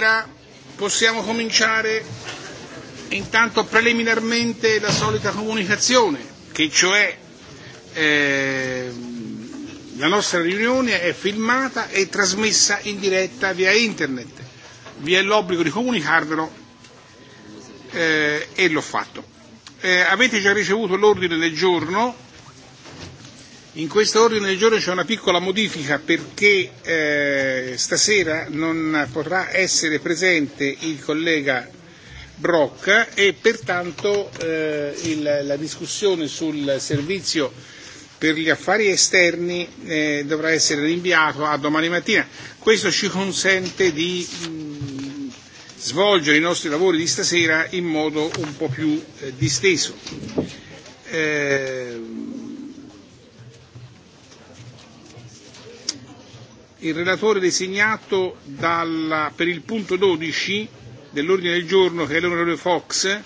Buonasera, possiamo cominciare intanto preliminarmente la solita comunicazione, che cioè eh, la nostra riunione è filmata e trasmessa in diretta via internet. Vi è l'obbligo di comunicarvelo eh, e l'ho fatto. Eh, avete già ricevuto l'ordine del giorno In questo ordine del giorno c'è una piccola modifica perché eh, stasera non potrà essere presente il collega Brock e pertanto eh, il, la discussione sul servizio per gli affari esterni eh, dovrà essere rinviato a domani mattina. Questo ci consente di mh, mm, svolgere i nostri lavori di stasera in modo un po' più eh, disteso. Eh, il relatore designato dal, per il punto 12 dell'ordine del giorno, che è l'onorevole Fox,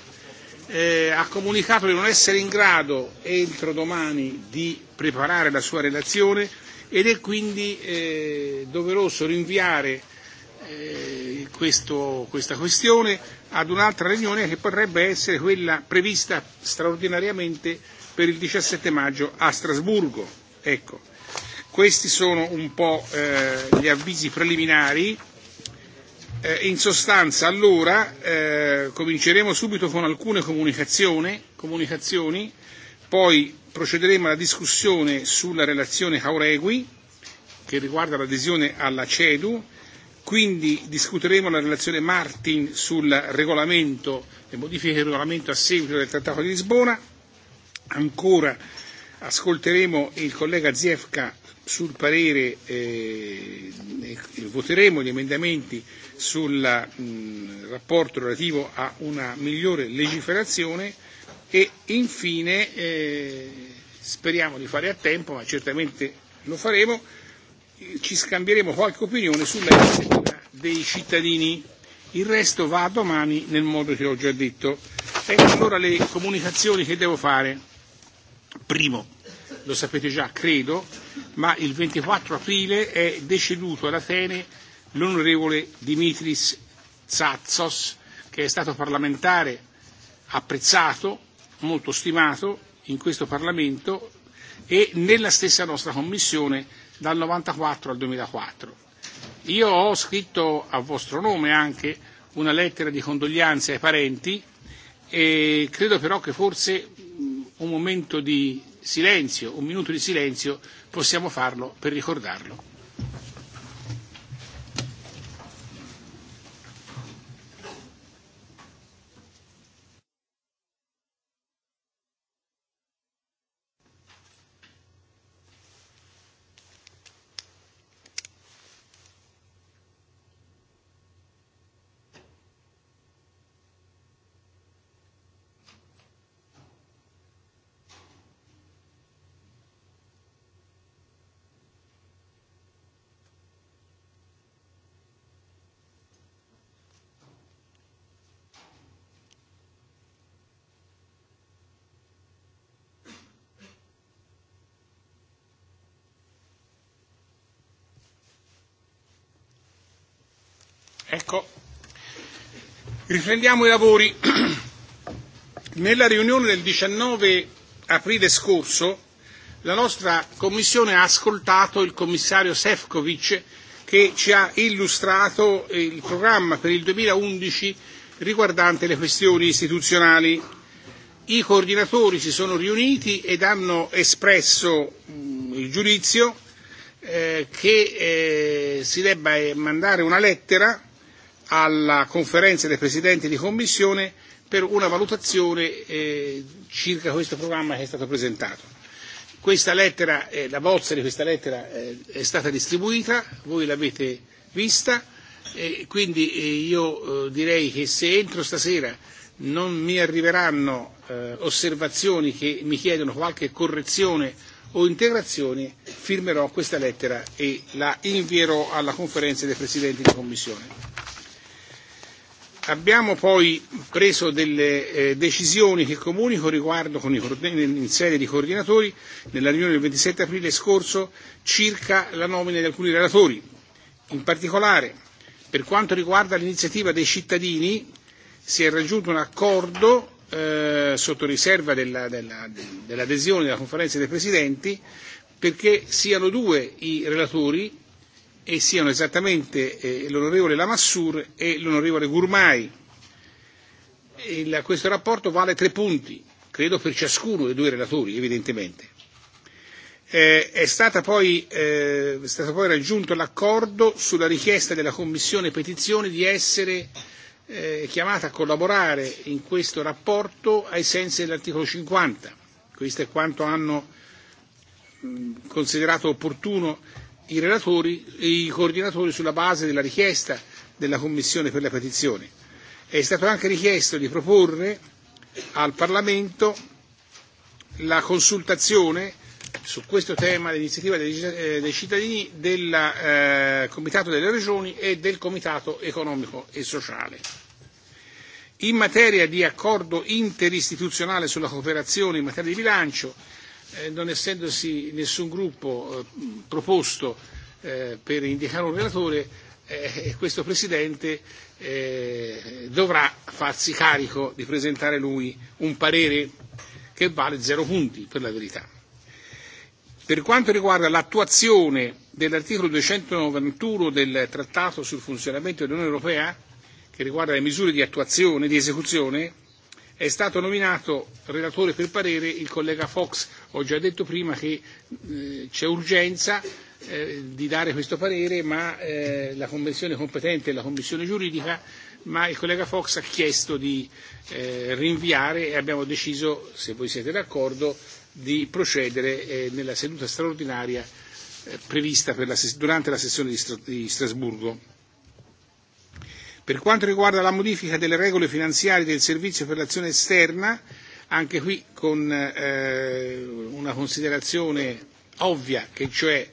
eh, ha comunicato di non essere in grado entro domani di preparare la sua relazione ed è quindi eh, doveroso rinviare eh, questo, questa questione ad un'altra riunione che potrebbe essere quella prevista straordinariamente per il 17 maggio a Strasburgo. Ecco. Questi sono un po' eh, gli avvisi preliminari. Eh, in sostanza allora eh, cominceremo subito con alcune comunicazioni, comunicazioni, poi procederemo alla discussione sulla relazione Cauregui che riguarda l'adesione alla CEDU, quindi discuteremo la relazione Martin sul regolamento, le modifiche del regolamento a seguito del Trattato di Lisbona, ancora ascolteremo il collega Ziefka sul parere eh, eh, voteremo gli emendamenti sul mh, rapporto relativo a una migliore legiferazione e infine eh, speriamo di fare a tempo, ma certamente lo faremo, ci scambieremo qualche opinione sulla iniziativa dei cittadini. Il resto va domani nel modo che ho già detto. Ecco allora le comunicazioni che devo fare. Primo, lo sapete già credo, ma il 24 aprile è deceduto ad Atene l'onorevole Dimitris Tsatsos, che è stato parlamentare apprezzato, molto stimato in questo Parlamento e nella stessa nostra Commissione dal 1994 al 2004. Io ho scritto a vostro nome anche una lettera di condoglianze ai parenti e credo però che forse un momento di silenzio, un minuto di silenzio, possiamo farlo per ricordarlo. Riprendiamo i lavori. Nella riunione del 19 aprile scorso la nostra Commissione ha ascoltato il commissario Sefcovic che ci ha illustrato eh, il programma per il 2011 riguardante le questioni istituzionali. I coordinatori si sono riuniti ed hanno espresso mm, il giudizio eh, che eh, si debba mandare una lettera alla conferenza dei presidenti di commissione per una valutazione eh, circa questo programma che è stato presentato. Questa lettera, eh, la bozza di questa lettera eh, è stata distribuita, voi l'avete vista, eh, quindi eh, io eh, direi che se entro stasera non mi arriveranno eh, osservazioni che mi chiedono qualche correzione o integrazione, firmerò questa lettera e la invierò alla conferenza dei presidenti di commissione. Abbiamo poi preso delle eh, decisioni che comunico riguardo con i, in sede di coordinatori nella riunione del 27 aprile scorso circa la nomina di alcuni relatori. In particolare, per quanto riguarda l'iniziativa dei cittadini, si è raggiunto un accordo eh, sotto riserva della, della, dell'adesione della conferenza dei presidenti perché siano due i relatori e siano esattamente eh, l'onorevole Lamassur e l'onorevole Gurmai. Il, questo rapporto vale tre punti, credo per ciascuno dei due relatori, evidentemente. Eh, è, stata poi, eh, è stato poi raggiunto l'accordo sulla richiesta della Commissione Petizioni di essere eh, chiamata a collaborare in questo rapporto ai sensi dell'articolo 50. Questo è quanto hanno mh, considerato opportuno i, relatori, e i coordinatori sulla base della richiesta della Commissione per le petizioni. È stato anche richiesto di proporre al Parlamento la consultazione su questo tema dell'iniziativa dei, eh, dei cittadini del eh, Comitato delle Regioni e del Comitato economico e sociale. In materia di accordo interistituzionale sulla cooperazione in materia di bilancio, Eh, non essendosi nessun gruppo eh, proposto eh, per indicare un relatore, questo Presidente dovrà farsi carico di presentare lui un parere che vale zero punti, per la verità. Per quanto riguarda l'attuazione dell'articolo 291 del Trattato sul funzionamento dell'Unione Europea, che riguarda le misure di attuazione, e di esecuzione, È stato nominato relatore per parere il collega Fox. Ho già detto prima che eh, c'è urgenza eh, di dare questo parere, ma eh, la Commissione competente è la Commissione giuridica, ma il collega Fox ha chiesto di eh, rinviare e abbiamo deciso, se voi siete d'accordo, di procedere eh, nella seduta straordinaria eh, prevista per la, durante la sessione di, Stra- di Strasburgo Per quanto riguarda la modifica delle regole finanziarie del servizio per l'azione esterna, anche qui con eh, una considerazione ovvia, che cioè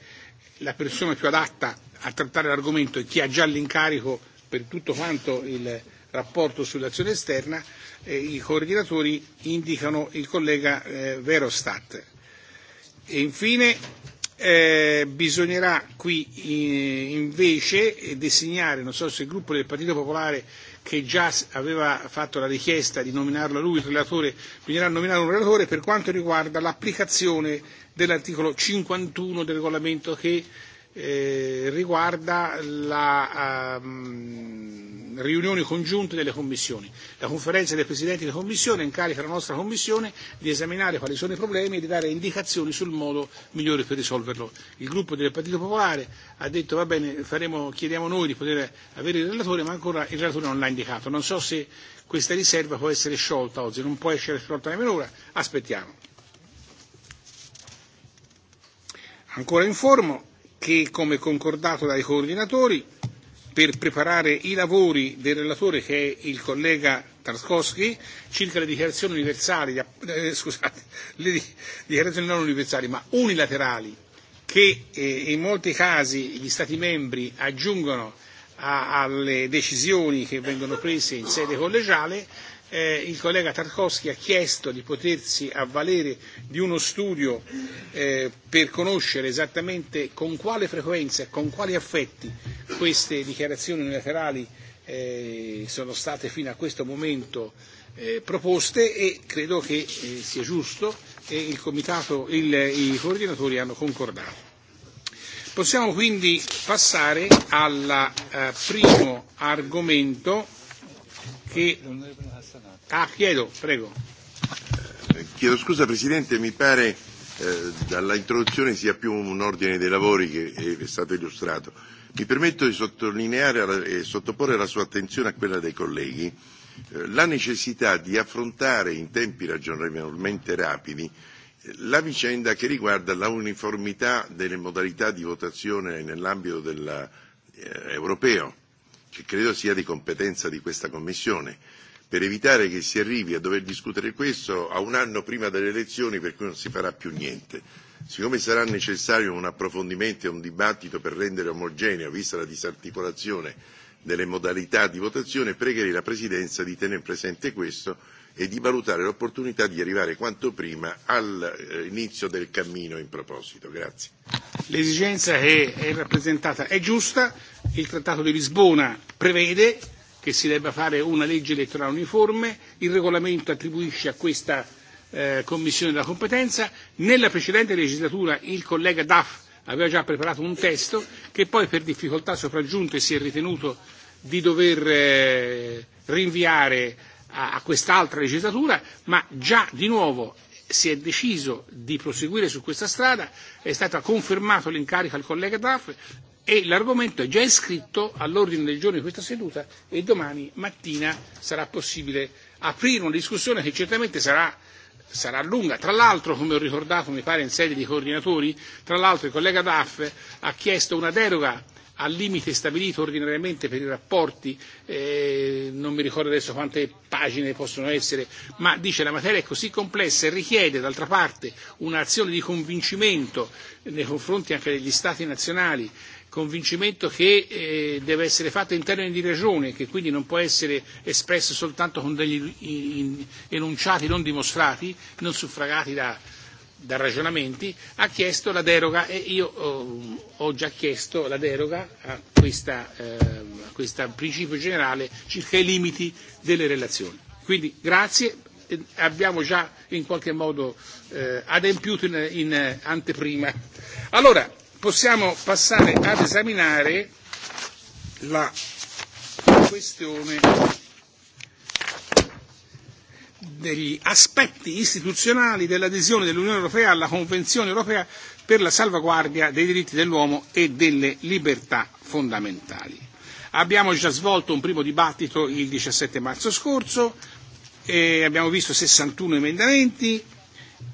la persona più adatta a trattare l'argomento è e chi ha già l'incarico per tutto quanto il rapporto sull'azione esterna, eh, i coordinatori indicano il collega eh, Verostat. E infine Eh, bisognerà qui eh, invece eh, designare, non so se il gruppo del Partito Popolare che già aveva fatto la richiesta di nominarlo lui, il relatore, bisognerà nominare un relatore per quanto riguarda l'applicazione dell'articolo 51 del regolamento che Eh, riguarda la ehm, riunioni congiunte delle commissioni. La conferenza dei presidenti delle commissioni incarica la nostra commissione di esaminare quali sono i problemi e di dare indicazioni sul modo migliore per risolverlo. Il gruppo del Partito Popolare ha detto va bene, faremo, chiediamo noi di poter avere il relatore, ma ancora il relatore non l'ha indicato. Non so se questa riserva può essere sciolta oggi, non può essere sciolta nemmeno ora, aspettiamo. Ancora informo che, come concordato dai coordinatori, per preparare i lavori del relatore, che è il collega Tarkovsky, circa le dichiarazioni universali, eh, scusate, le dichiarazioni non universali, ma unilaterali, che eh, in molti casi gli Stati membri aggiungono a, alle decisioni che vengono prese in sede collegiale, eh, il collega Tarkovsky ha chiesto di potersi avvalere di uno studio eh, per conoscere esattamente con quale frequenza e con quali affetti queste dichiarazioni unilaterali eh, sono state fino a questo momento eh, proposte e credo che eh, sia giusto e il comitato, il, i coordinatori hanno concordato. Possiamo quindi passare al eh, primo argomento che Ah, chiedo, prego. Eh, chiedo scusa Presidente, mi pare eh, dalla introduzione sia più un ordine dei lavori che è stato illustrato. Mi permetto di sottolineare e sottoporre la sua attenzione a quella dei colleghi eh, la necessità di affrontare in tempi ragionevolmente rapidi eh, la vicenda che riguarda la uniformità delle modalità di votazione nell'ambito della, eh, europeo, che credo sia di competenza di questa Commissione per evitare che si arrivi a dover discutere questo a un anno prima delle elezioni per cui non si farà più niente. Siccome sarà necessario un approfondimento e un dibattito per rendere omogeneo, vista la disarticolazione delle modalità di votazione, pregherei la Presidenza di tenere presente questo e di valutare l'opportunità di arrivare quanto prima all'inizio eh, del cammino in proposito. Grazie. L'esigenza che è rappresentata è giusta, il Trattato di Lisbona prevede che si debba fare una legge elettorale uniforme, il regolamento attribuisce a questa eh, commissione la competenza, nella precedente legislatura il collega Duff aveva già preparato un testo che poi per difficoltà sopraggiunte si è ritenuto di dover eh, rinviare a, a quest'altra legislatura, ma già di nuovo si è deciso di proseguire su questa strada, è stato confermato l'incarico al collega Duff, e l'argomento è già iscritto all'ordine del giorno di questa seduta e domani mattina sarà possibile aprire una discussione che certamente sarà, sarà lunga. Tra l'altro, come ho ricordato, mi pare in sede di coordinatori, tra l'altro il collega Daff ha chiesto una deroga al limite stabilito ordinariamente per i rapporti, eh, non mi ricordo adesso quante pagine possono essere, ma dice la materia è così complessa e richiede d'altra parte un'azione di convincimento nei confronti anche degli Stati nazionali convincimento che eh, deve essere fatto in termini di ragione, che quindi non può essere espresso soltanto con degli in, enunciati non dimostrati, non suffragati da, da ragionamenti, ha chiesto la deroga e io oh, ho già chiesto la deroga a questo eh, principio generale circa i limiti delle relazioni. Quindi grazie, abbiamo già in qualche modo eh, adempiuto in, in anteprima. Allora, possiamo passare ad esaminare la questione degli aspetti istituzionali dell'adesione dell'Unione Europea alla Convenzione Europea per la salvaguardia dei diritti dell'uomo e delle libertà fondamentali. Abbiamo già svolto un primo dibattito il 17 marzo scorso, e abbiamo visto 61 emendamenti,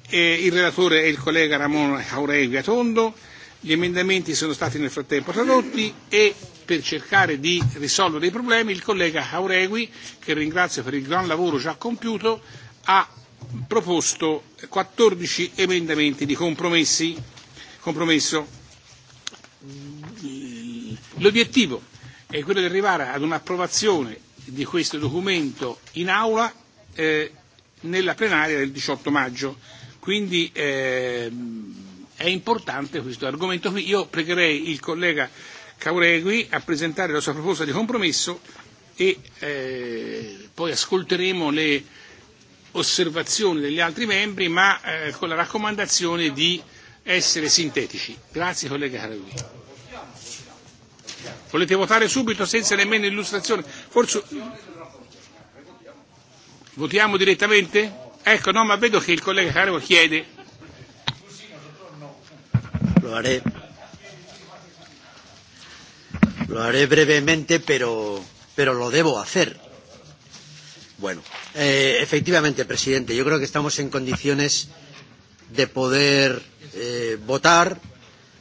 e il relatore è il collega Ramon Auregui Atondo, Gli emendamenti sono stati nel frattempo tradotti e per cercare di risolvere i problemi il collega Auregui, che ringrazio per il gran lavoro già compiuto, ha proposto 14 emendamenti di compromessi, compromesso. L'obiettivo è quello di arrivare ad un'approvazione di questo documento in aula eh, nella plenaria del 18 maggio. Quindi eh, È importante questo argomento qui. Io pregherei il collega Cauregui a presentare la sua proposta di compromesso e eh, poi ascolteremo le osservazioni degli altri membri, ma eh, con la raccomandazione di essere sintetici. Grazie collega Cauregui. Volete votare subito senza nemmeno illustrazione? Forse votiamo direttamente? Ecco, no, ma vedo che il collega Carego chiede Lo haré. Lo haré brevemente, pero, pero lo debo hacer. Bueno, eh, efectivamente, presidente, yo creo que estamos en condiciones de poder eh, votar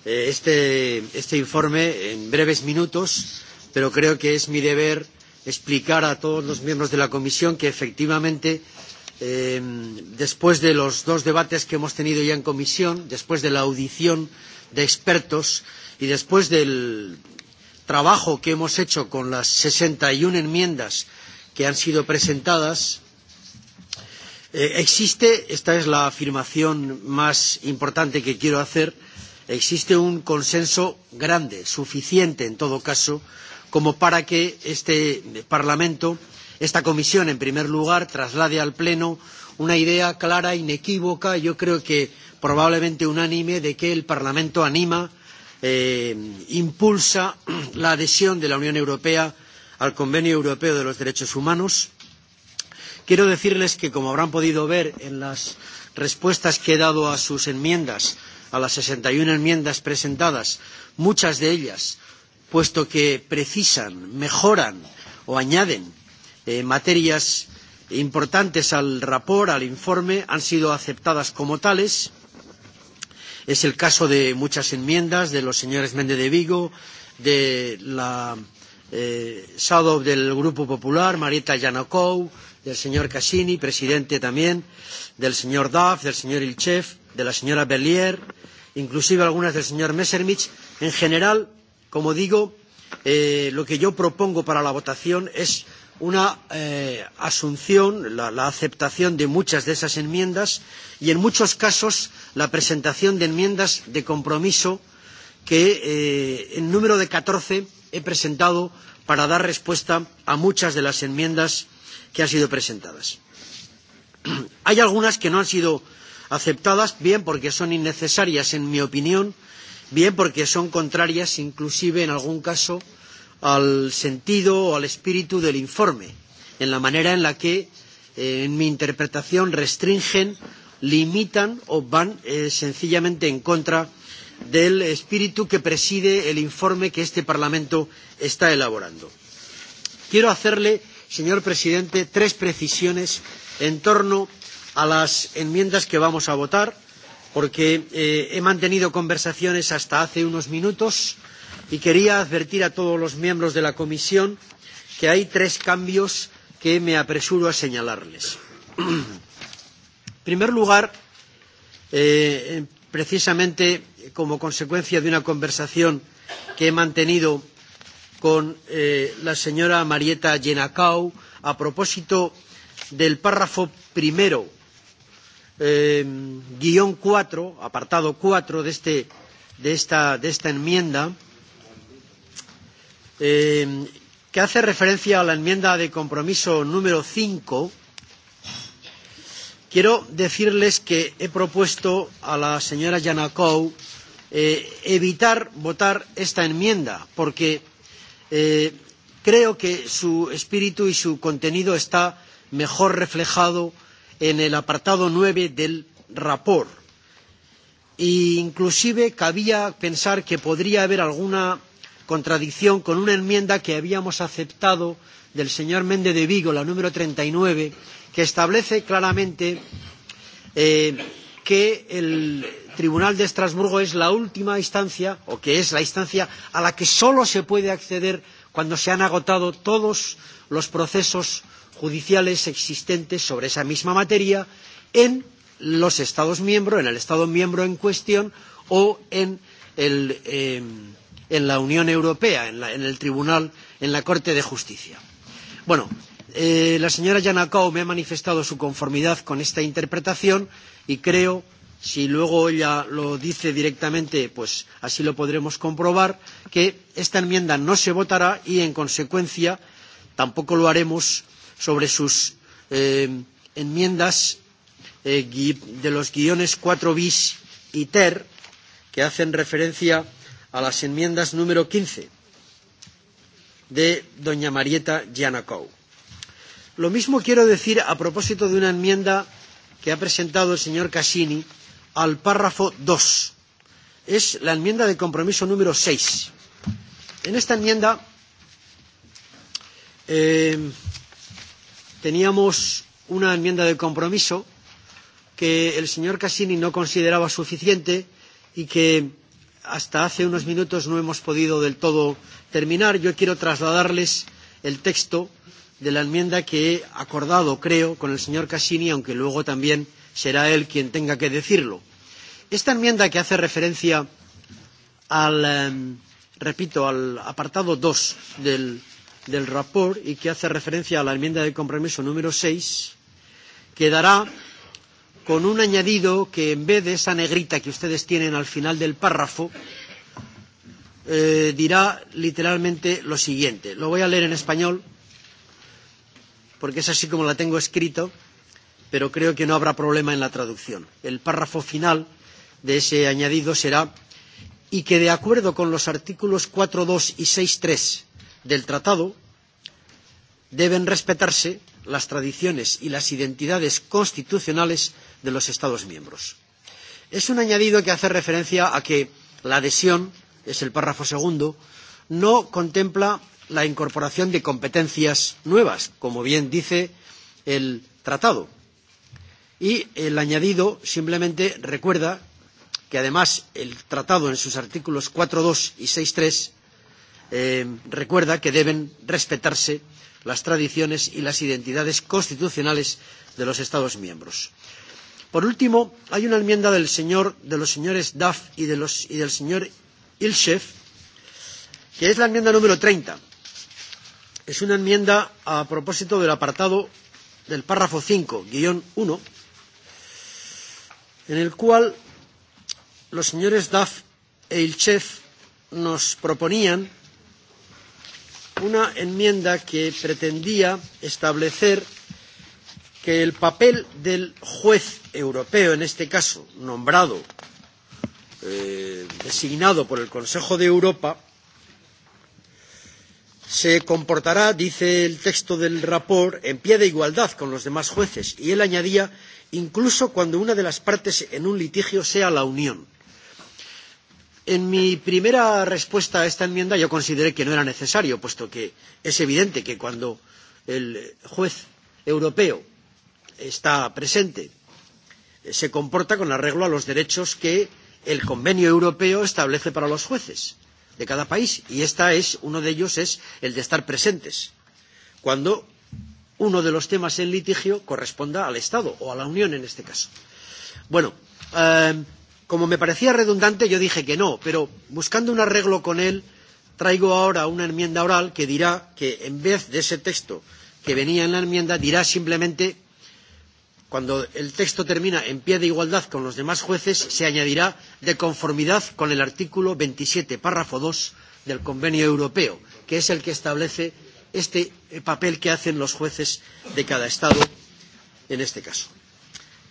eh, este, este informe en breves minutos, pero creo que es mi deber explicar a todos los miembros de la comisión que efectivamente eh, después de los dos debates que hemos tenido ya en comisión, después de la audición de expertos y después del trabajo que hemos hecho con las 61 enmiendas que han sido presentadas, eh, existe, esta es la afirmación más importante que quiero hacer, existe un consenso grande, suficiente en todo caso, como para que este Parlamento, esta comisión en primer lugar, traslade al Pleno una idea clara, inequívoca, yo creo que probablemente unánime de que el Parlamento anima, eh, impulsa la adhesión de la Unión Europea al Convenio Europeo de los Derechos Humanos. Quiero decirles que, como habrán podido ver en las respuestas que he dado a sus enmiendas, a las 61 enmiendas presentadas, muchas de ellas, puesto que precisan, mejoran o añaden eh, materias importantes al rapor, al informe, han sido aceptadas como tales Es el caso de muchas enmiendas de los señores Méndez de Vigo, de la eh, Shadow del Grupo Popular, Marita Yanakou, del señor Cassini, presidente también, del señor Duff, del señor Ilchev, de la señora Bellier, inclusive algunas del señor Messermich. En general, como digo, eh, lo que yo propongo para la votación es una eh, asunción, la, la aceptación de muchas de esas enmiendas y en muchos casos la presentación de enmiendas de compromiso que eh, en número de 14 he presentado para dar respuesta a muchas de las enmiendas que han sido presentadas. Hay algunas que no han sido aceptadas, bien porque son innecesarias en mi opinión, bien porque son contrarias inclusive en algún caso al sentido o al espíritu del informe, en la manera en la que, eh, en mi interpretación, restringen, limitan o van eh, sencillamente en contra del espíritu que preside el informe que este Parlamento está elaborando. Quiero hacerle, señor presidente, tres precisiones en torno a las enmiendas que vamos a votar, porque eh, he mantenido conversaciones hasta hace unos minutos y quería advertir a todos los miembros de la comisión que hay tres cambios que me apresuro a señalarles. en primer lugar, eh, precisamente como consecuencia de una conversación que he mantenido con eh, la señora Marieta Yenacau a propósito del párrafo primero, eh, guión 4, apartado cuatro de, este, de, esta, de esta enmienda, eh, que hace referencia a la enmienda de compromiso número 5, quiero decirles que he propuesto a la señora Yanakou eh, evitar votar esta enmienda, porque eh, creo que su espíritu y su contenido está mejor reflejado en el apartado 9 del rapor. E inclusive cabía pensar que podría haber alguna contradicción con una enmienda que habíamos aceptado del señor Méndez de Vigo, la número 39, que establece claramente eh, que el Tribunal de Estrasburgo es la última instancia, o que es la instancia a la que solo se puede acceder cuando se han agotado todos los procesos judiciales existentes sobre esa misma materia en los Estados miembros, en el Estado miembro en cuestión o en el. Eh, en la Unión Europea, en, la, en el Tribunal, en la Corte de Justicia. Bueno, eh, la señora Yanakao me ha manifestado su conformidad con esta interpretación y creo, si luego ella lo dice directamente, pues así lo podremos comprobar, que esta enmienda no se votará y, en consecuencia, tampoco lo haremos sobre sus eh, enmiendas eh, de los guiones 4 bis y ter, que hacen referencia a a las enmiendas número 15 de doña Marieta Giannacou. Lo mismo quiero decir a propósito de una enmienda que ha presentado el señor Cassini al párrafo 2. Es la enmienda de compromiso número 6. En esta enmienda eh, teníamos una enmienda de compromiso que el señor Cassini no consideraba suficiente y que hasta hace unos minutos no hemos podido del todo terminar. Yo quiero trasladarles el texto de la enmienda que he acordado, creo, con el señor Cassini, aunque luego también será él quien tenga que decirlo. Esta enmienda que hace referencia al, eh, repito, al apartado 2 del, del rapport y que hace referencia a la enmienda de compromiso número 6, quedará con un añadido que en vez de esa negrita que ustedes tienen al final del párrafo, eh, dirá literalmente lo siguiente. Lo voy a leer en español, porque es así como la tengo escrito, pero creo que no habrá problema en la traducción. El párrafo final de ese añadido será y que, de acuerdo con los artículos 4.2 y 6.3 del Tratado, deben respetarse las tradiciones y las identidades constitucionales de los Estados miembros. Es un añadido que hace referencia a que la adhesión, es el párrafo segundo, no contempla la incorporación de competencias nuevas, como bien dice el tratado. Y el añadido simplemente recuerda que además el tratado en sus artículos 4.2 y 6.3 eh, recuerda que deben respetarse las tradiciones y las identidades constitucionales de los Estados miembros. Por último, hay una enmienda del señor, de los señores Duff y, de los, y del señor Ilchev, que es la enmienda número 30. Es una enmienda a propósito del apartado del párrafo 5, guión 1, en el cual los señores Duff e Ilchev nos proponían una enmienda que pretendía establecer que el papel del juez europeo, en este caso nombrado, eh, designado por el Consejo de Europa, se comportará, dice el texto del rapor, en pie de igualdad con los demás jueces. Y él añadía, incluso cuando una de las partes en un litigio sea la Unión. En mi primera respuesta a esta enmienda yo consideré que no era necesario, puesto que es evidente que cuando el juez europeo está presente eh, se comporta con arreglo a los derechos que el convenio europeo establece para los jueces de cada país y esta es uno de ellos es el de estar presentes cuando uno de los temas en litigio corresponda al Estado o a la Unión en este caso. Bueno, eh, Como me parecía redundante, yo dije que no, pero buscando un arreglo con él, traigo ahora una enmienda oral que dirá que en vez de ese texto que venía en la enmienda, dirá simplemente, cuando el texto termina en pie de igualdad con los demás jueces, se añadirá de conformidad con el artículo 27, párrafo 2 del Convenio Europeo, que es el que establece este papel que hacen los jueces de cada Estado en este caso.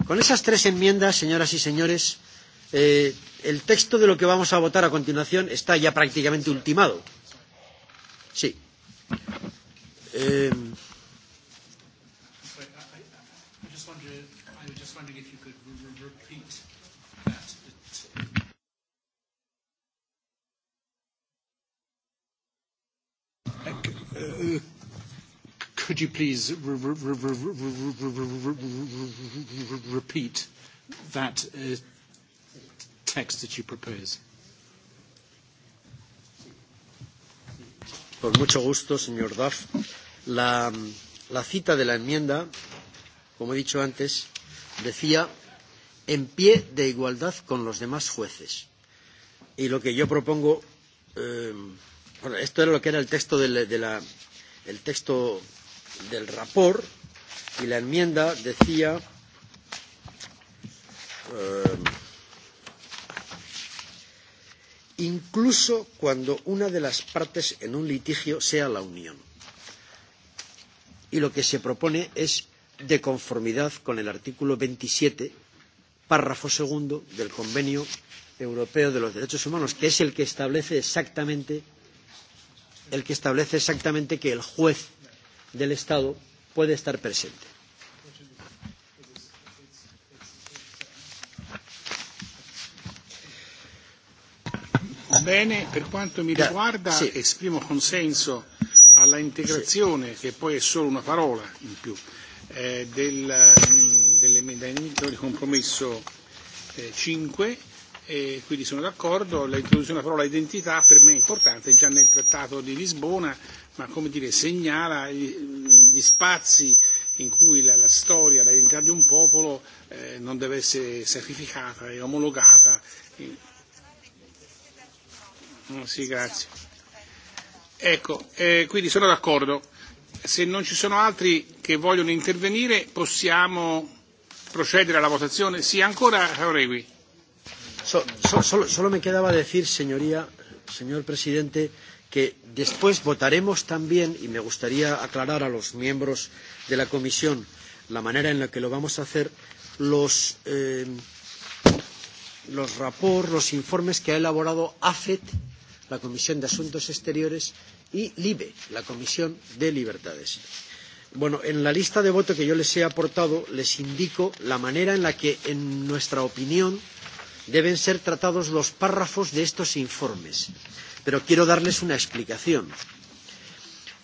Con esas tres enmiendas, señoras y señores, Eh, el texto de lo que vamos a votar a continuación está ya prácticamente ultimado. Sí. could you please repeat that text that you propose. Con mucho gusto, señor Duff. La, la cita de la enmienda, como he dicho antes, decía en pie de igualdad con los demás jueces. Y lo que yo propongo, eh, bueno, esto era lo que era el texto de la, de la, el texto del rapor y la enmienda decía eh, incluso cuando una de las partes en un litigio sea la Unión. Y lo que se propone es, de conformidad con el artículo 27, párrafo segundo del Convenio Europeo de los Derechos Humanos, que es el que establece exactamente, el que, establece exactamente que el juez del Estado puede estar presente. Bene, per quanto mi riguarda sì. esprimo consenso alla integrazione, sì. che poi è solo una parola in più, eh, del, mm, dell'emendamento di compromesso eh, 5 e quindi sono d'accordo, l'introduzione della parola identità per me è importante, già nel Trattato di Lisbona, ma come dire, segnala gli, mm, gli spazi in cui la, la storia, l'identità di un popolo eh, non deve essere sacrificata e omologata. In, Mm, sì, grazie. Ecco, eh, quindi sono d'accordo. Se non ci sono altri che vogliono intervenire, possiamo procedere alla votazione. Sì, ancora Jauregui. So, so, solo, solo me quedaba decir, señoría, señor presidente, que después votaremos también, y me gustaría aclarar a los miembros de la comisión la manera en la que lo vamos a hacer, los, eh, los rapor, los informes que ha elaborado AFET la Comisión de Asuntos Exteriores, y LIBE, la Comisión de Libertades. Bueno, en la lista de voto que yo les he aportado les indico la manera en la que, en nuestra opinión, deben ser tratados los párrafos de estos informes. Pero quiero darles una explicación.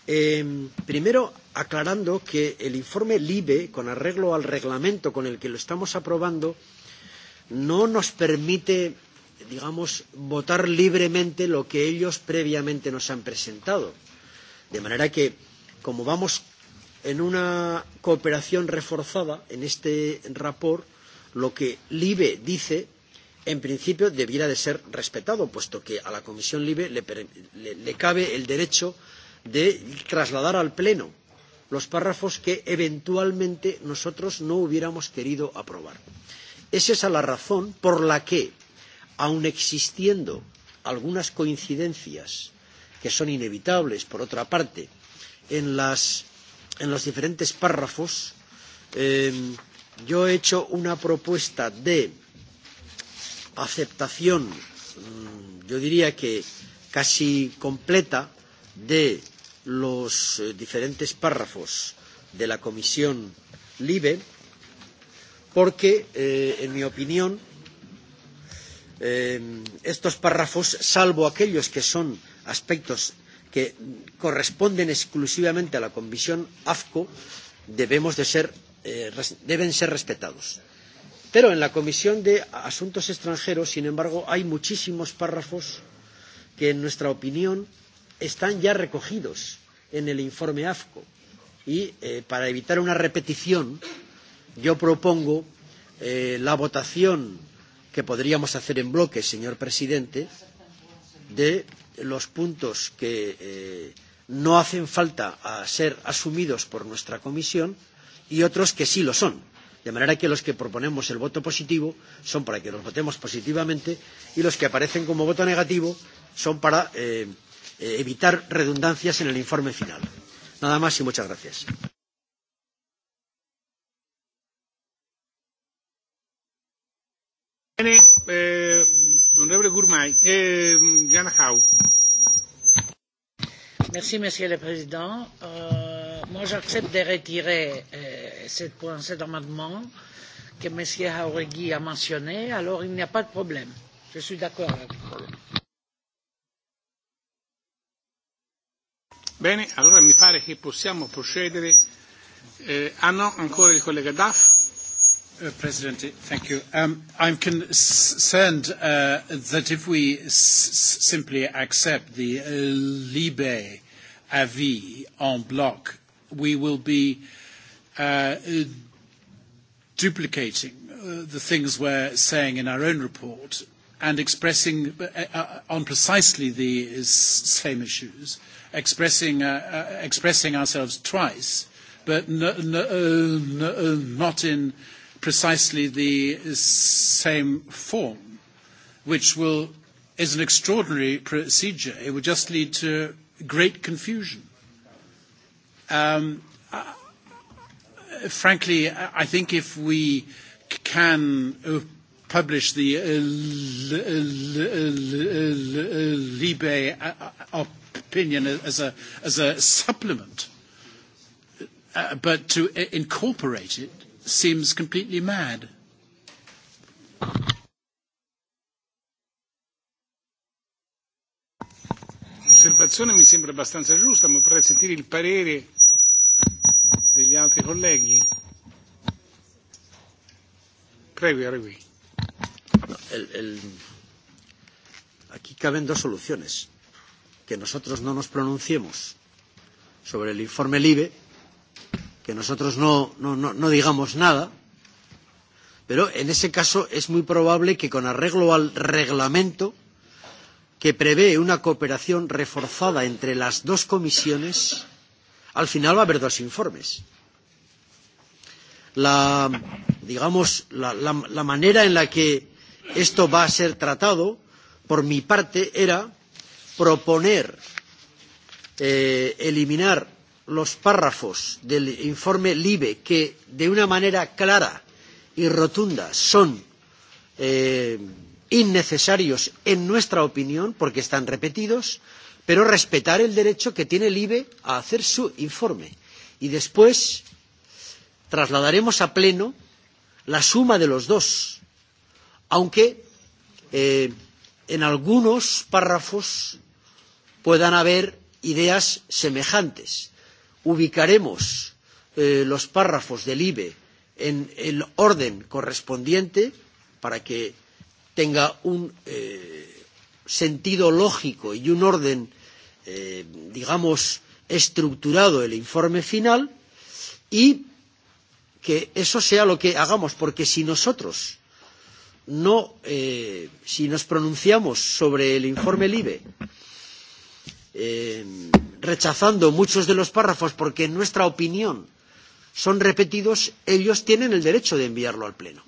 Eh, primero, aclarando que el informe LIBE, con arreglo al reglamento con el que lo estamos aprobando, no nos permite digamos, votar libremente lo que ellos previamente nos han presentado. De manera que, como vamos en una cooperación reforzada en este rapor, lo que LIBE dice, en principio, debiera de ser respetado, puesto que a la Comisión LIBE le, le, le cabe el derecho de trasladar al Pleno los párrafos que eventualmente nosotros no hubiéramos querido aprobar. Es esa la razón por la que aun existiendo algunas coincidencias que son inevitables, por otra parte, en, las, en los diferentes párrafos, eh, yo he hecho una propuesta de aceptación, mm, yo diría que casi completa, de los eh, diferentes párrafos de la Comisión LIBE, porque, eh, en mi opinión, eh, estos párrafos, salvo aquellos que son aspectos que corresponden exclusivamente a la Comisión AFCO, debemos de ser, eh, deben ser respetados. Pero en la Comisión de Asuntos Extranjeros, sin embargo, hay muchísimos párrafos que, en nuestra opinión, están ya recogidos en el informe AFCO. Y eh, para evitar una repetición, yo propongo eh, la votación que podríamos hacer en bloque, señor presidente, de los puntos que eh, no hacen falta a ser asumidos por nuestra comisión y otros que sí lo son. De manera que los que proponemos el voto positivo son para que los votemos positivamente y los que aparecen como voto negativo son para eh, eh evitar redundancias en el informe final. Nada más y muchas gracias. Bene, eh, onorevole Gourmay, eh, Hau. Merci, Monsieur le Président. Euh, moi, j'accepte de retirer euh, cet, point, cet amendement que M. Haouregui a mentionné. Alors, il n'y a pas de problème. Je suis d'accord avec vous. Bene, allora mi pare che possiamo procedere. Eh, ah no, ancora il collega Daff. Uh, President. Thank you. Um, I'm concerned uh, that if we s- simply accept the uh, Libe avis en bloc, we will be uh, duplicating uh, the things we're saying in our own report and expressing uh, on precisely the same issues, expressing, expressing ourselves twice, but no, no, no, not in precisely the same form, which will, is an extraordinary procedure. It would just lead to great confusion. Um, uh, frankly, I think if we can uh, publish the uh, Libe uh, uh, opinion as a, as a supplement, uh, but to incorporate it seems completely mad. L'osservazione mi sembra abbastanza giusta, ma vorrei sentire il parere degli altri colleghi. Prego, Arregui. No, el, el... Aquí caben dos soluciones. Que nosotros no nos pronunciemos sobre el informe LIBE que nosotros no, no, no, no digamos nada, pero en ese caso es muy probable que con arreglo al reglamento que prevé una cooperación reforzada entre las dos comisiones, al final va a haber dos informes. La, digamos, la, la, la manera en la que esto va a ser tratado, por mi parte, era proponer eh, eliminar los párrafos del informe LIBE que, de una manera clara y rotunda, son eh, innecesarios en nuestra opinión porque están repetidos, pero respetar el derecho que tiene Libe a hacer su informe. Y después trasladaremos a pleno la suma de los dos, aunque eh, en algunos párrafos puedan haber ideas semejantes ubicaremos eh, los párrafos del IBE en el orden correspondiente para que tenga un eh, sentido lógico y un orden, eh, digamos, estructurado el informe final y que eso sea lo que hagamos, porque si nosotros no, eh, si nos pronunciamos sobre el informe LIBE, eh, rechazando muchos de los párrafos porque, en nuestra opinión, son repetidos, ellos tienen el derecho de enviarlo al Pleno.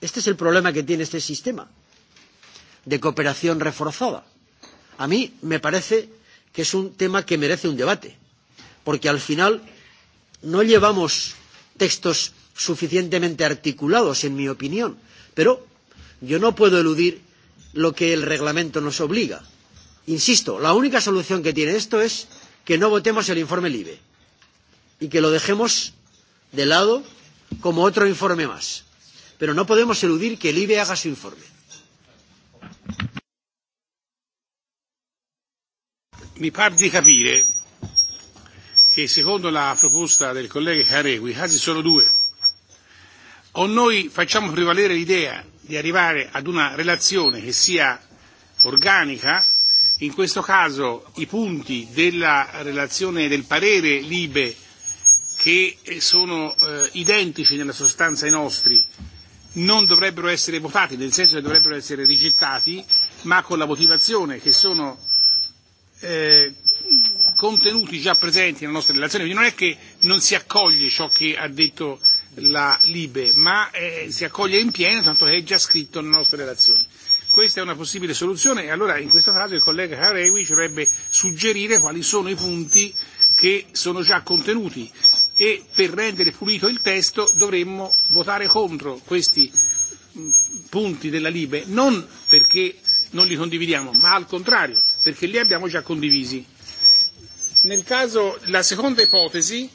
Este es el problema que tiene este sistema de cooperación reforzada. A mí me parece que es un tema que merece un debate, porque al final no llevamos textos suficientemente articulados, en mi opinión, pero yo no puedo eludir lo que el reglamento nos obliga, Insisto, la única solución que tiene esto es que no votemos el informe LIBE y que lo dejemos de lado como otro informe más. Pero no podemos eludir que el IBE haga su informe. Mi pare di capire che secondo la proposta del collega Caregui casi sono due. O noi facciamo prevalere l'idea di arrivare ad una relazione che sia organica In questo caso i punti della relazione e del parere Libe che sono eh, identici nella sostanza ai nostri non dovrebbero essere votati, nel senso che dovrebbero essere rigettati, ma con la motivazione che sono eh, contenuti già presenti nella nostra relazione. Quindi non è che non si accoglie ciò che ha detto la Libe, ma eh, si accoglie in pieno, tanto che è già scritto nella nostra relazione. Questa è una possibile soluzione e allora in questo caso il collega Harewi ci dovrebbe suggerire quali sono i punti che sono già contenuti e per rendere pulito il testo dovremmo votare contro questi mm, punti della Libe, non perché non li condividiamo, ma al contrario, perché li abbiamo già condivisi. Nel caso, la seconda ipotesi,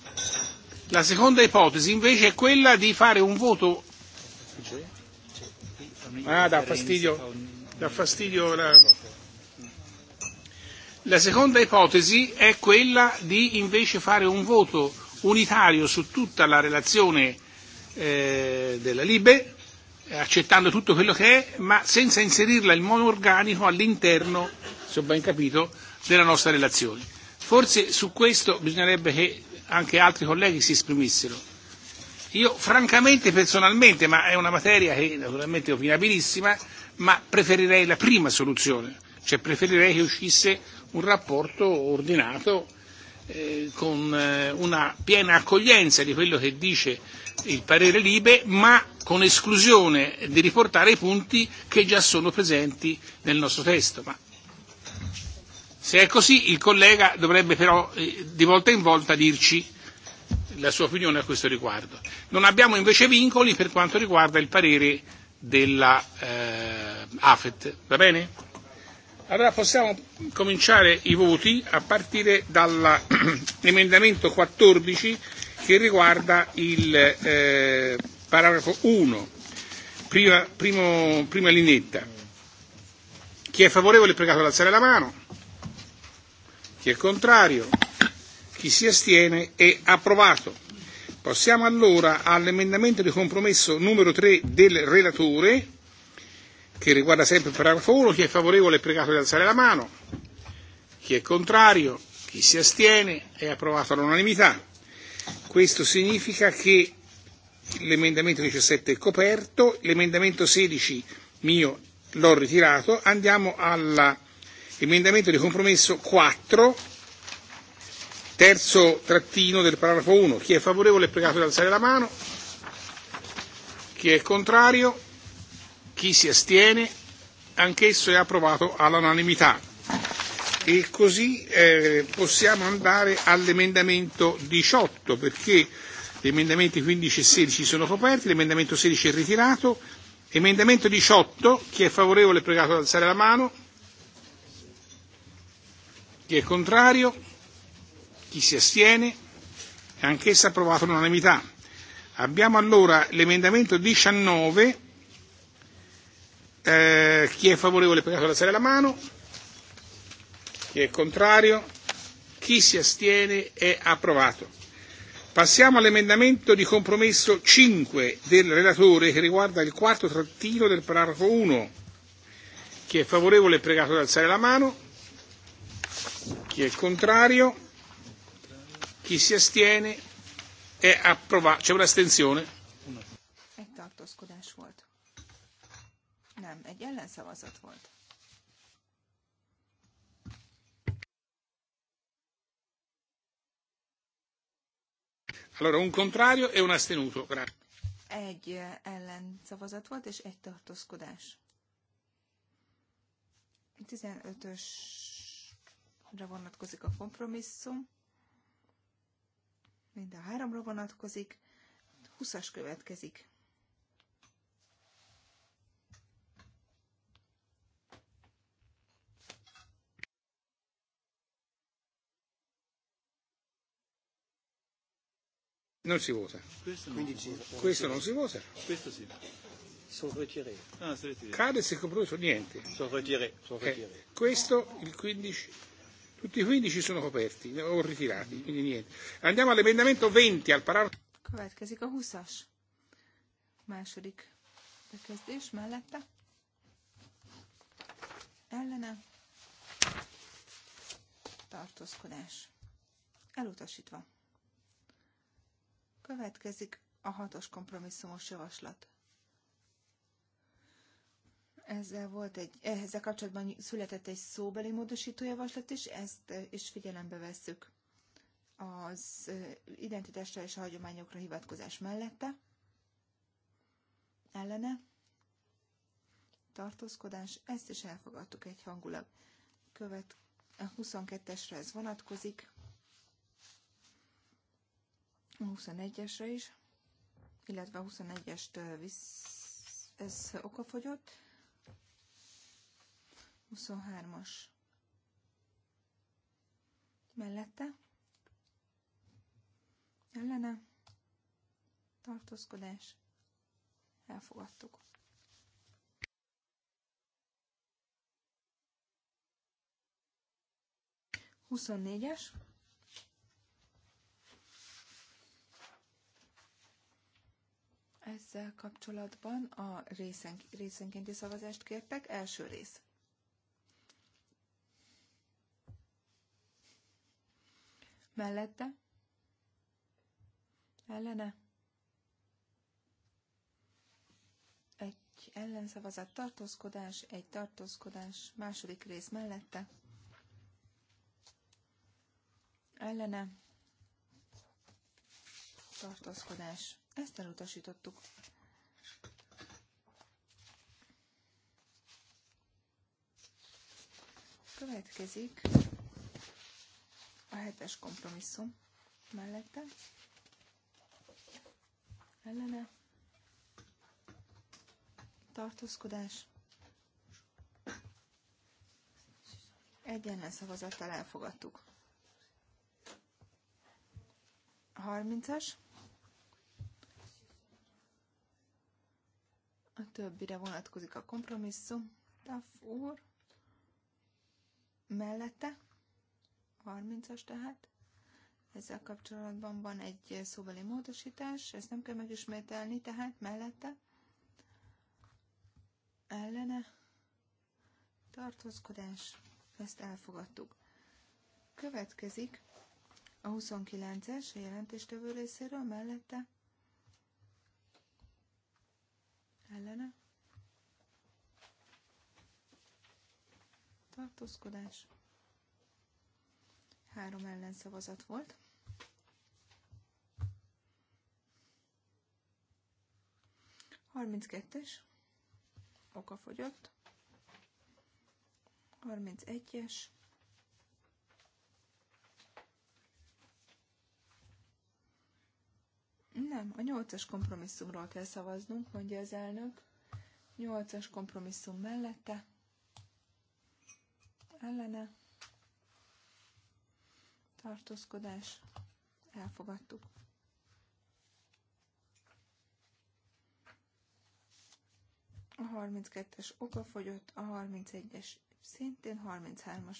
la seconda ipotesi invece è quella di fare un voto. Ah, dà fastidio dà fastidio la... La seconda ipotesi è quella di invece fare un voto unitario su tutta la relazione eh, della Libe, accettando tutto quello che è, ma senza inserirla in modo organico all'interno, se ho ben capito, della nostra relazione. Forse su questo bisognerebbe che anche altri colleghi si esprimessero. Io francamente, personalmente, ma è una materia che naturalmente è opinabilissima, ma preferirei la prima soluzione, cioè preferirei che uscisse un rapporto ordinato eh, con eh, una piena accoglienza di quello che dice il parere libe, ma con esclusione di riportare i punti che già sono presenti nel nostro testo. Ma se è così, il collega dovrebbe però eh, di volta in volta dirci la sua opinione a questo riguardo. Non abbiamo invece vincoli per quanto riguarda il parere della eh, AFET. Va bene? Allora possiamo cominciare i voti a partire dall'emendamento 14 che riguarda il eh, paragrafo 1, prima, primo, prima linetta. Chi è favorevole è pregato ad alzare la mano. Chi è contrario? Chi si astiene? È approvato. Passiamo allora all'emendamento di compromesso numero 3 del relatore che riguarda sempre il paragrafo 1, chi è favorevole è pregato di alzare la mano, chi è contrario, chi si astiene è approvato all'unanimità. Questo significa che l'emendamento 17 è coperto, l'emendamento 16 mio l'ho ritirato, andiamo all'emendamento di compromesso 4, terzo trattino del paragrafo 1. Chi è favorevole è pregato di alzare la mano, chi è contrario Chi si astiene? Anch'esso è approvato all'unanimità. E così eh, possiamo andare all'emendamento 18 perché gli emendamenti 15 e 16 sono coperti, l'emendamento 16 è ritirato. Emendamento 18, chi è favorevole è pregato ad alzare la mano. Chi è contrario? Chi si astiene? Anch'essa approvata all'unanimità. Abbiamo allora l'emendamento 19 Eh, chi è favorevole può alzare la mano. Chi è contrario? Chi si astiene è approvato. Passiamo all'emendamento di compromesso 5 del relatore che riguarda il quarto trattino del paragrafo 1. Chi è favorevole è pregato ad alzare la mano. Chi è contrario? Chi si astiene è approvato. C'è un'astensione? Egy tartózkodás volt egy ellenszavazat volt. Allora un contrario e un astenuto. Egy ellenszavazat volt, és egy tartózkodás. 15-ösre vonatkozik a kompromisszum. Mind a háromra vonatkozik. 20-as következik. Non si vota. Questo non, Quindi si vota. Questo non si vota. Questo sì. Sono ritirati. Ah, Cade se compromesso niente. Sono ritirati. Sono ritirati. Eh, questo il 15. Tutti i 15 sono coperti o ritirati, quindi niente. Andiamo all'emendamento 20, al paragrafo. Következik a 20-as. Második bekezdés mellette. Ellene. Tartózkodás. Elutasítva. Következik a hatos kompromisszumos javaslat. Ezzel volt egy, ezzel kapcsolatban született egy szóbeli javaslat is, ezt eh, is figyelembe vesszük az eh, identitásra és a hagyományokra hivatkozás mellette, ellene, tartózkodás, ezt is elfogadtuk hangulag. Követ a 22-esre ez vonatkozik. 21-esre is, illetve 21-est visz, ez okafogyott. 23-as mellette, ellene, tartózkodás, elfogadtuk. Huszonnégyes, Ezzel kapcsolatban a részen, részenkénti szavazást kértek. Első rész. Mellette? Ellene? Egy ellenszavazat tartózkodás, egy tartózkodás, második rész mellette. Ellene? Tartózkodás ezt elutasítottuk. Következik a hetes kompromisszum mellette. Ellene. Tartózkodás. Egy szavazattal elfogadtuk. A 30-as többire vonatkozik a kompromisszum. Duff úr mellette, 30-as tehát, ezzel kapcsolatban van egy szóbeli módosítás, ezt nem kell megismételni, tehát mellette, ellene, tartózkodás, ezt elfogadtuk. Következik a 29-es a jelentéstevő részéről mellette, ellene. Tartózkodás. Három ellenszavazat volt. Harminckettes. Oka fogyott. Harminc es Nem, a nyolcas kompromisszumról kell szavaznunk, mondja az elnök. Nyolcas kompromisszum mellette. Ellene. Tartózkodás. Elfogadtuk. A 32-es oka fogyott, a 31-es szintén 33-as.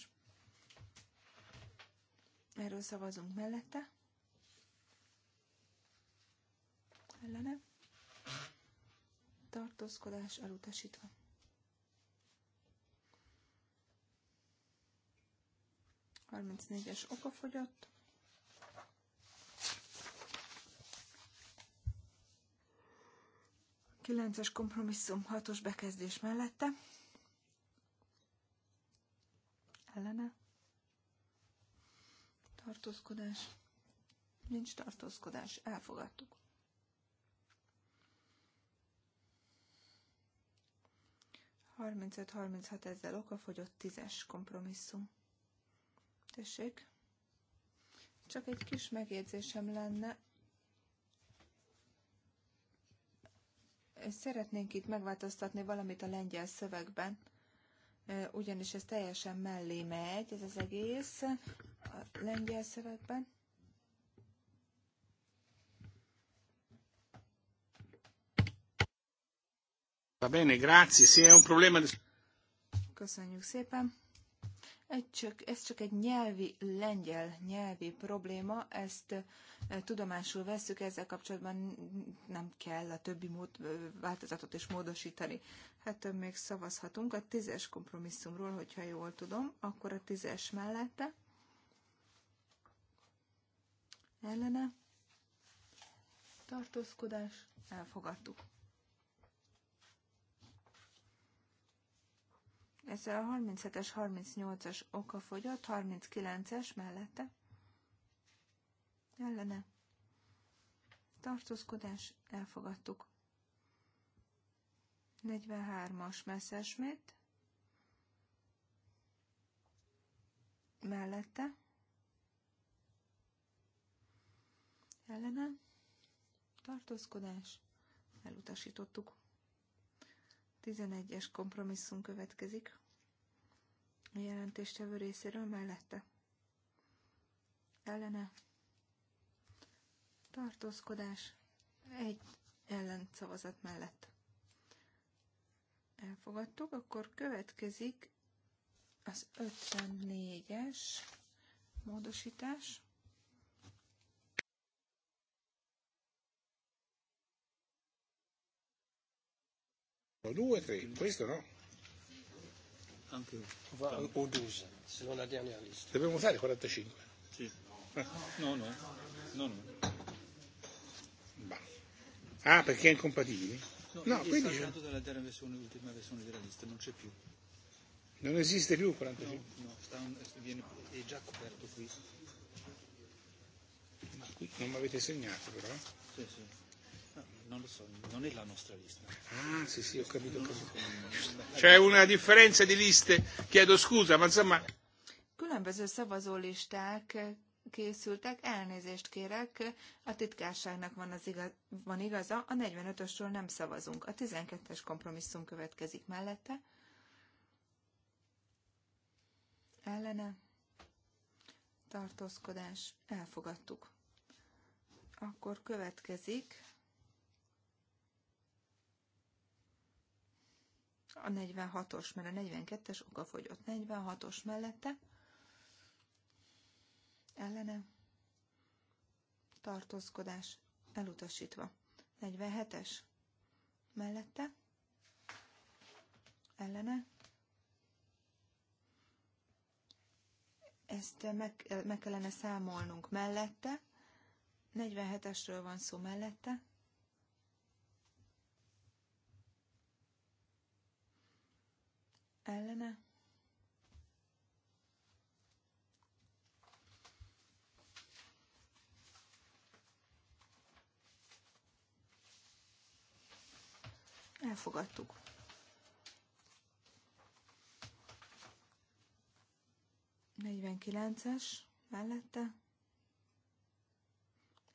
Erről szavazunk mellette. ellene, tartózkodás elutasítva. négyes oka fogyott. Kilences kompromisszum hatos bekezdés mellette. Ellene. Tartózkodás. Nincs tartózkodás. Elfogadtuk. 35-36 ezzel okafogyott tízes kompromisszum. Tessék. Csak egy kis megjegyzésem lenne. Szeretnénk itt megváltoztatni valamit a lengyel szövegben, ugyanis ez teljesen mellé megy, ez az egész a lengyel szövegben. Va bene, grazie. Sì, è un problema... Köszönjük szépen. Egy csak, ez csak egy nyelvi, lengyel nyelvi probléma, ezt e, tudomásul vesszük, ezzel kapcsolatban nem kell a többi mód, változatot is módosítani. Hát még szavazhatunk a tízes kompromisszumról, hogyha jól tudom, akkor a tízes mellette. Ellene. Tartózkodás. Elfogadtuk. ezzel a 37-es, 38-as oka fogyott, 39-es mellette. Ellene. Tartózkodás, elfogadtuk. 43-as Messerschmitt. Mellette. Ellene. Tartózkodás, elutasítottuk. 11-es kompromisszum következik. A jelentéstevő részéről mellette. Ellene. Tartózkodás. Egy ellen szavazat mellett. Elfogadtuk, akkor következik az 54-es módosítás. due, tre, questo no. Anche o due, secondo la dernière lista. Dobbiamo fare 45. Sì. Eh. No, no. No, no. Bah. Ah, perché è incompatibile? No, no quindi è stato della terza versione, ultima versione della lista, non c'è più. Non esiste più 45? No, no sta un, viene, è già coperto qui. Ma qui non mi avete segnato però? Sì, sì. Non lo so, non è la nostra lista. Ah, sì, sì, ho capito così. C'è una differenza di liste, chiedo scusa, ma insomma... Különböző szavazólisták készültek, elnézést kérek, a titkárságnak van, az igaz, van igaza, a 45-ösről nem szavazunk. A 12-es kompromisszum következik mellette. Ellene. Tartózkodás. Elfogadtuk. Akkor következik a 46-os, mert a 42-es okafogyott. 46-os mellette ellene tartózkodás elutasítva. 47-es mellette ellene ezt meg, meg kellene számolnunk mellette. 47-esről van szó mellette, ellene. Elfogadtuk. Negyvenkilences mellette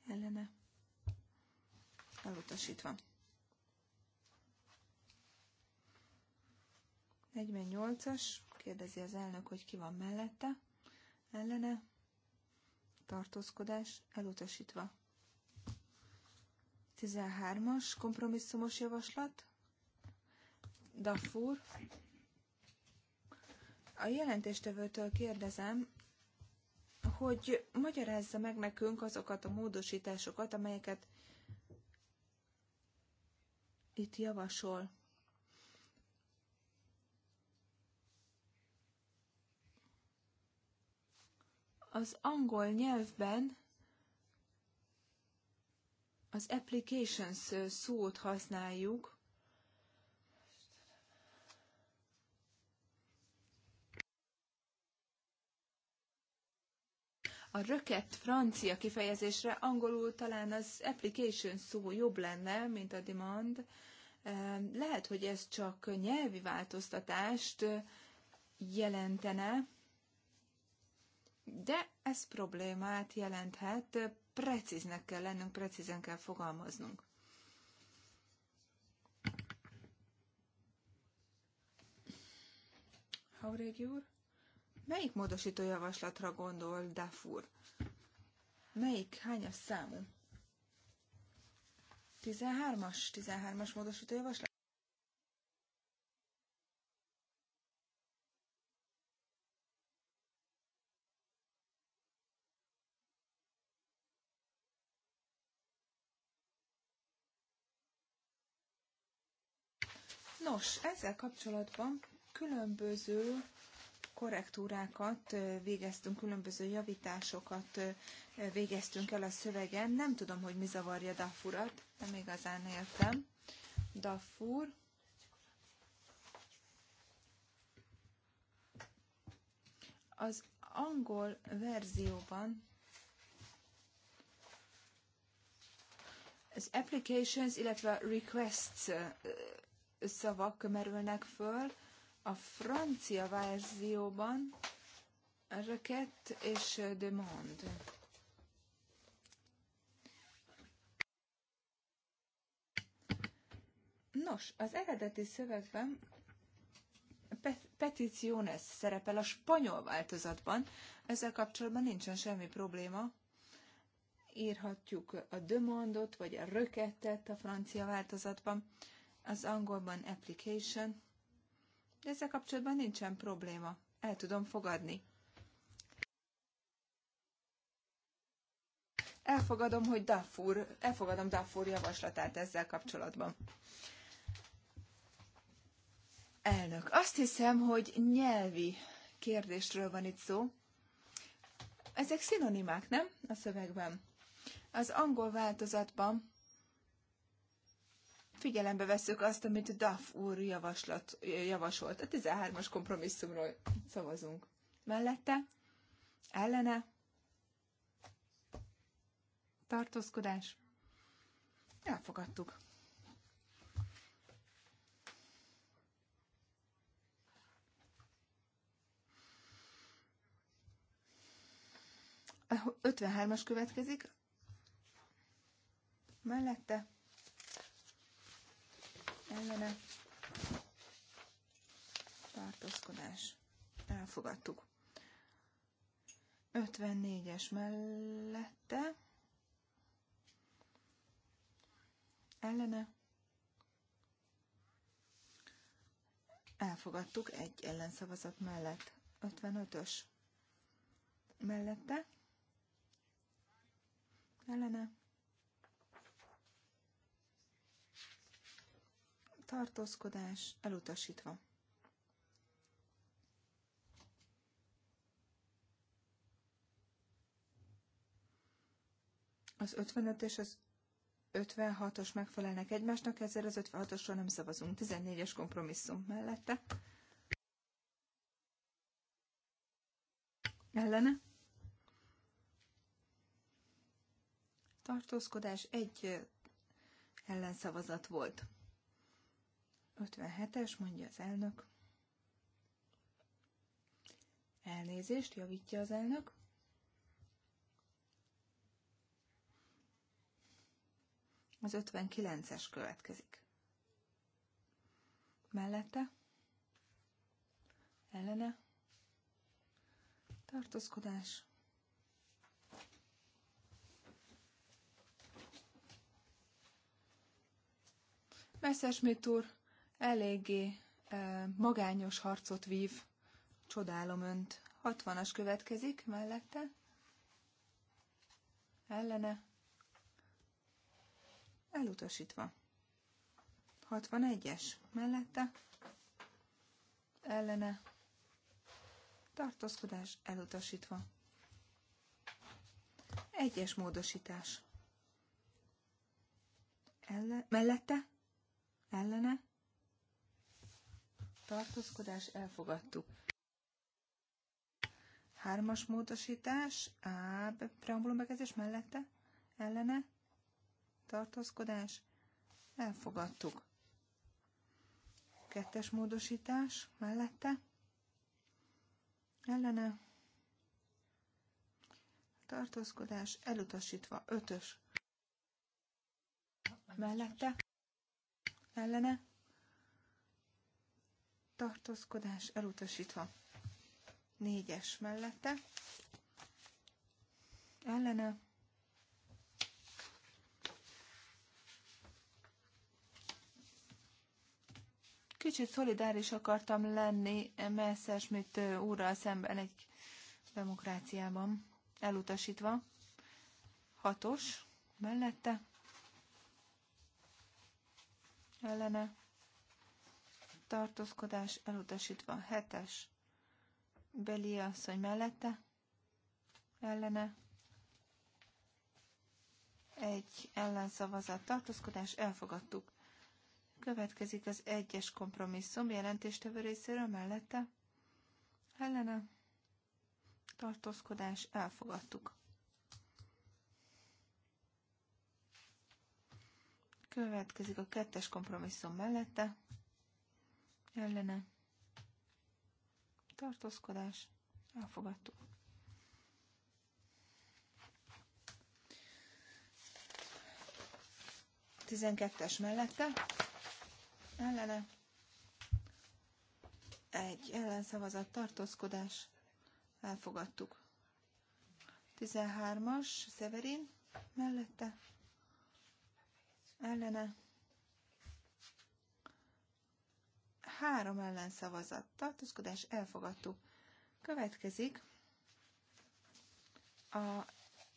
ellene elutasítva. 48-as, kérdezi az elnök, hogy ki van mellette, ellene, tartózkodás, elutasítva. 13-as, kompromisszumos javaslat, Dafur. A jelentéstevőtől kérdezem, hogy magyarázza meg nekünk azokat a módosításokat, amelyeket itt javasol. az angol nyelvben az applications szót használjuk, a röket francia kifejezésre angolul talán az application szó jobb lenne, mint a demand. Lehet, hogy ez csak nyelvi változtatást jelentene, de ez problémát jelenthet, precíznek kell lennünk, precízen kell fogalmaznunk. Haurégi úr? Melyik módosító javaslatra gondol Dafur? Melyik? Hányas számú? 13-as, 13-as módosító javaslat? Nos, ezzel kapcsolatban különböző korrektúrákat végeztünk, különböző javításokat végeztünk el a szövegen. Nem tudom, hogy mi zavarja Dafurat, nem igazán értem. Dafur. Az angol verzióban az applications, illetve requests szavak merülnek föl. A francia verzióban Raket és Demond. Nos, az eredeti szövegben petitiones szerepel a spanyol változatban, ezzel kapcsolatban nincsen semmi probléma. Írhatjuk a demandot, vagy a rökettet a francia változatban az angolban application, de ezzel kapcsolatban nincsen probléma. El tudom fogadni. Elfogadom, hogy Duffur, elfogadom Duffur javaslatát ezzel kapcsolatban. Elnök, azt hiszem, hogy nyelvi kérdésről van itt szó. Ezek szinonimák, nem? A szövegben. Az angol változatban figyelembe veszük azt, amit Duff úr javaslat, javasolt. A 13-as kompromisszumról szavazunk. Mellette? Ellene? Tartózkodás? Elfogadtuk. A 53-as következik. Mellette ellene tartózkodás elfogadtuk. 54-es mellette ellene elfogadtuk egy ellenszavazat mellett. 55-ös mellette ellene tartózkodás elutasítva. Az 55 és az 56-os megfelelnek egymásnak, ezzel az 56-osról nem szavazunk. 14-es kompromisszum mellette. Ellene. Tartózkodás egy ellenszavazat volt. 57-es, mondja az elnök. Elnézést, javítja az elnök. Az 59-es következik. Mellette? Ellene? Tartózkodás. mit úr, eléggé magányos harcot vív. Csodálom önt. 60-as következik mellette. Ellene. Elutasítva. 61-es mellette. Ellene. Tartózkodás elutasítva. Egyes módosítás. Elle, mellette? Ellene? tartózkodás elfogadtuk. Hármas módosítás, A preambulum bekezdés mellette, ellene, tartózkodás, elfogadtuk. Kettes módosítás, mellette, ellene, tartózkodás, elutasítva, ötös, mellette, ellene, tartózkodás elutasítva. Négyes mellette, ellene, Kicsit szolidáris akartam lenni Messerschmitt úrral szemben egy demokráciában, elutasítva. Hatos mellette, ellene, tartózkodás elutasítva. Hetes Beli asszony mellette, ellene, egy ellenszavazat tartózkodás, elfogadtuk. Következik az egyes kompromisszum jelentéstevő részéről mellette, ellene, tartózkodás, elfogadtuk. Következik a kettes kompromisszum mellette, ellene tartózkodás elfogadtuk. Tizenkettes mellette ellene egy ellenszavazat tartózkodás elfogadtuk. 13-as Severin mellette ellene három ellenszavazat, tartózkodás, elfogadtuk. Következik a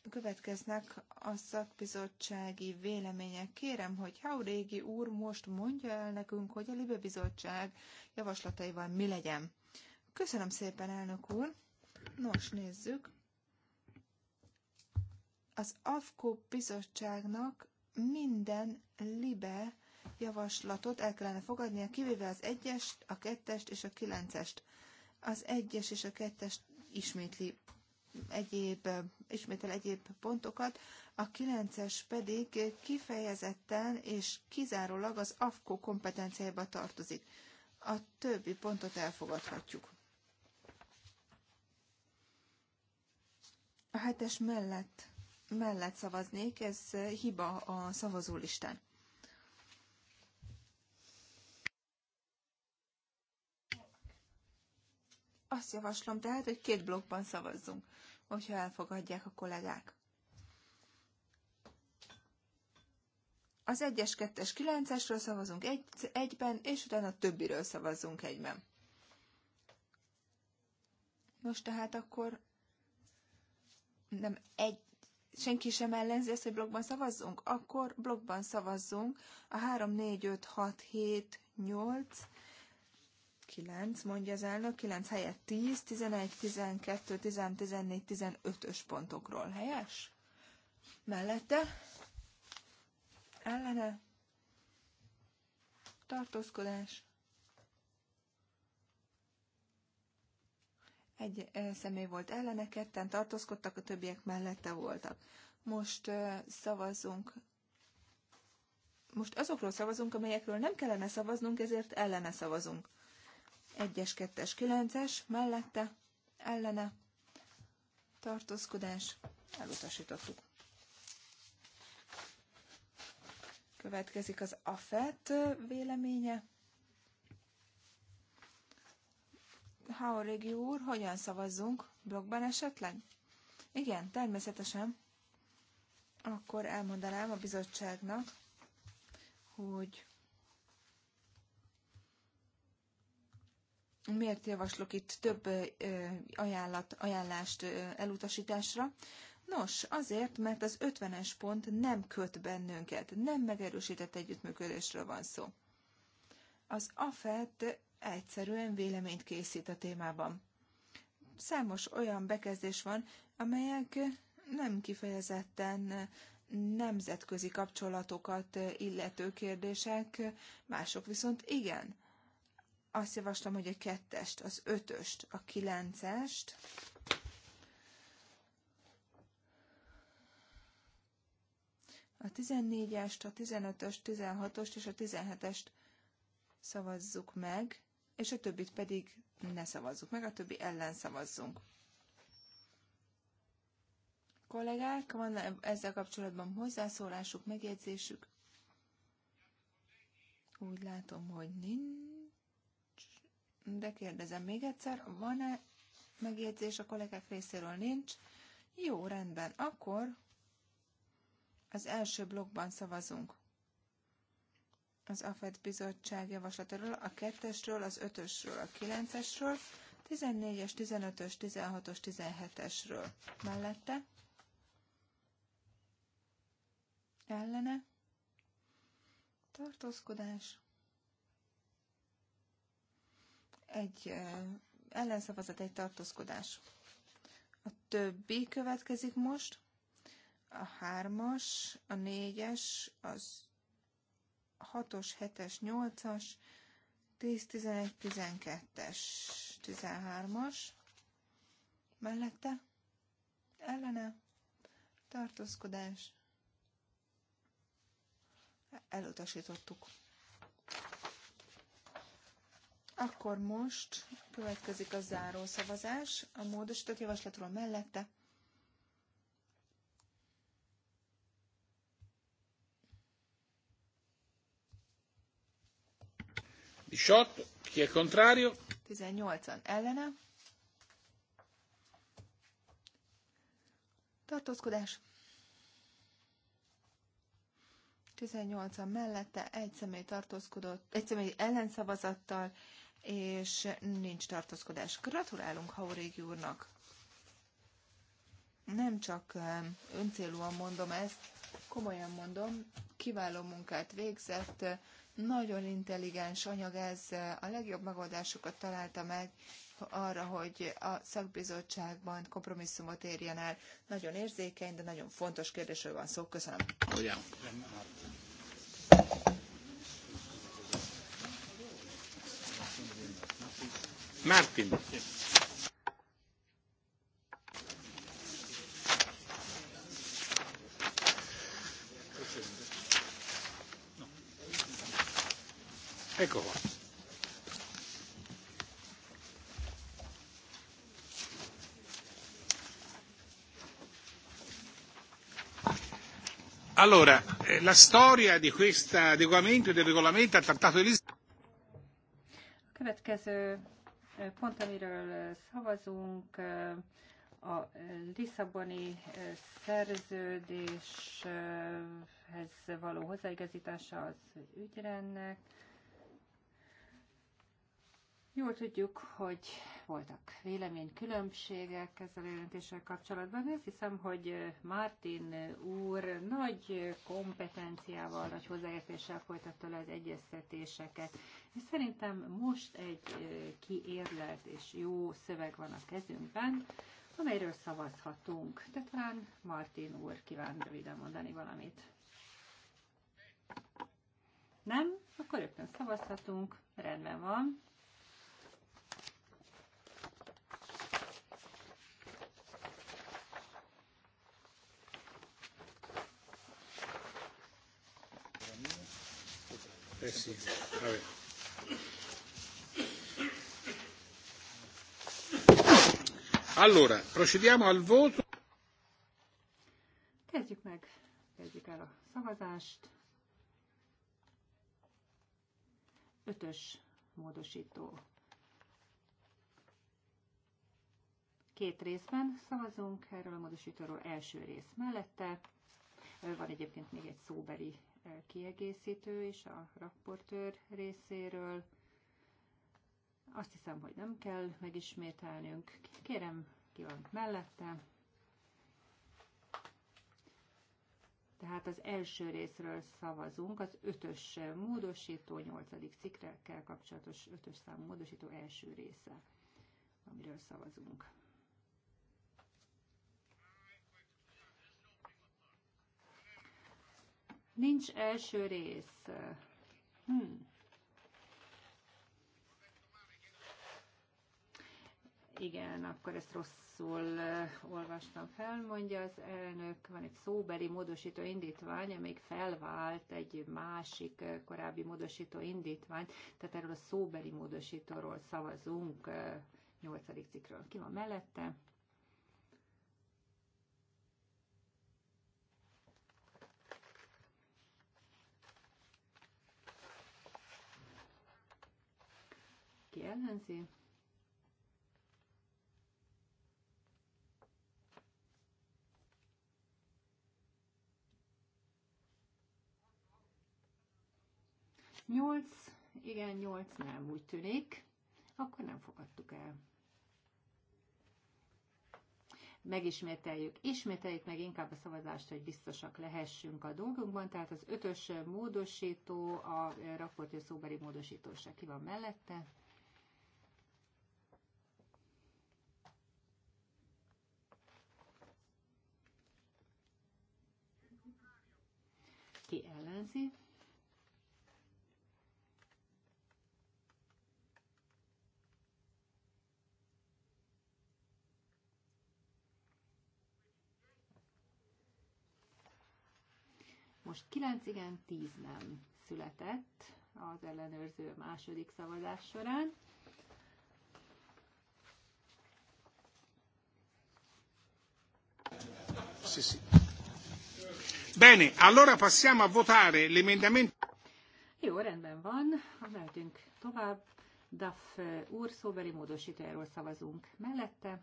következnek a szakbizottsági vélemények. Kérem, hogy Haurégi úr most mondja el nekünk, hogy a Libe Bizottság javaslataival mi legyen. Köszönöm szépen, elnök úr. Nos, nézzük. Az AFKO bizottságnak minden Libe javaslatot el kellene fogadnia, kivéve az egyest, a kettest és a kilencest. Az egyes és a kettest ismétli egyéb, ismétel egyéb pontokat, a kilences pedig kifejezetten és kizárólag az AFKO kompetenciájába tartozik. A többi pontot elfogadhatjuk. A hetes mellett, mellett szavaznék, ez hiba a szavazólistán. Azt javaslom tehát, hogy két blokkban szavazzunk, hogyha elfogadják a kollégák. Az 1-es, 2-es, 9-esről szavazunk egy, egyben, és utána a többiről szavazzunk egyben. Most tehát akkor nem egy, senki sem ellenzi ezt, hogy blokkban szavazzunk? Akkor blokkban szavazzunk a 3, 4, 5, 6, 7, 8, 9, mondja az elnök, 9 helyett 10, 11, 12, 13, 14, 15-ös pontokról. Helyes? Mellette? Ellene? Tartózkodás? Egy személy volt ellene, ketten tartózkodtak, a többiek mellette voltak. Most szavazzunk most azokról szavazunk, amelyekről nem kellene szavaznunk, ezért ellene szavazunk. 1-es, 2-es, 9-es mellette ellene tartózkodás elutasítottuk. Következik az AFET véleménye. Haurigi úr, hogyan szavazzunk? Blogban esetleg? Igen, természetesen. Akkor elmondanám a bizottságnak, hogy miért javaslok itt több ajánlat, ajánlást elutasításra? Nos, azért, mert az 50-es pont nem köt bennünket, nem megerősített együttműködésről van szó. Az AFET egyszerűen véleményt készít a témában. Számos olyan bekezdés van, amelyek nem kifejezetten nemzetközi kapcsolatokat illető kérdések, mások viszont igen azt javaslom, hogy a kettest, az ötöst, a kilencest, a 14-est, a 15-öst, 16-ost és a 17-est szavazzuk meg, és a többit pedig ne szavazzuk meg, a többi ellen szavazzunk. Kollégák, van -e ezzel kapcsolatban hozzászólásuk, megjegyzésük? Úgy látom, hogy nincs de kérdezem még egyszer, van-e megjegyzés a kollégák részéről? Nincs. Jó, rendben. Akkor az első blokkban szavazunk. Az AFED bizottság javaslatáról, a kettesről, az ötösről, a kilencesről, 14-es, 15-ös, 16-os, 17-esről. Mellette? Ellene? Tartózkodás? egy ellenszavazat, egy tartózkodás. A többi következik most. A hármas, a négyes, az hatos, hetes, nyolcas, 10, 11, 12-es, 13-as. Mellette ellene tartózkodás. Elutasítottuk. Akkor most következik a záró szavazás a módosított javaslatról mellette. Shot, ki a contrario? 18-an ellene. Tartózkodás. 18-an mellette, egy személy tartózkodott, egy személy ellenszavazattal, és nincs tartózkodás. Gratulálunk Haurégi úrnak! Nem csak öncélúan mondom ezt, komolyan mondom, kiváló munkát végzett, nagyon intelligens anyag ez, a legjobb megoldásokat találta meg arra, hogy a szakbizottságban kompromisszumot érjen el. Nagyon érzékeny, de nagyon fontos kérdésről van szó. Köszönöm. Ugyan. Oh, Martin. Allora, eh, la storia di questo adeguamento e del regolamento al Trattato di Lisbona. következő pont, amiről szavazunk, a Lisszaboni szerződéshez való hozzáigazítása az ügyrendnek. Jól tudjuk, hogy voltak véleménykülönbségek ezzel a jelentéssel kapcsolatban. Azt hiszem, hogy Martin úr nagy kompetenciával, nagy hozzáértéssel folytatta le az egyeztetéseket. Szerintem most egy kiérlelt és jó szöveg van a kezünkben, amelyről szavazhatunk. De talán Martin úr kíván röviden mondani valamit. Nem? Akkor rögtön szavazhatunk. Rendben van. Eh sì, Allora, procediamo al voto. Kezdjük meg, kezdjük el a szavazást. Ötös módosító. Két részben szavazunk erről a módosítóról első rész mellette. Van egyébként még egy szóbeli kiegészítő is a raportőr részéről. Azt hiszem, hogy nem kell megismételnünk. Kérem, ki van mellette. Tehát az első részről szavazunk, az ötös módosító, nyolcadik cikkel kapcsolatos ötös számú módosító első része, amiről szavazunk. Nincs első rész. Hmm. Igen, akkor ezt rosszul eh, olvastam fel, mondja az elnök. Van egy szóbeli módosító indítvány, amelyik felvált egy másik eh, korábbi módosító indítvány. tehát erről a szóbeli módosítóról szavazunk, 8. Eh, cikről. Ki van mellette? Ki ellenzi? 8 igen, 8 nem úgy tűnik, akkor nem fogadtuk el. Megismételjük, ismételjük meg inkább a szavazást, hogy biztosak lehessünk a dolgunkban, tehát az ötös módosító, a raportő szóbeli se ki van mellette. Ki ellenzi? Most 9 igen, 10 nem született az ellenőrző második szavazás során. Sí, sí. Bene, allora passiamo a votare l'emendamento. Jó, rendben van, mehetünk tovább. DAF eh, úr szóbeli módosítójáról szavazunk mellette.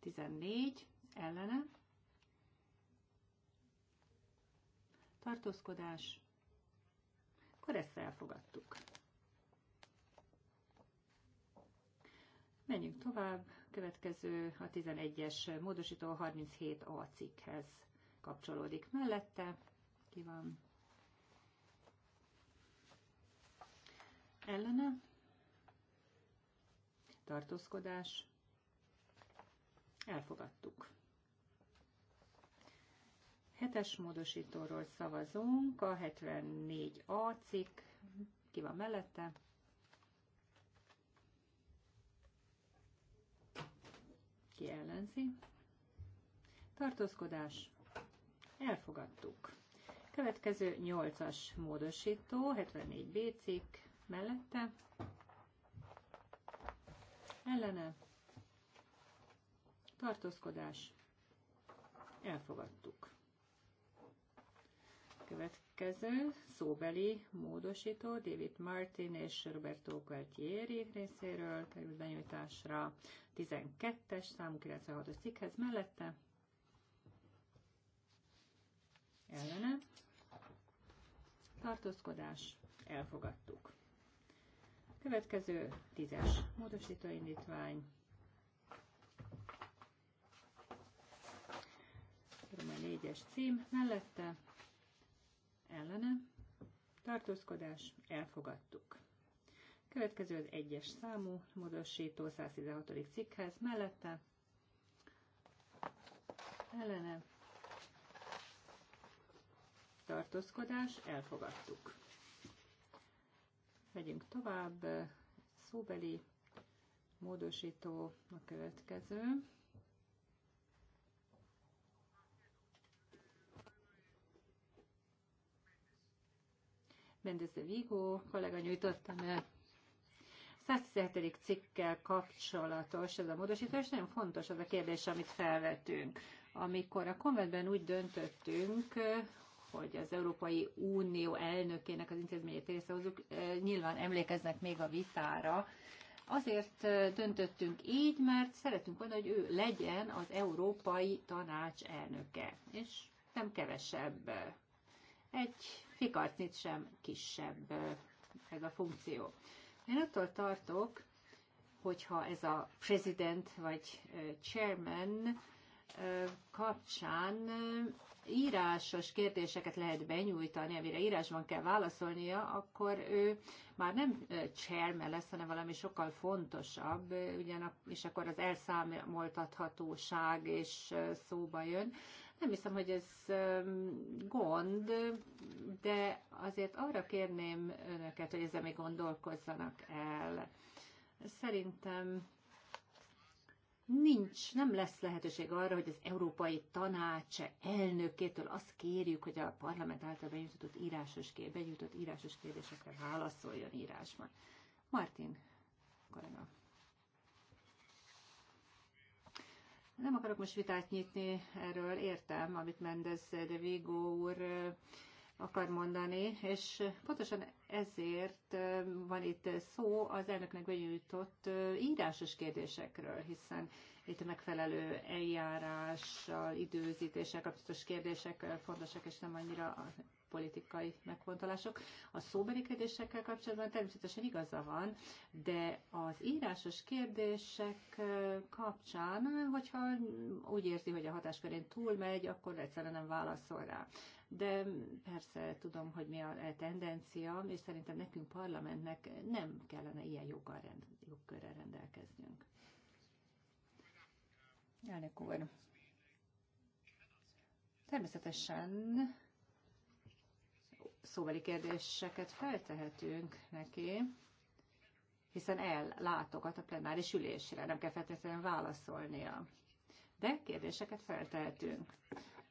14 ellene. Tartózkodás. Akkor ezt elfogadtuk. Menjünk tovább. Következő a 11-es módosító 37a cikkhez kapcsolódik mellette. Ki van? Ellene. Tartózkodás. Elfogadtuk. Hetes módosítóról szavazunk, a 74A cikk, ki van mellette? Ki ellenzi? Tartózkodás. Elfogadtuk. Következő 8-as módosító, 74B cikk, mellette. Ellene tartózkodás, elfogadtuk. Következő szóbeli módosító David Martin és Roberto Gualtieri részéről került benyújtásra 12-es számú 96-os cikkhez mellette. Ellene. Tartózkodás. Elfogadtuk. Következő 10-es indítvány. Róma 4-es cím mellette ellene tartózkodás elfogadtuk. Következő az egyes számú módosító 116. cikkhez mellette ellene tartózkodás elfogadtuk. Megyünk tovább, szóbeli módosító a következő. Mendes Vigo kollega nyújtotta be. 117. cikkkel kapcsolatos ez a módosítás, nagyon fontos az a kérdés, amit felvetünk. Amikor a konventben úgy döntöttünk, hogy az Európai Unió elnökének az intézményét részehozunk, eh, nyilván emlékeznek még a vitára. Azért eh, döntöttünk így, mert szeretünk volna, hogy ő legyen az Európai Tanács elnöke, és nem kevesebb. Egy fikarcnit sem kisebb ez a funkció. Én attól tartok, hogyha ez a president vagy chairman kapcsán írásos kérdéseket lehet benyújtani, amire írásban kell válaszolnia, akkor ő már nem chairman lesz, hanem valami sokkal fontosabb, ugyanak, és akkor az elszámoltathatóság és szóba jön. Nem hiszem, hogy ez gond, de azért arra kérném önöket, hogy ezzel még gondolkozzanak el. Szerintem nincs, nem lesz lehetőség arra, hogy az Európai Tanács elnökétől azt kérjük, hogy a parlament által benyújtott írásos, benyújtott írásos kérdésekre válaszoljon írásban. Martin Kolena. Nem akarok most vitát nyitni erről, értem, amit Mendez de Vigo úr akar mondani, és pontosan ezért van itt szó az elnöknek benyújtott írásos kérdésekről, hiszen itt a megfelelő eljárással, időzítéssel kapcsolatos kérdések fontosak, és nem annyira a politikai megfontolások. A szóbeli kérdésekkel kapcsolatban természetesen igaza van, de az írásos kérdések kapcsán, hogyha úgy érzi, hogy a hatáskörén túlmegy, akkor egyszerűen nem válaszol rá de persze tudom, hogy mi a e, tendencia, és szerintem nekünk parlamentnek nem kellene ilyen joggal rend, jogkörrel rendelkeznünk. Elnök úr, természetesen szóbeli kérdéseket feltehetünk neki, hiszen ellátogat a plenáris ülésre, nem kell feltétlenül válaszolnia. De kérdéseket feltehetünk.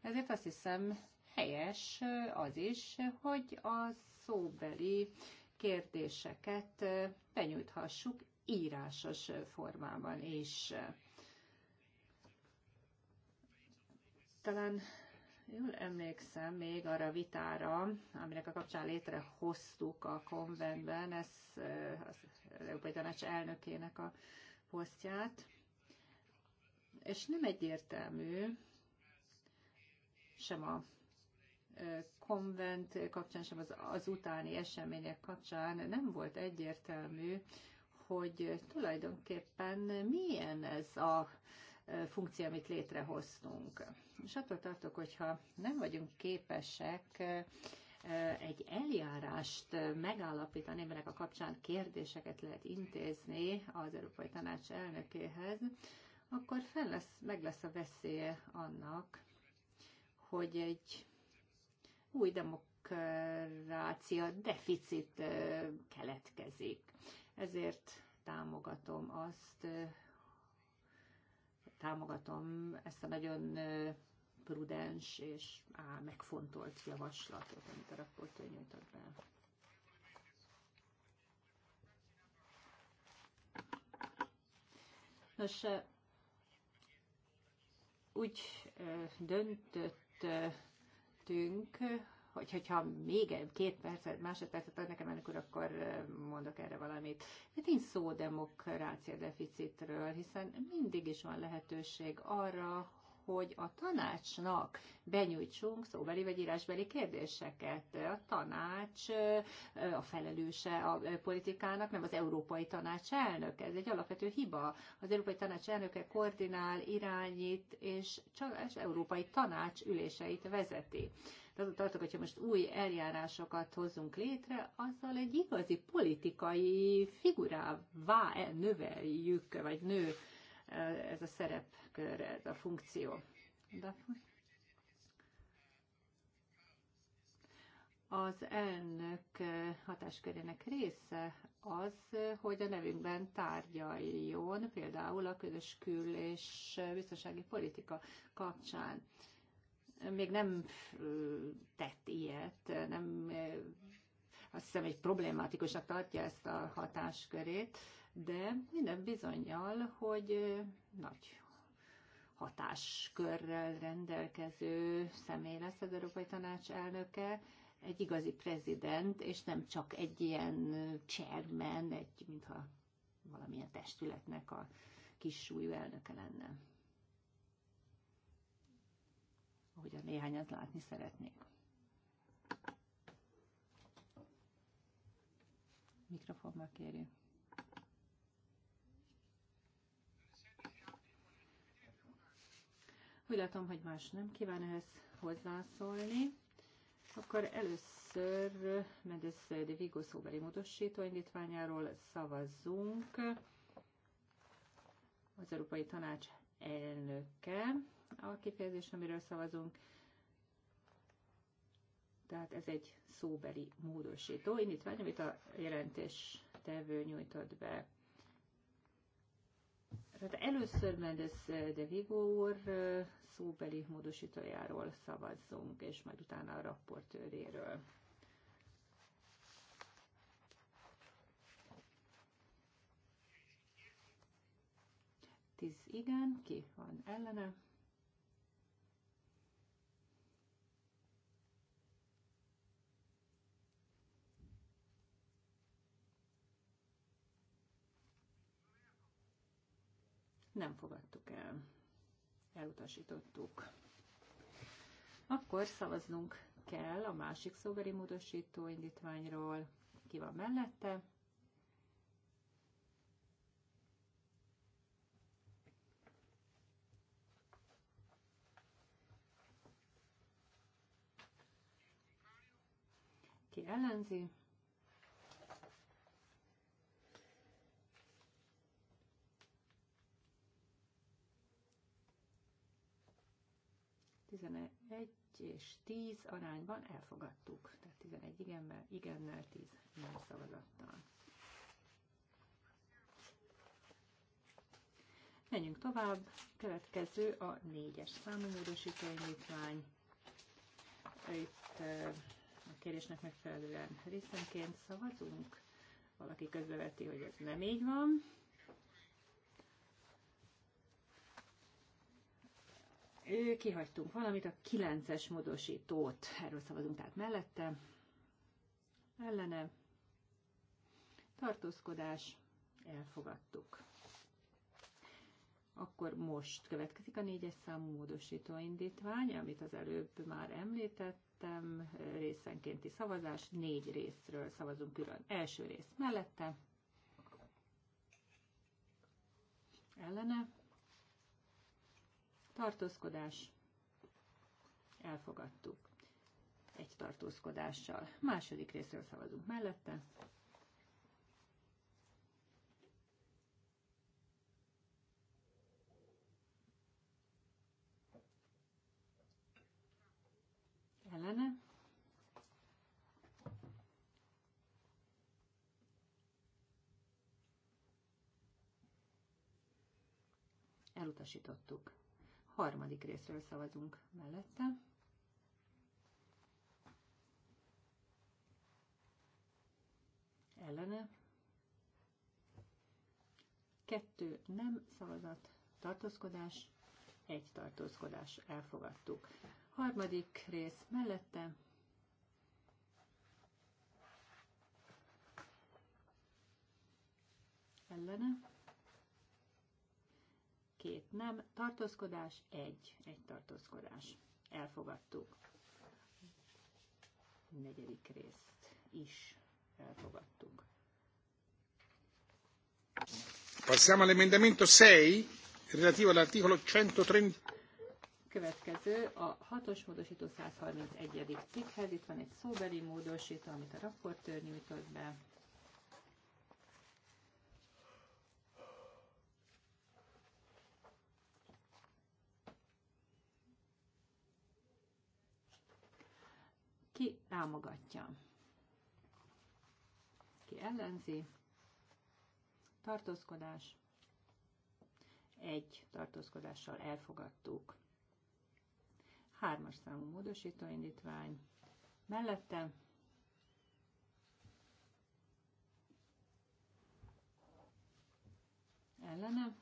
Ezért azt hiszem helyes az is, hogy a szóbeli kérdéseket benyújthassuk írásos formában is. talán jól emlékszem még arra a vitára, aminek a kapcsán létrehoztuk a konventben ez az Európai Tanács elnökének a posztját, és nem egyértelmű, sem a konvent kapcsán, sem az, az utáni események kapcsán nem volt egyértelmű, hogy tulajdonképpen milyen ez a funkció, amit létrehoztunk. És attól tartok, hogyha nem vagyunk képesek egy eljárást megállapítani, aminek a kapcsán kérdéseket lehet intézni az Európai Tanács elnökéhez, akkor fel lesz, meg lesz a veszélye annak, hogy egy új demokrácia deficit keletkezik. Ezért támogatom azt, támogatom ezt a nagyon prudens és á, megfontolt javaslatot, amit a raportőr nyújtott be. Nos, úgy döntöttünk, hogy, hogyha még két percet, másodpercet ad nekem ennek, akkor mondok erre valamit. Itt hát nincs szó demokrácia deficitről, hiszen mindig is van lehetőség arra, hogy a tanácsnak benyújtsunk szóbeli vagy írásbeli kérdéseket. A tanács a felelőse a politikának, nem az Európai Tanács elnöke. Ez egy alapvető hiba. Az Európai Tanács elnöke koordinál, irányít, és csak az Európai Tanács üléseit vezeti. De azon tartok, hogyha most új eljárásokat hozzunk létre, azzal egy igazi politikai figurává növeljük, vagy nő eh, ez a szerepkör, ez a funkció. De az elnök eh, hatáskörének része az, hogy a nevünkben tárgyaljon például a közös kül- és eh, biztonsági politika kapcsán még nem tett ilyet, nem azt hiszem, egy problématikusnak tartja ezt a hatáskörét, de minden bizonyal, hogy nagy hatáskörrel rendelkező személy lesz az Európai Tanács elnöke, egy igazi prezident, és nem csak egy ilyen chairman, egy, mintha valamilyen testületnek a kis súlyú elnöke lenne. ahogy a néhányat látni szeretnék. Mikrofonba kérjük. Úgy látom, hogy más nem kíván ehhez hozzászólni. Akkor először Mendes de Vigo szóbeli módosító indítványáról szavazzunk. Az Európai Tanács elnöke a kifejezés, amiről szavazunk. Tehát ez egy szóbeli módosító indítvány, amit a jelentés tevő nyújtott be. Tehát először Mendes de Vigo úr szóbeli módosítójáról szavazzunk, és majd utána a rapportőréről. Tíz igen, ki van ellene? nem fogadtuk el. Elutasítottuk. Akkor szavaznunk kell a másik szóbeli módosító indítványról. Ki van mellette? Ki ellenzi? 11 és 10 arányban elfogadtuk. Tehát 11 igennel, igennel 10 nem szavazattal. Menjünk tovább. Következő a 4-es számú módosító indítvány. Itt a kérésnek megfelelően részenként szavazunk. Valaki közbeveti, hogy ez nem így van. kihagytunk valamit, a 9-es módosítót, erről szavazunk tehát mellette, ellene, tartózkodás, elfogadtuk. Akkor most következik a négyes számú módosító indítvány, amit az előbb már említettem, részenkénti szavazás, négy részről szavazunk külön. Első rész mellette, ellene, tartózkodás, elfogadtuk egy tartózkodással. Második részről szavazunk mellette. Ellene. Elutasítottuk. Harmadik részről szavazunk mellette. Ellene. Kettő nem szavazat, tartózkodás, egy tartózkodás, elfogadtuk. Harmadik rész mellette. Ellene két nem, tartózkodás, egy, egy tartózkodás. Elfogadtuk. Negyedik részt is elfogadtuk. Passiamo all'emendamento 6, relativo all'articolo 130. Következő a hatos módosító 131. cikkhez. Itt van egy szóbeli módosító, amit a raportőr nyújtott be. Ki támogatja? Ki ellenzi? Tartózkodás. Egy tartózkodással elfogadtuk. Hármas számú módosítóindítvány. Mellette ellene.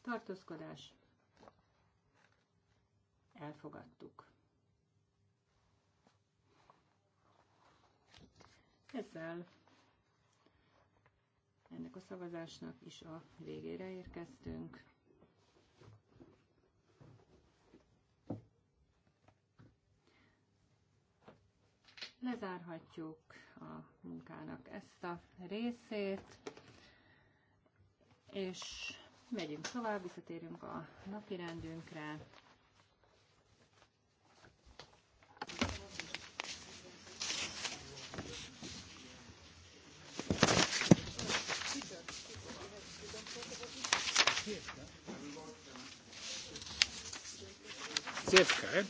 Tartózkodás. Elfogadtuk. Ezzel ennek a szavazásnak is a végére érkeztünk. Lezárhatjuk a munkának ezt a részét, és megyünk tovább, visszatérünk a napirendünkre. Девка, э?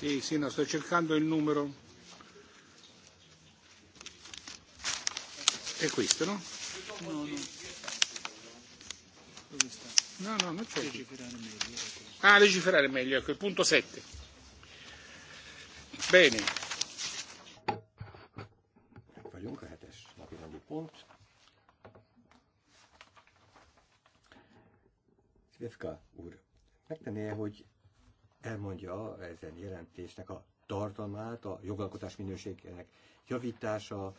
Sì, sì, no, sto cercando il numero. È questo, no? No, no, non c'è. Legiferare meglio. Ah, legiferare meglio, ecco, il punto 7. Bene. Vagyunk a hetes napi pont. Szvivka úr, megtenné -e, hogy elmondja ezen jelentésnek a tartalmát, a jogalkotás minőségének javítása,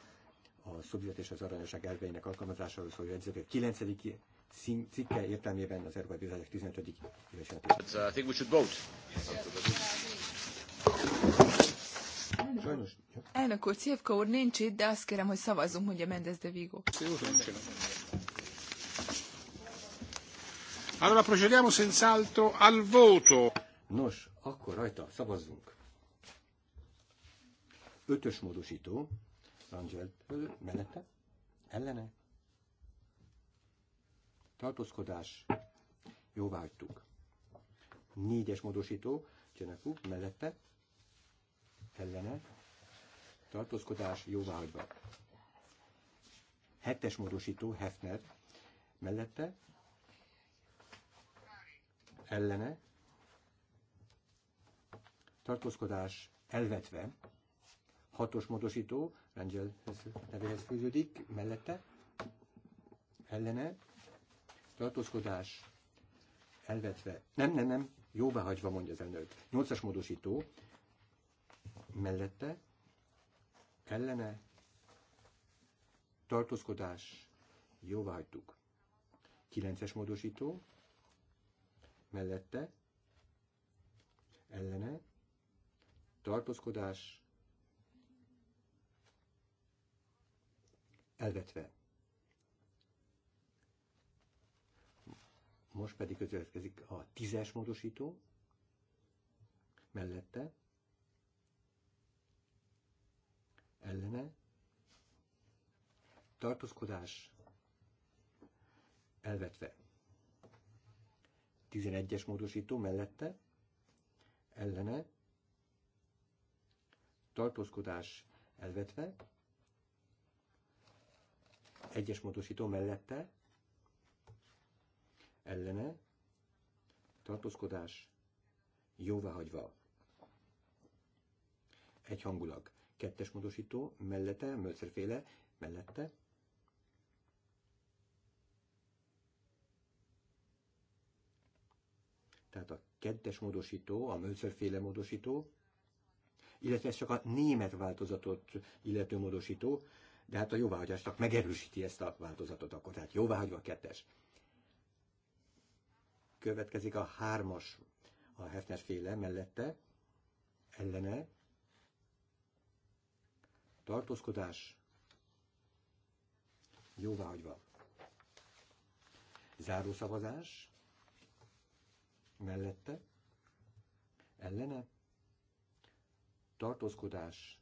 a szubjet és az aranyosság elveinek alkalmazásáról szóló jegyzőkönyv 9. cikke értelmében az Európai Bizottság 15. éves jelentését. think we should vote. Elnök úr, Cievka úr nincs itt, de azt kérem, hogy szavazzunk, mondja Mendez de Vigo. Allora procediamo senz'altro al voto. Nos, akkor rajta szavazzunk. Ötös módosító. Rangeltől, mellette, ellene, tartózkodás, jóvá hagytuk. Négyes módosító, Csenekú, mellette, ellene, tartózkodás, hagyva. Hetes módosító, Hefner, mellette, ellene, tartózkodás elvetve, hatos módosító, Angel nevéhez fűződik, mellette, ellene, tartózkodás elvetve, nem, nem, nem, jóvá hagyva, mondja az elnök. Nyolcas módosító, mellette, ellene, tartózkodás, jóvá hagytuk. Kilences módosító, mellette, ellene, tartózkodás, elvetve. Most pedig következik a tízes módosító mellette, ellene, tartózkodás elvetve. Tizenegyes módosító mellette, ellene, tartózkodás elvetve, egyes módosító mellette, ellene, tartózkodás, jóváhagyva. Egyhangulag. Kettes módosító mellette, mölcerféle, mellette, tehát a kettes módosító, a mölcerféle módosító, illetve ez csak a német változatot illető módosító, de hát a jóváhagyás csak megerősíti ezt a változatot akkor, tehát jóváhagyva a kettes. Következik a hármas, a Hefner féle mellette, ellene, tartózkodás, jóváhagyva. Zárószavazás, mellette, ellene, tartózkodás,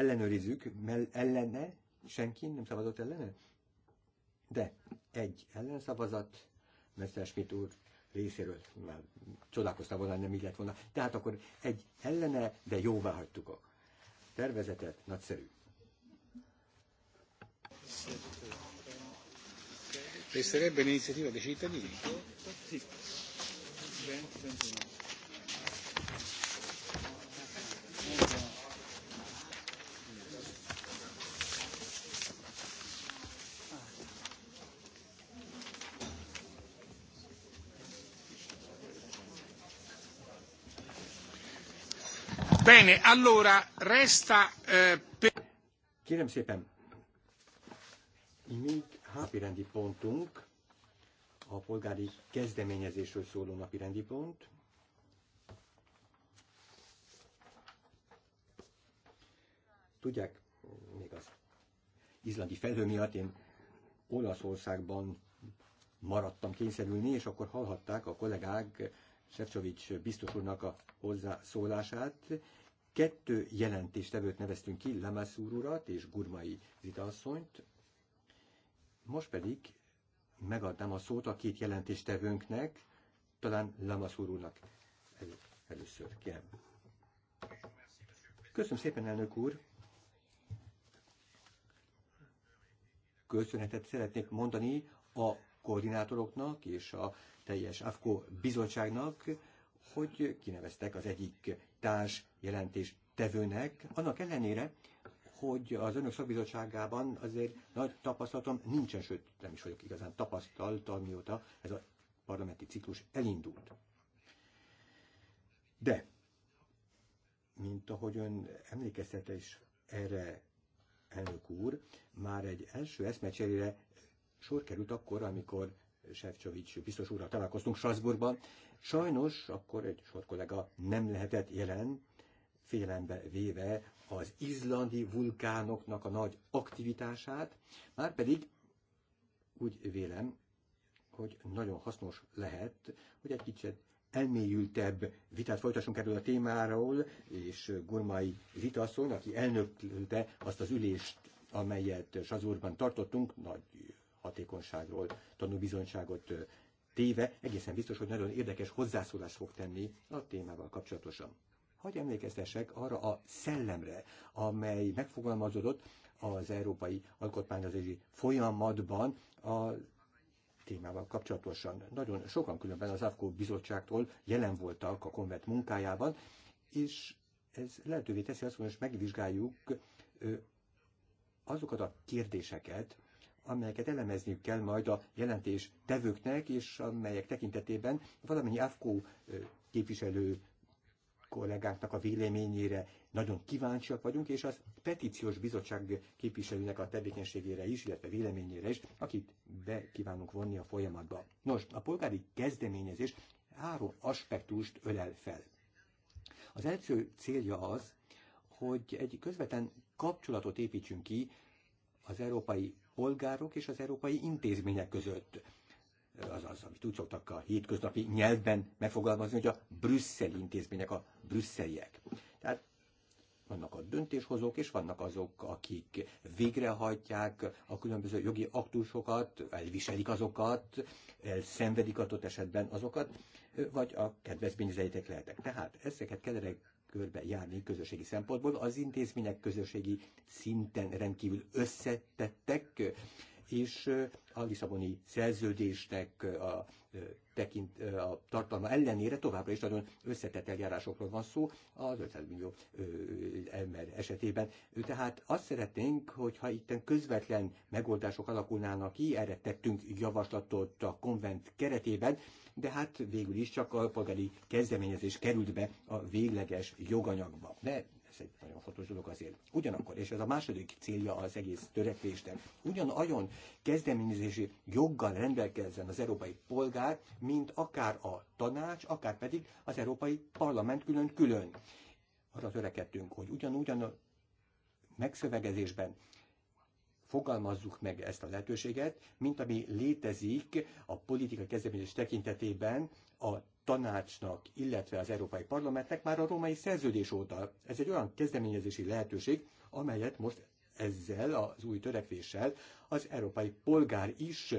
ellenőrizzük, mell- ellene, senki nem szavazott ellene? De egy ellenszavazat, Schmidt úr részéről már csodálkoztam volna, nem így lett volna. Tehát akkor egy ellene, de jóvá hagytuk a tervezetet, nagyszerű. Resterebbe sarebbe dei cittadini? Sì. 20, Bene, allora resta... Eh, pe... Kérem szépen, még napirendi pontunk, a polgári kezdeményezésről szóló napirendi pont. Tudják, még az izlandi felhő miatt én Olaszországban maradtam kényszerülni, és akkor hallhatták a kollégák Sefcsovics biztos úrnak a hozzászólását, kettő jelentéstevőt neveztünk ki, Lemász úr urat és Gurmai Zitasszonyt. Most pedig megadnám a szót a két jelentéstevőnknek, talán Lemász úr úrnak el, először kell. Köszönöm szépen, elnök úr! Köszönhetet szeretnék mondani a koordinátoroknak és a teljes AFKO bizottságnak, hogy kineveztek az egyik társ jelentés tevőnek, annak ellenére, hogy az önök szakbizottságában azért nagy tapasztalatom nincsen, sőt nem is vagyok igazán tapasztalt, amióta ez a parlamenti ciklus elindult. De, mint ahogy ön emlékeztette is erre, elnök úr, már egy első eszmecserére sor került akkor, amikor Sefcsovics biztos úrral találkoztunk Strasbourgban. Sajnos akkor egy sor kollega nem lehetett jelen, félembe véve az izlandi vulkánoknak a nagy aktivitását, már pedig úgy vélem, hogy nagyon hasznos lehet, hogy egy kicsit elmélyültebb vitát folytassunk erről a témáról, és Zita Vitaszon, aki elnöklte azt az ülést, amelyet Sazurban tartottunk, nagy hatékonyságról tanúbizonyságot téve, egészen biztos, hogy nagyon érdekes hozzászólást fog tenni a témával kapcsolatosan. Hagy emlékeztessek arra a szellemre, amely megfogalmazódott az európai alkotmányozási folyamatban a témával kapcsolatosan. Nagyon sokan különben az AFKO bizottságtól jelen voltak a konvent munkájában, és ez lehetővé teszi azt, hogy most megvizsgáljuk azokat a kérdéseket, amelyeket elemezniük kell majd a jelentés tevőknek, és amelyek tekintetében valamennyi AFKO képviselő kollégáknak a véleményére nagyon kíváncsiak vagyunk, és az petíciós bizottság képviselőnek a tevékenységére is, illetve véleményére is, akit be kívánunk vonni a folyamatba. Nos, a polgári kezdeményezés három aspektust ölel fel. Az első célja az, hogy egy közvetlen kapcsolatot építsünk ki az európai polgárok és az európai intézmények között az, az, amit úgy szoktak a hétköznapi nyelvben megfogalmazni, hogy a brüsszeli intézmények, a brüsszeliek. Tehát vannak a döntéshozók, és vannak azok, akik végrehajtják a különböző jogi aktusokat, elviselik azokat, elszenvedik adott esetben azokat, vagy a kedvezményezeitek lehetek. Tehát ezeket kellene körbe járni közösségi szempontból. Az intézmények közösségi szinten rendkívül összetettek, és a Lisszaboni szerződésnek a, tekint, a tartalma ellenére továbbra is nagyon összetett eljárásokról van szó az 500 millió ember esetében. Tehát azt szeretnénk, hogyha itt közvetlen megoldások alakulnának ki, erre tettünk javaslatot a konvent keretében, de hát végül is csak a polgári kezdeményezés került be a végleges joganyagba. De ez egy nagyon fontos dolog azért. Ugyanakkor, és ez a második célja az egész törekvésnek, ugyanolyan kezdeményezési joggal rendelkezzen az európai polgár, mint akár a tanács, akár pedig az európai parlament külön-külön. Arra törekedtünk, hogy ugyanúgy a megszövegezésben fogalmazzuk meg ezt a lehetőséget, mint ami létezik a politika kezdeményezés tekintetében a tanácsnak, illetve az Európai Parlamentnek már a római szerződés óta. Ez egy olyan kezdeményezési lehetőség, amelyet most ezzel az új törekvéssel az európai polgár is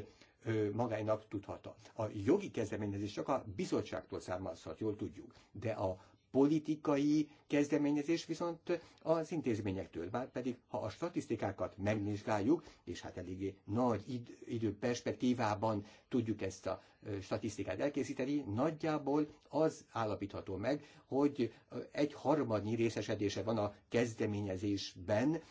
magának tudhat A jogi kezdeményezés csak a bizottságtól származhat, jól tudjuk, de a politikai kezdeményezés viszont az intézményektől. Már pedig, ha a statisztikákat megvizsgáljuk, és hát eléggé nagy id- idő perspektívában tudjuk ezt a statisztikát elkészíteni, nagyjából az állapítható meg, hogy egy harmadnyi részesedése van a kezdeményezésben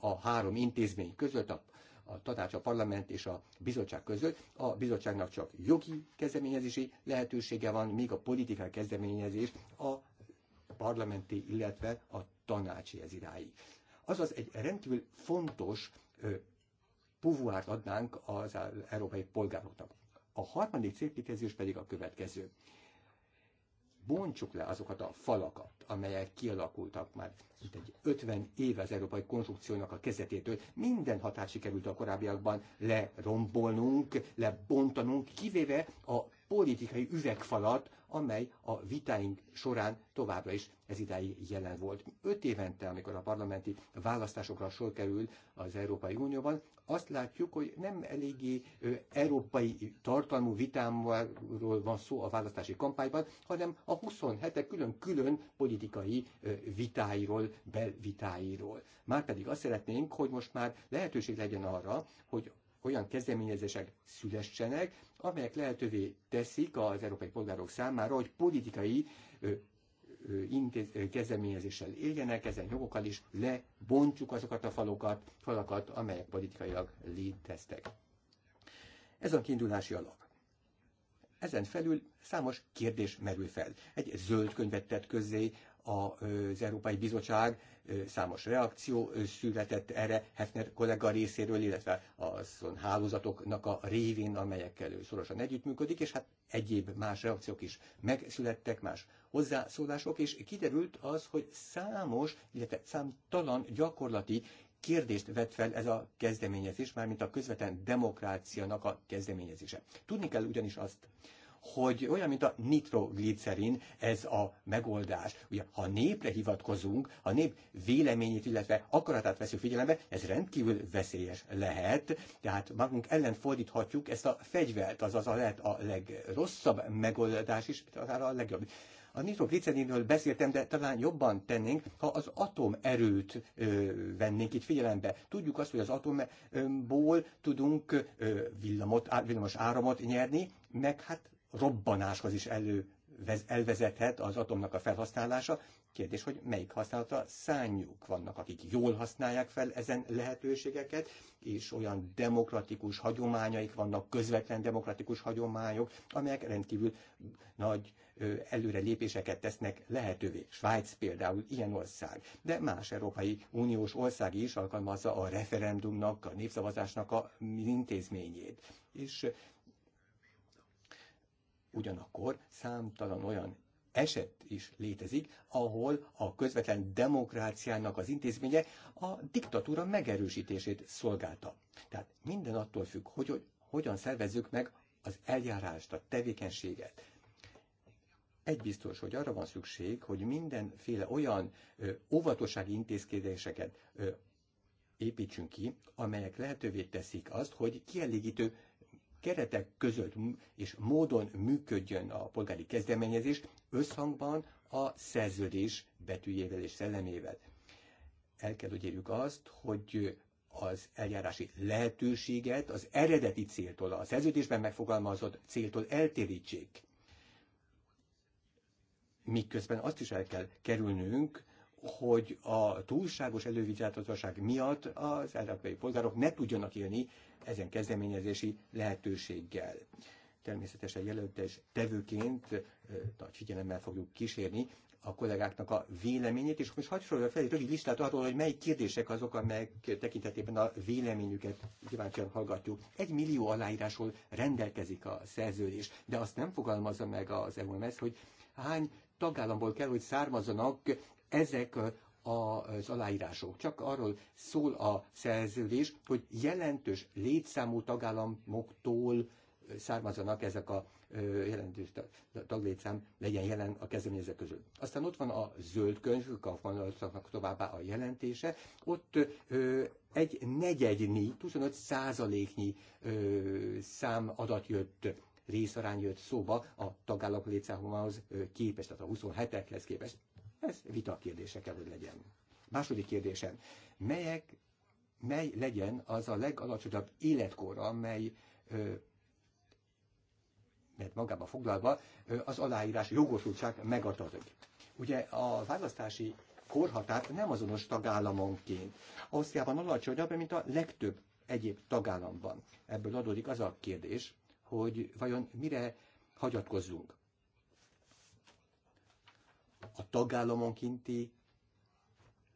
a három intézmény között, a a tanács, a parlament és a bizottság között. A bizottságnak csak jogi kezdeményezési lehetősége van, míg a politikai kezdeményezés a parlamenti, illetve a tanácsi ez iráig. Azaz egy rendkívül fontos puvuárt adnánk az európai polgároknak. A harmadik célkitezés pedig a következő bontsuk le azokat a falakat, amelyek kialakultak már itt egy 50 éve az európai konstrukciónak a kezetétől. Minden hatás sikerült a korábbiakban lerombolnunk, lebontanunk, kivéve a politikai üvegfalat, amely a vitáink során továbbra is ez idáig jelen volt. Öt évente, amikor a parlamenti választásokra sor kerül az Európai Unióban, azt látjuk, hogy nem eléggé európai tartalmú vitámról van szó a választási kampányban, hanem a 27 külön-külön politikai vitáiról, belvitáiról. Márpedig azt szeretnénk, hogy most már lehetőség legyen arra, hogy olyan kezdeményezések szülessenek, amelyek lehetővé teszik az európai polgárok számára, hogy politikai kezdeményezéssel éljenek, ezen jogokkal is lebontjuk azokat a falokat, falakat, amelyek politikailag léteztek. Ez a kiindulási alap. Ezen felül számos kérdés merül fel. Egy zöld könyvet tett közzé az Európai Bizottság számos reakció született erre Hefner kollega részéről, illetve azon hálózatoknak a révén, amelyekkel ő szorosan együttműködik, és hát egyéb más reakciók is megszülettek, más hozzászólások, és kiderült az, hogy számos, illetve számtalan gyakorlati kérdést vett fel ez a kezdeményezés, mármint a közvetlen demokráciának a kezdeményezése. Tudni kell ugyanis azt, hogy olyan, mint a nitroglicerin ez a megoldás. Ugye, ha népre hivatkozunk, a nép véleményét, illetve akaratát veszünk figyelembe, ez rendkívül veszélyes lehet, tehát magunk ellen fordíthatjuk ezt a fegyvert, azaz a lehet a legrosszabb megoldás is, akár a legjobb. A nitroglicerinről beszéltem, de talán jobban tennénk, ha az atomerőt ö, vennénk itt figyelembe. Tudjuk azt, hogy az atomból tudunk ö, villamot, villamos áramot nyerni, meg hát robbanáshoz is elő, elvezethet az atomnak a felhasználása. Kérdés, hogy melyik használata szánjuk. Vannak, akik jól használják fel ezen lehetőségeket, és olyan demokratikus hagyományaik vannak, közvetlen demokratikus hagyományok, amelyek rendkívül nagy előre lépéseket tesznek lehetővé. Svájc például ilyen ország, de más Európai Uniós ország is alkalmazza a referendumnak, a népszavazásnak a intézményét. És Ugyanakkor számtalan olyan eset is létezik, ahol a közvetlen demokráciának az intézménye a diktatúra megerősítését szolgálta. Tehát minden attól függ, hogy, hogy hogyan szervezzük meg az eljárást, a tevékenységet. Egy biztos, hogy arra van szükség, hogy mindenféle olyan ö, óvatossági intézkedéseket ö, építsünk ki, amelyek lehetővé teszik azt, hogy kielégítő keretek között és módon működjön a polgári kezdeményezés összhangban a szerződés betűjével és szellemével. El kell, hogy érjük azt, hogy az eljárási lehetőséget az eredeti céltól, a szerződésben megfogalmazott céltól eltérítsék. Miközben azt is el kell kerülnünk, hogy a túlságos elővigyázatosság miatt az európai polgárok ne tudjanak élni ezen kezdeményezési lehetőséggel. Természetesen jelöltes tevőként nagy figyelemmel fogjuk kísérni a kollégáknak a véleményét, és most hagyj sorolja fel egy rövid listát arról, hogy mely kérdések azok, amelyek tekintetében a véleményüket kíváncsian hallgatjuk. Egy millió aláírásról rendelkezik a szerződés, de azt nem fogalmazza meg az EUMS, hogy hány tagállamból kell, hogy származzanak ezek az aláírások. Csak arról szól a szerződés, hogy jelentős létszámú tagállamoktól származanak ezek a jelentős taglétszám legyen jelen a kezdeményezők között. Aztán ott van a zöld könyv, a nak továbbá a jelentése, ott egy negyednyi, 25 százaléknyi szám adat jött részarány jött szóba a tagállamok létszámához képest, tehát a 27-ekhez képest. Ez vita kérdése kell, hogy legyen. Második kérdésem, melyek, mely legyen az a legalacsonyabb életkor, amely ö, mert magába foglalva az aláírás jogosultság megadatod. Ugye a választási korhatár nem azonos tagállamonként. Ausztriában alacsonyabb, mint a legtöbb egyéb tagállamban. Ebből adódik az a kérdés, hogy vajon mire hagyatkozzunk a tagállamonkénti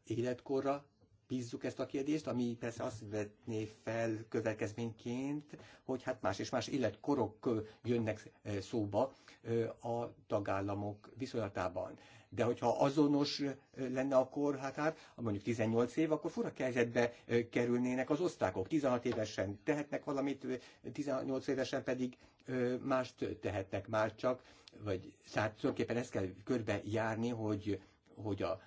életkorra bízzuk ezt a kérdést, ami persze azt vetné fel következményként, hogy hát más és más életkorok jönnek szóba a tagállamok viszonylatában. De hogyha azonos lenne a korhatár, hát, hát, mondjuk 18 év, akkor fura helyzetbe kerülnének az osztákok. 16 évesen tehetnek valamit, 18 évesen pedig mást tehetnek már csak, vagy szóval tulajdonképpen ezt kell körbe járni, hogy, hogy a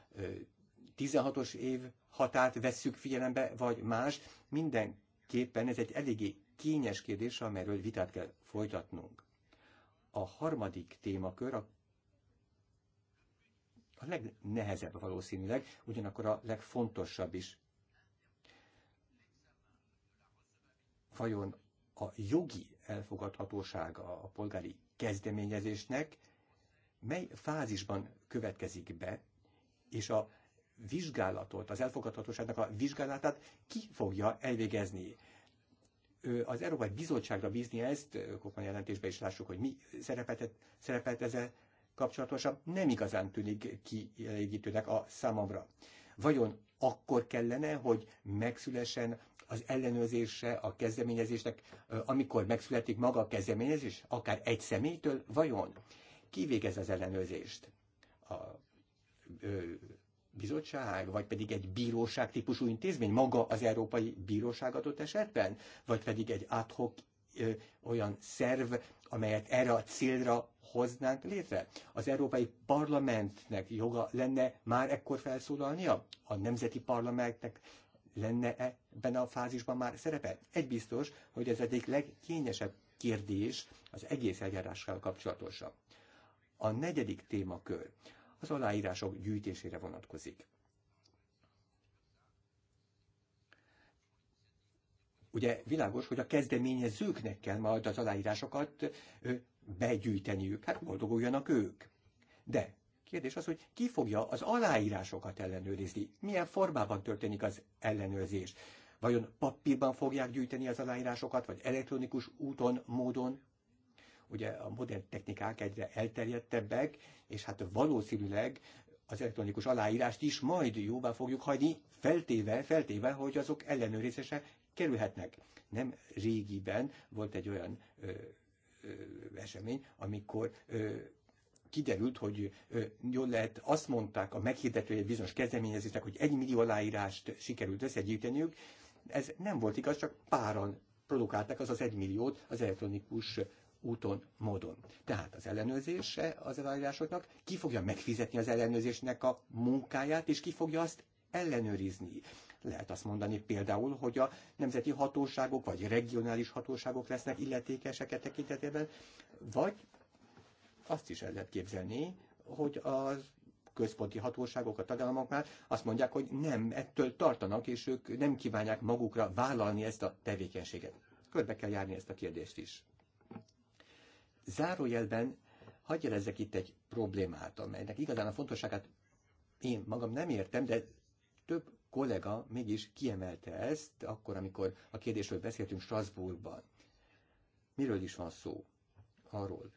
16-os év határt vesszük figyelembe, vagy más. Mindenképpen ez egy eléggé kényes kérdés, amelyről vitát kell folytatnunk. A harmadik témakör a a legnehezebb valószínűleg, ugyanakkor a legfontosabb is. Vajon a jogi elfogadhatósága a polgári kezdeményezésnek mely fázisban következik be, és a vizsgálatot, az elfogadhatóságnak a vizsgálatát ki fogja elvégezni. Az Európai Bizottságra bízni ezt, Kopman jelentésben is lássuk, hogy mi szerepet, szerepelt ezzel kapcsolatosan, nem igazán tűnik kielégítőnek a számomra. Vajon akkor kellene, hogy megszülesen az ellenőrzése a kezdeményezésnek, amikor megszületik maga a kezdeményezés, akár egy személytől, vajon kivégez az ellenőrzést? A ö, bizottság, vagy pedig egy bíróság típusú intézmény, maga az Európai Bíróság adott esetben, vagy pedig egy adhok olyan szerv, amelyet erre a célra hoznánk létre. Az Európai Parlamentnek joga lenne már ekkor felszólalnia? A nemzeti parlamentnek lenne -e ebben a fázisban már szerepe? Egy biztos, hogy ez egyik legkényesebb kérdés az egész eljárással kapcsolatosan. A negyedik témakör az aláírások gyűjtésére vonatkozik. Ugye világos, hogy a kezdeményezőknek kell majd az aláírásokat begyűjteniük, hát boldoguljanak ők. De kérdés az, hogy ki fogja az aláírásokat ellenőrizni, milyen formában történik az ellenőrzés. Vajon papírban fogják gyűjteni az aláírásokat, vagy elektronikus úton, módon? Ugye a modern technikák egyre elterjedtebbek, és hát valószínűleg az elektronikus aláírást is majd jóvá fogjuk hagyni, feltéve, feltéve, hogy azok ellenőrizése kerülhetnek. Nem régiben volt egy olyan ö, ö, esemény, amikor ö, kiderült, hogy jól lehet, azt mondták a egy bizonyos kezdeményezésnek, hogy egy millió aláírást sikerült összegyűjteniük. Ez nem volt igaz, csak páran produkálták az az egy milliót az elektronikus úton, módon. Tehát az ellenőrzése az aláírásoknak, ki fogja megfizetni az ellenőrzésnek a munkáját, és ki fogja azt ellenőrizni. Lehet azt mondani például, hogy a nemzeti hatóságok vagy regionális hatóságok lesznek illetékesek e tekintetében, vagy azt is el lehet képzelni, hogy az központi hatóságok, a tagállamok már azt mondják, hogy nem, ettől tartanak, és ők nem kívánják magukra vállalni ezt a tevékenységet. Körbe kell járni ezt a kérdést is. Zárójelben hagyj jelezzek itt egy problémát, amelynek igazán a fontosságát én magam nem értem, de több kollega mégis kiemelte ezt, akkor, amikor a kérdésről beszéltünk Strasbourgban. Miről is van szó? Arról,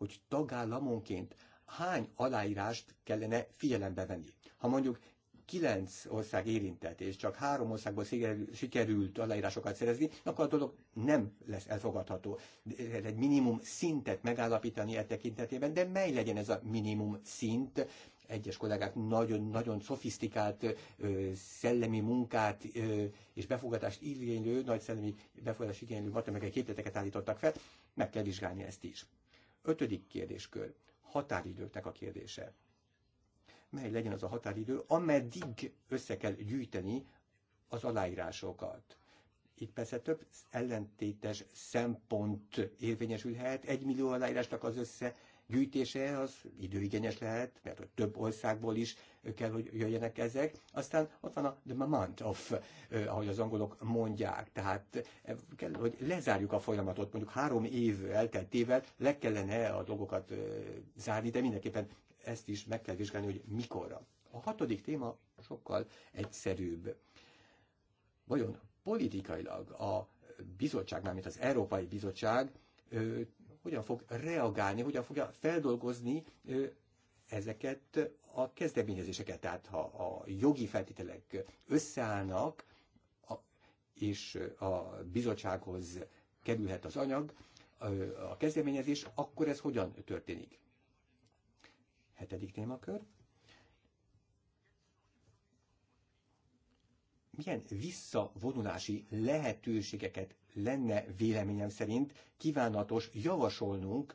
hogy tagállamonként hány aláírást kellene figyelembe venni. Ha mondjuk kilenc ország érintett, és csak három országból sikerült aláírásokat szerezni, akkor a dolog nem lesz elfogadható. Egy minimum szintet megállapítani e tekintetében, de mely legyen ez a minimum szint? Egyes kollégák nagyon-nagyon szofisztikált ö, szellemi munkát ö, és befogadást igénylő, nagy szellemi befogadást igénylő matematikai képleteket állítottak fel, meg kell vizsgálni ezt is. Ötödik kérdéskör, határidőknek a kérdése. Mely legyen az a határidő, ameddig össze kell gyűjteni az aláírásokat. Itt persze több ellentétes szempont érvényesülhet, egy millió aláírásnak az össze gyűjtése az időigényes lehet, mert hogy több országból is kell, hogy jöjjenek ezek. Aztán ott van a the moment of, ahogy az angolok mondják. Tehát kell, hogy lezárjuk a folyamatot, mondjuk három év elteltével le kellene a dolgokat zárni, de mindenképpen ezt is meg kell vizsgálni, hogy mikorra. A hatodik téma sokkal egyszerűbb. Vajon politikailag a bizottság, mármint az Európai Bizottság hogyan fog reagálni, hogyan fogja feldolgozni ezeket a kezdeményezéseket. Tehát ha a jogi feltételek összeállnak, és a bizottsághoz kerülhet az anyag, a kezdeményezés, akkor ez hogyan történik? Hetedik témakör. Milyen visszavonulási lehetőségeket lenne véleményem szerint kívánatos javasolnunk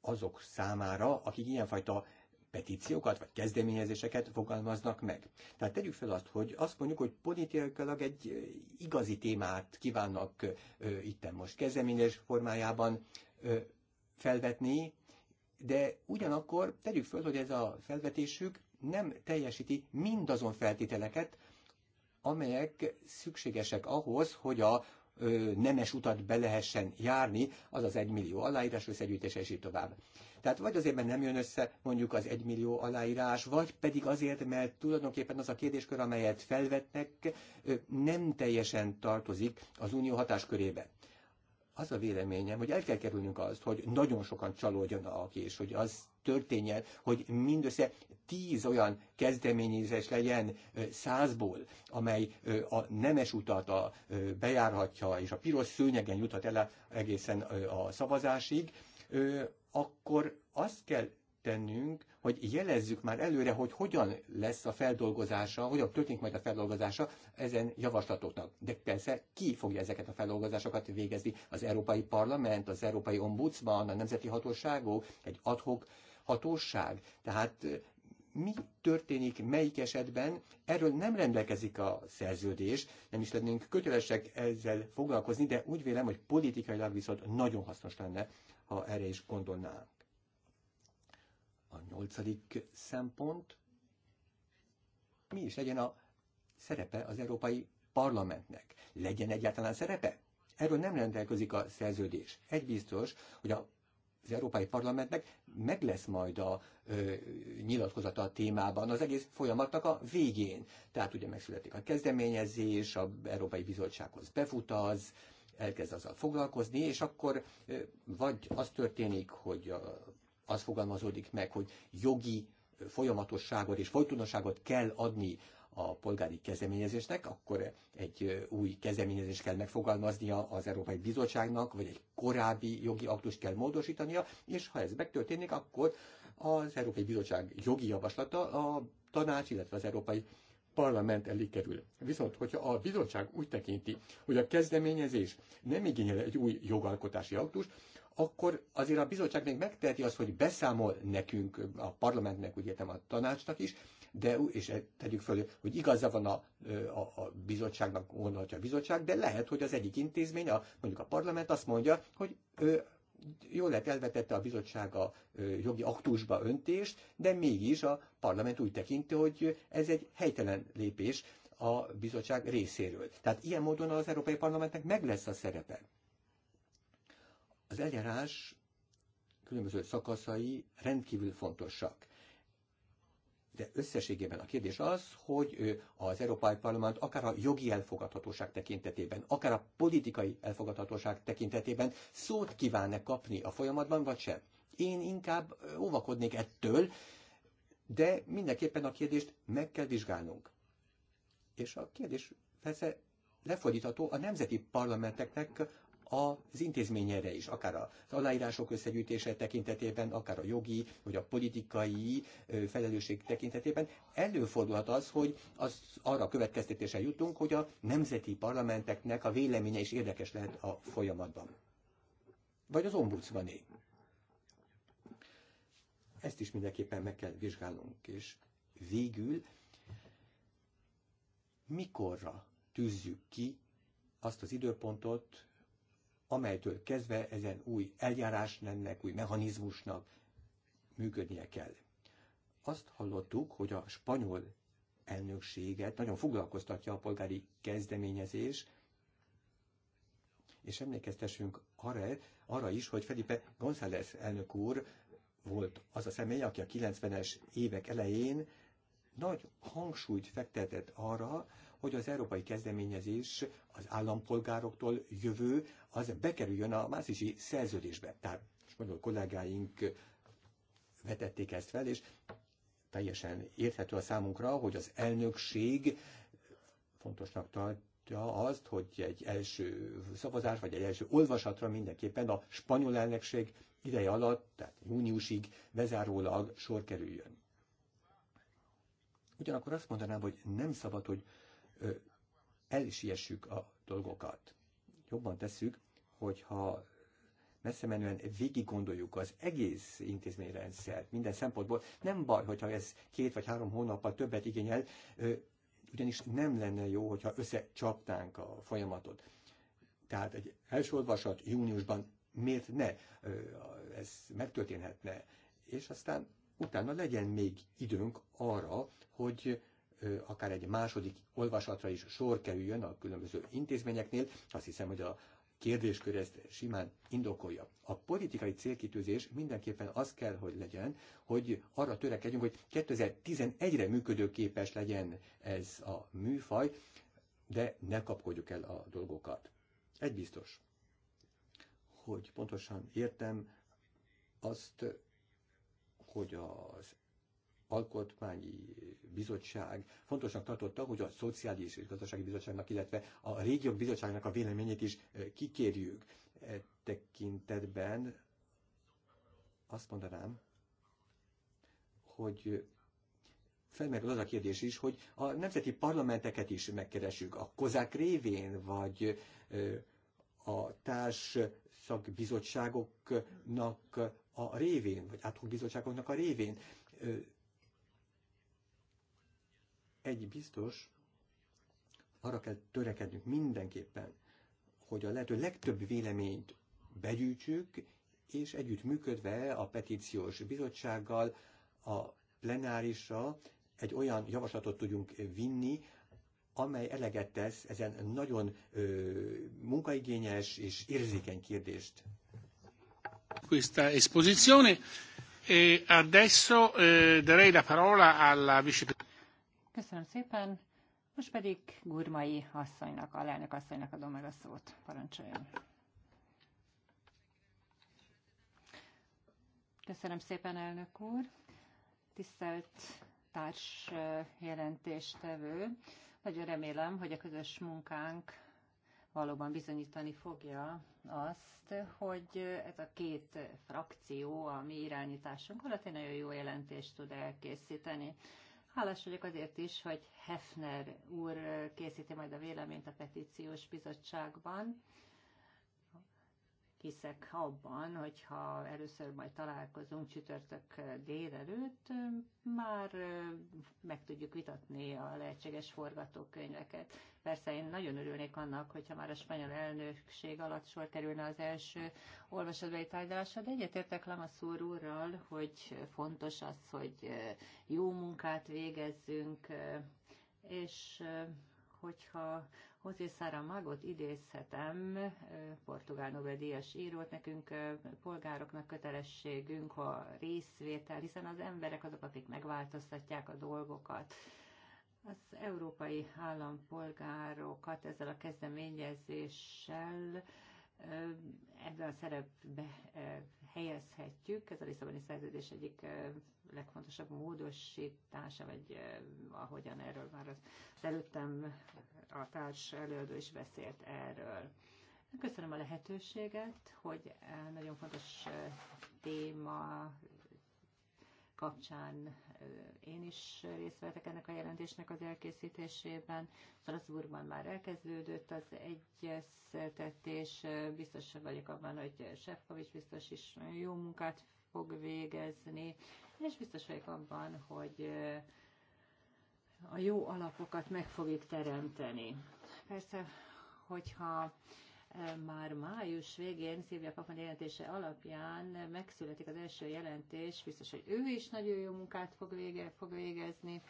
azok számára, akik ilyenfajta petíciókat vagy kezdeményezéseket fogalmaznak meg. Tehát tegyük fel azt, hogy azt mondjuk, hogy politikailag egy igazi témát kívánnak ö, itten most kezdeményezés formájában ö, felvetni, de ugyanakkor tegyük föl, hogy ez a felvetésük nem teljesíti mindazon feltételeket, amelyek szükségesek ahhoz, hogy a ö, nemes utat be lehessen járni, az az millió aláírás összegyűjtése, és így tovább. Tehát vagy azért, mert nem jön össze mondjuk az egymillió aláírás, vagy pedig azért, mert tulajdonképpen az a kérdéskör, amelyet felvetnek, nem teljesen tartozik az unió hatáskörébe az a véleményem, hogy el kell kerülnünk azt, hogy nagyon sokan csalódjanak, és hogy az történjen, hogy mindössze tíz olyan kezdeményezés legyen százból, amely a nemes utat a, bejárhatja, és a piros szőnyegen juthat el egészen a szavazásig, akkor azt kell tennünk, hogy jelezzük már előre, hogy hogyan lesz a feldolgozása, hogyan történik majd a feldolgozása ezen javaslatoknak. De persze ki fogja ezeket a feldolgozásokat végezni? Az Európai Parlament, az Európai Ombudsman, a Nemzeti Hatóságok, egy adhok hatóság. Tehát mi történik melyik esetben, erről nem rendelkezik a szerződés, nem is lennénk kötelesek ezzel foglalkozni, de úgy vélem, hogy politikailag viszont nagyon hasznos lenne, ha erre is gondolnánk. A nyolcadik szempont, mi is legyen a szerepe az Európai Parlamentnek? Legyen egyáltalán szerepe? Erről nem rendelkezik a szerződés. Egy biztos, hogy a az Európai Parlamentnek meg lesz majd a ö, nyilatkozata a témában az egész folyamatnak a végén. Tehát ugye megszületik a kezdeményezés, a Európai Bizottsághoz befutaz, elkezd azzal foglalkozni, és akkor ö, vagy az történik, hogy a az fogalmazódik meg, hogy jogi folyamatosságot és folytonosságot kell adni a polgári kezdeményezésnek, akkor egy új kezdeményezést kell megfogalmaznia az Európai Bizottságnak, vagy egy korábbi jogi aktust kell módosítania, és ha ez megtörténik, akkor az Európai Bizottság jogi javaslata a tanács, illetve az Európai Parlament elé kerül. Viszont, hogyha a bizottság úgy tekinti, hogy a kezdeményezés nem igényel egy új jogalkotási aktust, akkor azért a bizottság még megteheti azt, hogy beszámol nekünk, a parlamentnek, úgy értem a tanácsnak is, de, és e- tegyük föl, hogy igaza van a, a, a bizottságnak, gondolhatja a bizottság, de lehet, hogy az egyik intézmény, a, mondjuk a parlament azt mondja, hogy ő, jól lehet elvetette a bizottság a jogi aktusba öntést, de mégis a parlament úgy tekinti, hogy ez egy helytelen lépés a bizottság részéről. Tehát ilyen módon az Európai Parlamentnek meg lesz a szerepe. Az eljárás különböző szakaszai rendkívül fontosak. De összességében a kérdés az, hogy az Európai Parlament akár a jogi elfogadhatóság tekintetében, akár a politikai elfogadhatóság tekintetében szót kíván-e kapni a folyamatban, vagy sem. Én inkább óvakodnék ettől, de mindenképpen a kérdést meg kell vizsgálnunk. És a kérdés persze lefordítható a nemzeti parlamenteknek az intézményére is, akár az aláírások összegyűjtése tekintetében, akár a jogi vagy a politikai felelősség tekintetében előfordulhat az, hogy az arra a jutunk, hogy a nemzeti parlamenteknek a véleménye is érdekes lehet a folyamatban. Vagy az ombudsmané. Ezt is mindenképpen meg kell vizsgálnunk, és végül mikorra tűzzük ki azt az időpontot, amelytől kezdve ezen új eljárásnennek, új mechanizmusnak működnie kell. Azt hallottuk, hogy a spanyol elnökséget nagyon foglalkoztatja a polgári kezdeményezés, és emlékeztessünk arra, arra is, hogy Felipe González elnök úr volt az a személy, aki a 90-es évek elején nagy hangsúlyt fektetett arra, hogy az európai kezdeményezés az állampolgároktól jövő, az bekerüljön a Mászisi szerződésbe. Tehát most mondom, kollégáink vetették ezt fel, és teljesen érthető a számunkra, hogy az elnökség fontosnak tart, azt, hogy egy első szavazás, vagy egy első olvasatra mindenképpen a spanyol elnökség ideje alatt, tehát júniusig bezárólag sor kerüljön. Ugyanakkor azt mondanám, hogy nem szabad, hogy el is ilyessük a dolgokat. Jobban tesszük, hogyha messze menően végig gondoljuk az egész intézményrendszert minden szempontból. Nem baj, hogyha ez két vagy három hónappal többet igényel, ugyanis nem lenne jó, hogyha összecsaptánk a folyamatot. Tehát egy első olvasat júniusban miért ne, ez megtörténhetne. És aztán utána legyen még időnk arra, hogy akár egy második olvasatra is sor kerüljön a különböző intézményeknél. Azt hiszem, hogy a kérdéskör ezt simán indokolja. A politikai célkitűzés mindenképpen az kell, hogy legyen, hogy arra törekedjünk, hogy 2011-re működőképes legyen ez a műfaj, de ne kapkodjuk el a dolgokat. Egy biztos, hogy pontosan értem azt, hogy az alkotmányi bizottság fontosnak tartotta, hogy a Szociális és Gazdasági Bizottságnak, illetve a Régiók Bizottságnak a véleményét is kikérjük. E tekintetben azt mondanám, hogy felmerül az a kérdés is, hogy a nemzeti parlamenteket is megkeressük a kozák révén, vagy a társ szakbizottságoknak a révén, vagy áthunkbizottságoknak a révén egy biztos, arra kell törekednünk mindenképpen, hogy a lehető legtöbb véleményt begyűjtsük, és együtt működve a petíciós bizottsággal a plenárisra egy olyan javaslatot tudjunk vinni, amely eleget tesz ezen nagyon ö, munkaigényes és érzékeny kérdést. Questa esposizione. E adesso eh, darei la parola alla vicepresidente. Köszönöm szépen. Most pedig Gurmai asszonynak, a alelnök asszonynak adom meg a szót. Parancsoljon. Köszönöm szépen, elnök úr. Tisztelt társ jelentéstevő. Nagyon remélem, hogy a közös munkánk valóban bizonyítani fogja azt, hogy ez a két frakció a mi irányításunk alatt hát egy nagyon jó jelentést tud elkészíteni. Hálás vagyok azért is, hogy Hefner úr készíti majd a véleményt a petíciós bizottságban, hiszek abban, hogyha először majd találkozunk csütörtök délelőtt, már meg tudjuk vitatni a lehetséges forgatókönyveket. Persze én nagyon örülnék annak, hogyha már a spanyol elnökség alatt sor kerülne az első olvasatbeli tárgyalásra, de egyetértek Lamaszúr úrral, hogy fontos az, hogy jó munkát végezzünk, és hogyha José Sara Magot idézhetem, portugál Nobel-díjas írót, nekünk polgároknak kötelességünk a részvétel, hiszen az emberek azok, akik megváltoztatják a dolgokat. Az európai állampolgárokat ezzel a kezdeményezéssel ebben a szerepbe helyezhetjük. Ez a Lisszaboni szerződés egyik legfontosabb módosítása, vagy ahogyan erről már az előttem a társ előadó is beszélt erről. Köszönöm a lehetőséget, hogy nagyon fontos téma kapcsán én is részt vettek ennek a jelentésnek az elkészítésében. Strasbourgban már elkezdődött az egyeztetés, biztos vagyok abban, hogy Sefkovics biztos is jó munkát fog végezni, és biztos vagyok abban, hogy eh, a jó alapokat meg fogjuk teremteni. Persze, hogyha eh, már május végén Szilvia Kapan jelentése alapján megszületik az első jelentés, biztos, hogy ő is nagyon jó munkát fog, vége, fog végezni,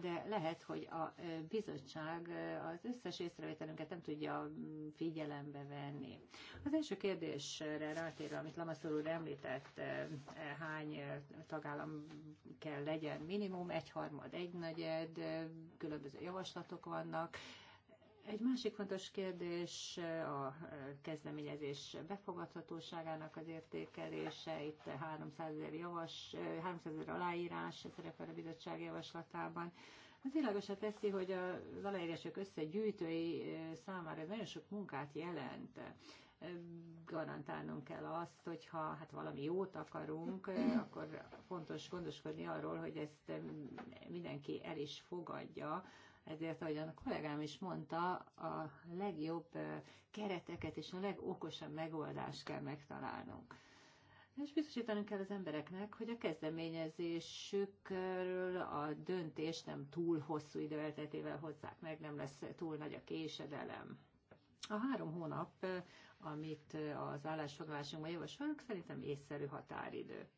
de lehet, hogy a bizottság az összes észrevételünket nem tudja mm, figyelembe venni. Az első kérdésre rátérve, amit Lamaszor úr említett, e, hány tagállam kell legyen minimum, egyharmad, egynegyed, különböző javaslatok vannak, egy másik fontos kérdés a kezdeményezés befogadhatóságának az értékelése. Itt 300 ezer javas, 300 ezer aláírás szerepel a bizottság javaslatában. Az világosat teszi, hogy a aláírások összegyűjtői számára ez nagyon sok munkát jelent garantálnunk kell azt, hogyha hát valami jót akarunk, akkor fontos gondoskodni arról, hogy ezt mindenki el is fogadja, ezért, ahogyan a kollégám is mondta, a legjobb kereteket és a legokosabb megoldást kell megtalálnunk. És biztosítanunk kell az embereknek, hogy a kezdeményezésükről a döntést nem túl hosszú idő elteltével hozzák meg, nem lesz túl nagy a késedelem. A három hónap, amit az állásfoglalásunkban javasolunk, szerintem észszerű határidő.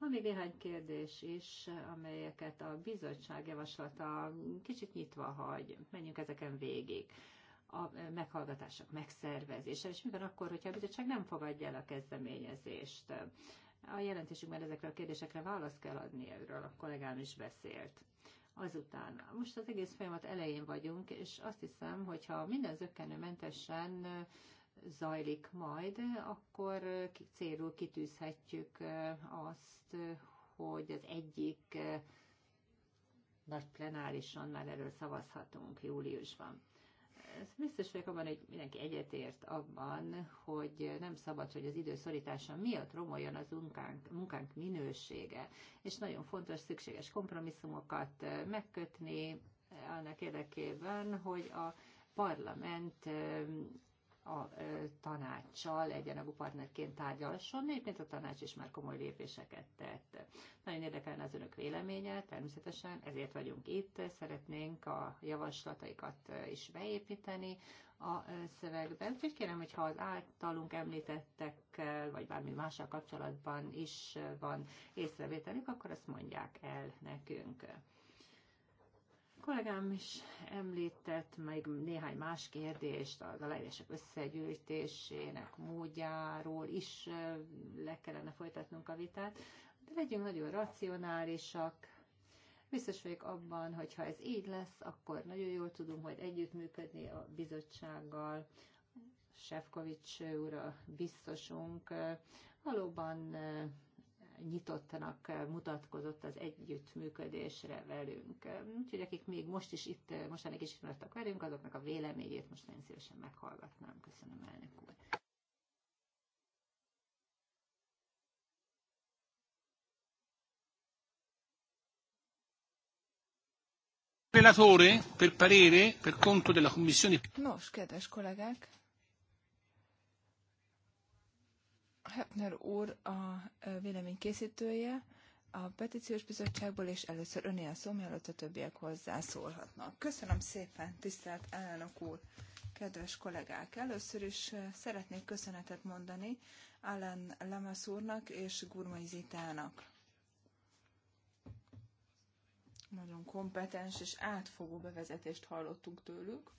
Van még néhány kérdés is, amelyeket a bizottság javaslata kicsit nyitva hagy. Menjünk ezeken végig a meghallgatások megszervezése, és mi akkor, hogyha a bizottság nem fogadja el a kezdeményezést? A jelentésükben ezekre a kérdésekre választ kell adni, erről a kollégám is beszélt. Azután, most az egész folyamat elején vagyunk, és azt hiszem, hogyha minden zöggenőmentesen zajlik majd, akkor célul kitűzhetjük azt, hogy az egyik nagy plenárison már erről szavazhatunk júliusban. Biztos vagyok abban, hogy mindenki egyetért abban, hogy nem szabad, hogy az időszorítása miatt romoljon az munkánk, munkánk minősége, és nagyon fontos, szükséges kompromisszumokat megkötni annak érdekében, hogy a parlament a tanácssal egyenlagú partnerként tárgyalasson, mert a tanács is már komoly lépéseket tett. Nagyon érdekelne az önök véleménye, természetesen ezért vagyunk itt, szeretnénk a javaslataikat is beépíteni a szövegben. Úgyhogy kérem, hogyha az általunk említettekkel, vagy bármi mással kapcsolatban is van észrevételük, akkor azt mondják el nekünk kollégám is említett meg néhány más kérdést, az aláírások összegyűjtésének módjáról is le kellene folytatnunk a vitát, de legyünk nagyon racionálisak. Biztos vagyok abban, hogy ha ez így lesz, akkor nagyon jól tudunk majd együttműködni a bizottsággal. Sefkovics úr, a biztosunk valóban nyitottnak mutatkozott az együttműködésre velünk. Úgyhogy akik még most is itt, mostanáig is itt maradtak velünk, azoknak a véleményét most nagyon szívesen meghallgatnám. Köszönöm, elnök úr. Relatore, per parere, per conto della Commissione. Nos, kedves kollégák, Hepner úr a vélemény készítője a petíciós bizottságból, és először öné a szó, mielőtt a többiek hozzászólhatnak. Köszönöm szépen, tisztelt elnök úr, kedves kollégák! Először is szeretnék köszönetet mondani Allen Lemasz úrnak és Gurmai Zitának. Nagyon kompetens és átfogó bevezetést hallottunk tőlük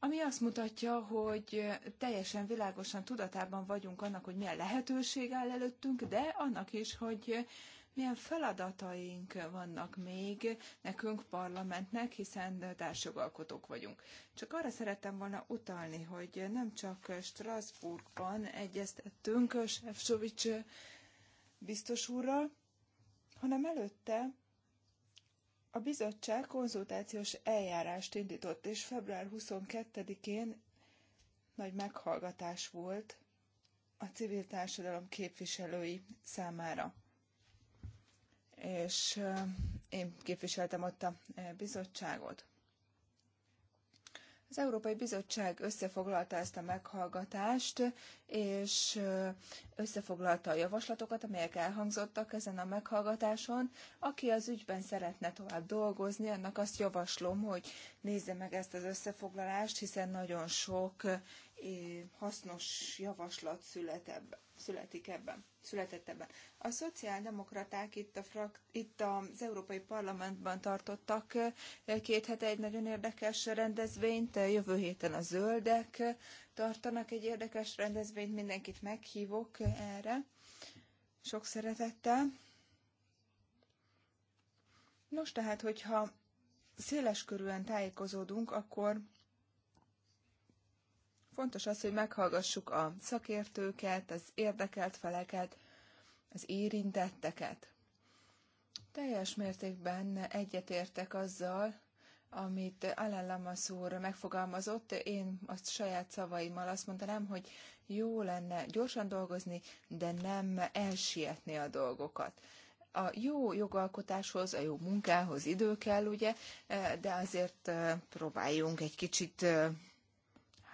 ami azt mutatja, hogy teljesen világosan tudatában vagyunk annak, hogy milyen lehetőség áll előttünk, de annak is, hogy milyen feladataink vannak még nekünk parlamentnek, hiszen társjogalkotók vagyunk. Csak arra szerettem volna utalni, hogy nem csak Strasbourgban egyeztettünk Sefcovics biztos úrral, hanem előtte a bizottság konzultációs eljárást indított, és február 22-én nagy meghallgatás volt a civil társadalom képviselői számára. És én képviseltem ott a bizottságot. Az Európai Bizottság összefoglalta ezt a meghallgatást, és összefoglalta a javaslatokat, amelyek elhangzottak ezen a meghallgatáson. Aki az ügyben szeretne tovább dolgozni, annak azt javaslom, hogy nézze meg ezt az összefoglalást, hiszen nagyon sok Eh, hasznos javaslat ebben születik ebben, született ebben. A szociáldemokraták itt, a frak, itt az Európai Parlamentben tartottak eh, két hete egy nagyon érdekes rendezvényt, eh, jövő héten a zöldek tartanak egy érdekes rendezvényt, mindenkit meghívok erre. Sok szeretettel. Nos, tehát, hogyha széles körűen tájékozódunk, akkor Fontos az, hogy meghallgassuk a szakértőket, az érdekelt feleket, az érintetteket. Teljes mértékben egyetértek azzal, amit Alan Lamas úr megfogalmazott, én azt saját szavaimmal azt mondanám, hogy jó lenne gyorsan dolgozni, de nem elsietni a dolgokat. A jó jogalkotáshoz, a jó munkához idő kell, ugye, de azért eh, próbáljunk egy kicsit eh,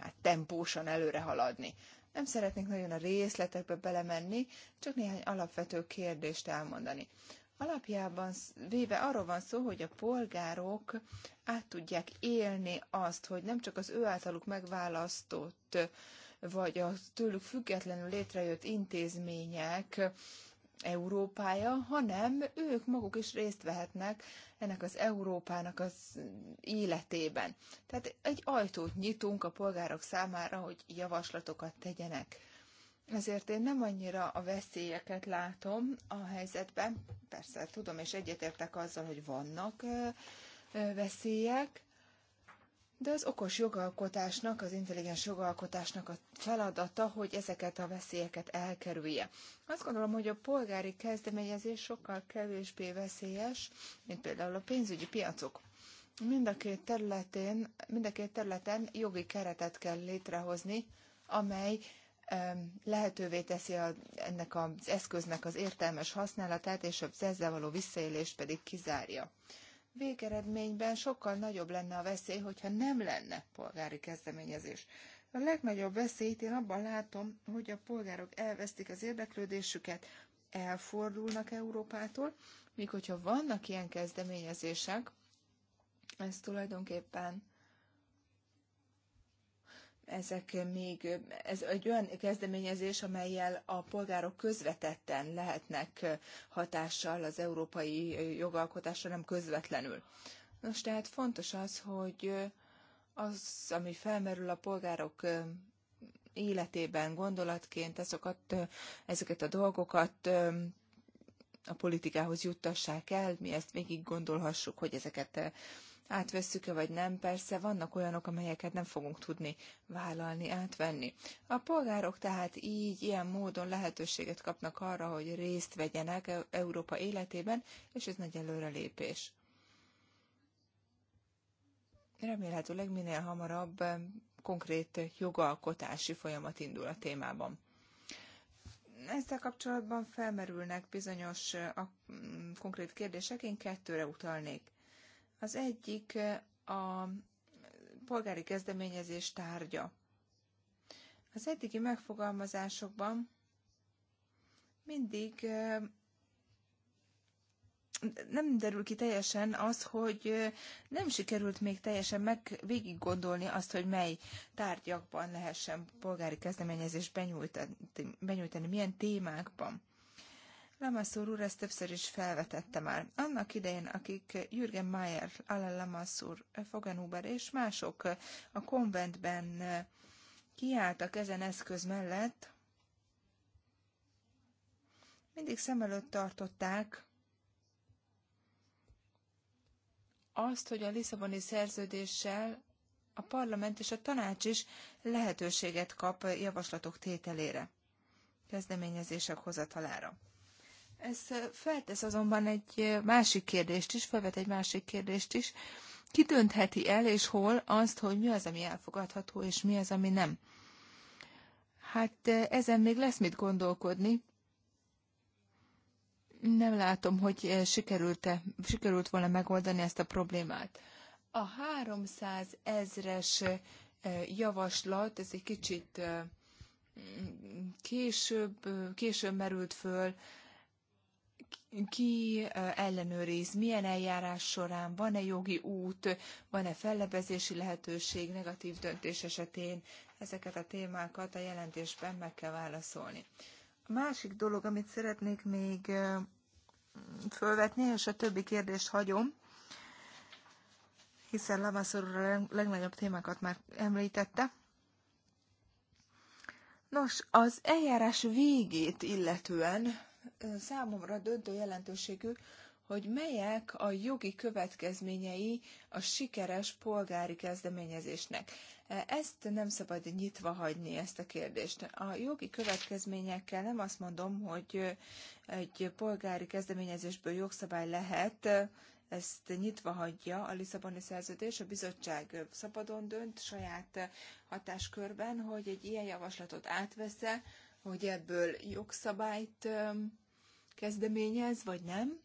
hát tempósan előre haladni. Nem szeretnék nagyon a részletekbe belemenni, csak néhány alapvető kérdést elmondani. Alapjában véve arról van szó, hogy a polgárok át tudják élni azt, hogy nem csak az ő általuk megválasztott, vagy a tőlük függetlenül létrejött intézmények Európája, hanem ők maguk is részt vehetnek ennek az Európának az életében. Tehát egy ajtót nyitunk a polgárok számára, hogy javaslatokat tegyenek. Ezért én nem annyira a veszélyeket látom a helyzetben. Persze tudom, és egyetértek azzal, hogy vannak veszélyek, de az okos jogalkotásnak, az intelligens jogalkotásnak a feladata, hogy ezeket a veszélyeket elkerülje. Azt gondolom, hogy a polgári kezdeményezés sokkal kevésbé veszélyes, mint például a pénzügyi piacok. Mind a két, területén, mind a két területen jogi keretet kell létrehozni, amely lehetővé teszi a, ennek az eszköznek az értelmes használatát, és az ezzel való visszaélést pedig kizárja végeredményben sokkal nagyobb lenne a veszély, hogyha nem lenne polgári kezdeményezés. A legnagyobb veszélyt én abban látom, hogy a polgárok elvesztik az érdeklődésüket, elfordulnak Európától, míg hogyha vannak ilyen kezdeményezések, ez tulajdonképpen ezek még, ez egy olyan kezdeményezés, amelyel a polgárok közvetetten lehetnek hatással az európai jogalkotásra, nem közvetlenül. Nos, tehát fontos az, hogy az, ami felmerül a polgárok életében gondolatként, azokat, ezeket a dolgokat a politikához juttassák el, mi ezt végig gondolhassuk, hogy ezeket átvesszük-e vagy nem, persze vannak olyanok, amelyeket nem fogunk tudni vállalni, átvenni. A polgárok tehát így, ilyen módon lehetőséget kapnak arra, hogy részt vegyenek e-, Európa életében, és ez nagy előrelépés. Remélhetőleg minél hamarabb konkrét jogalkotási folyamat indul a témában ezzel kapcsolatban felmerülnek bizonyos a, konkrét kérdések, én kettőre utalnék. Az egyik eh, a polgári kezdeményezés tárgya. Az eddigi megfogalmazásokban mindig eh, nem derül ki teljesen az, hogy eh, nem sikerült még teljesen meg végig gondolni azt, hogy mely tárgyakban lehessen polgári kezdeményezést benyújtani, benyújtani milyen témákban. Lamassur úr, ezt többször is felvetette már. Annak idején, akik Jürgen Mayer, Alan Lamassur, Fogenuber és mások a konventben kiálltak ezen eszköz mellett, mindig szem előtt tartották azt, hogy a Lisszaboni szerződéssel a parlament és a tanács is lehetőséget kap javaslatok tételére, kezdeményezések hozatalára. Ez feltesz azonban egy másik kérdést is, felvet egy másik kérdést is. Ki döntheti el és hol azt, hogy mi az, ami elfogadható, és mi az, ami nem? Hát eh, ezen még lesz mit gondolkodni. Nem látom, hogy eh, sikerült-e, sikerült volna megoldani ezt a problémát. A 300 ezres eh, javaslat, ez egy kicsit később, később merült föl, ki ellenőriz, milyen eljárás során, van-e jogi út, van-e fellebezési lehetőség negatív döntés esetén, ezeket a témákat a jelentésben meg kell válaszolni. A másik dolog, amit szeretnék még fölvetni, és a többi kérdést hagyom, hiszen Lavaszor a legnagyobb témákat már említette. Nos, az eljárás végét illetően számomra döntő jelentőségű, hogy melyek a jogi következményei a sikeres polgári kezdeményezésnek. Ezt nem szabad nyitva hagyni, ezt a kérdést. A jogi következményekkel nem azt mondom, hogy egy polgári kezdeményezésből jogszabály lehet, ezt nyitva hagyja a Lisszaboni szerződés, a bizottság szabadon dönt saját hatáskörben, hogy egy ilyen javaslatot átvesze, hogy ebből jogszabályt kezdeményez, vagy nem.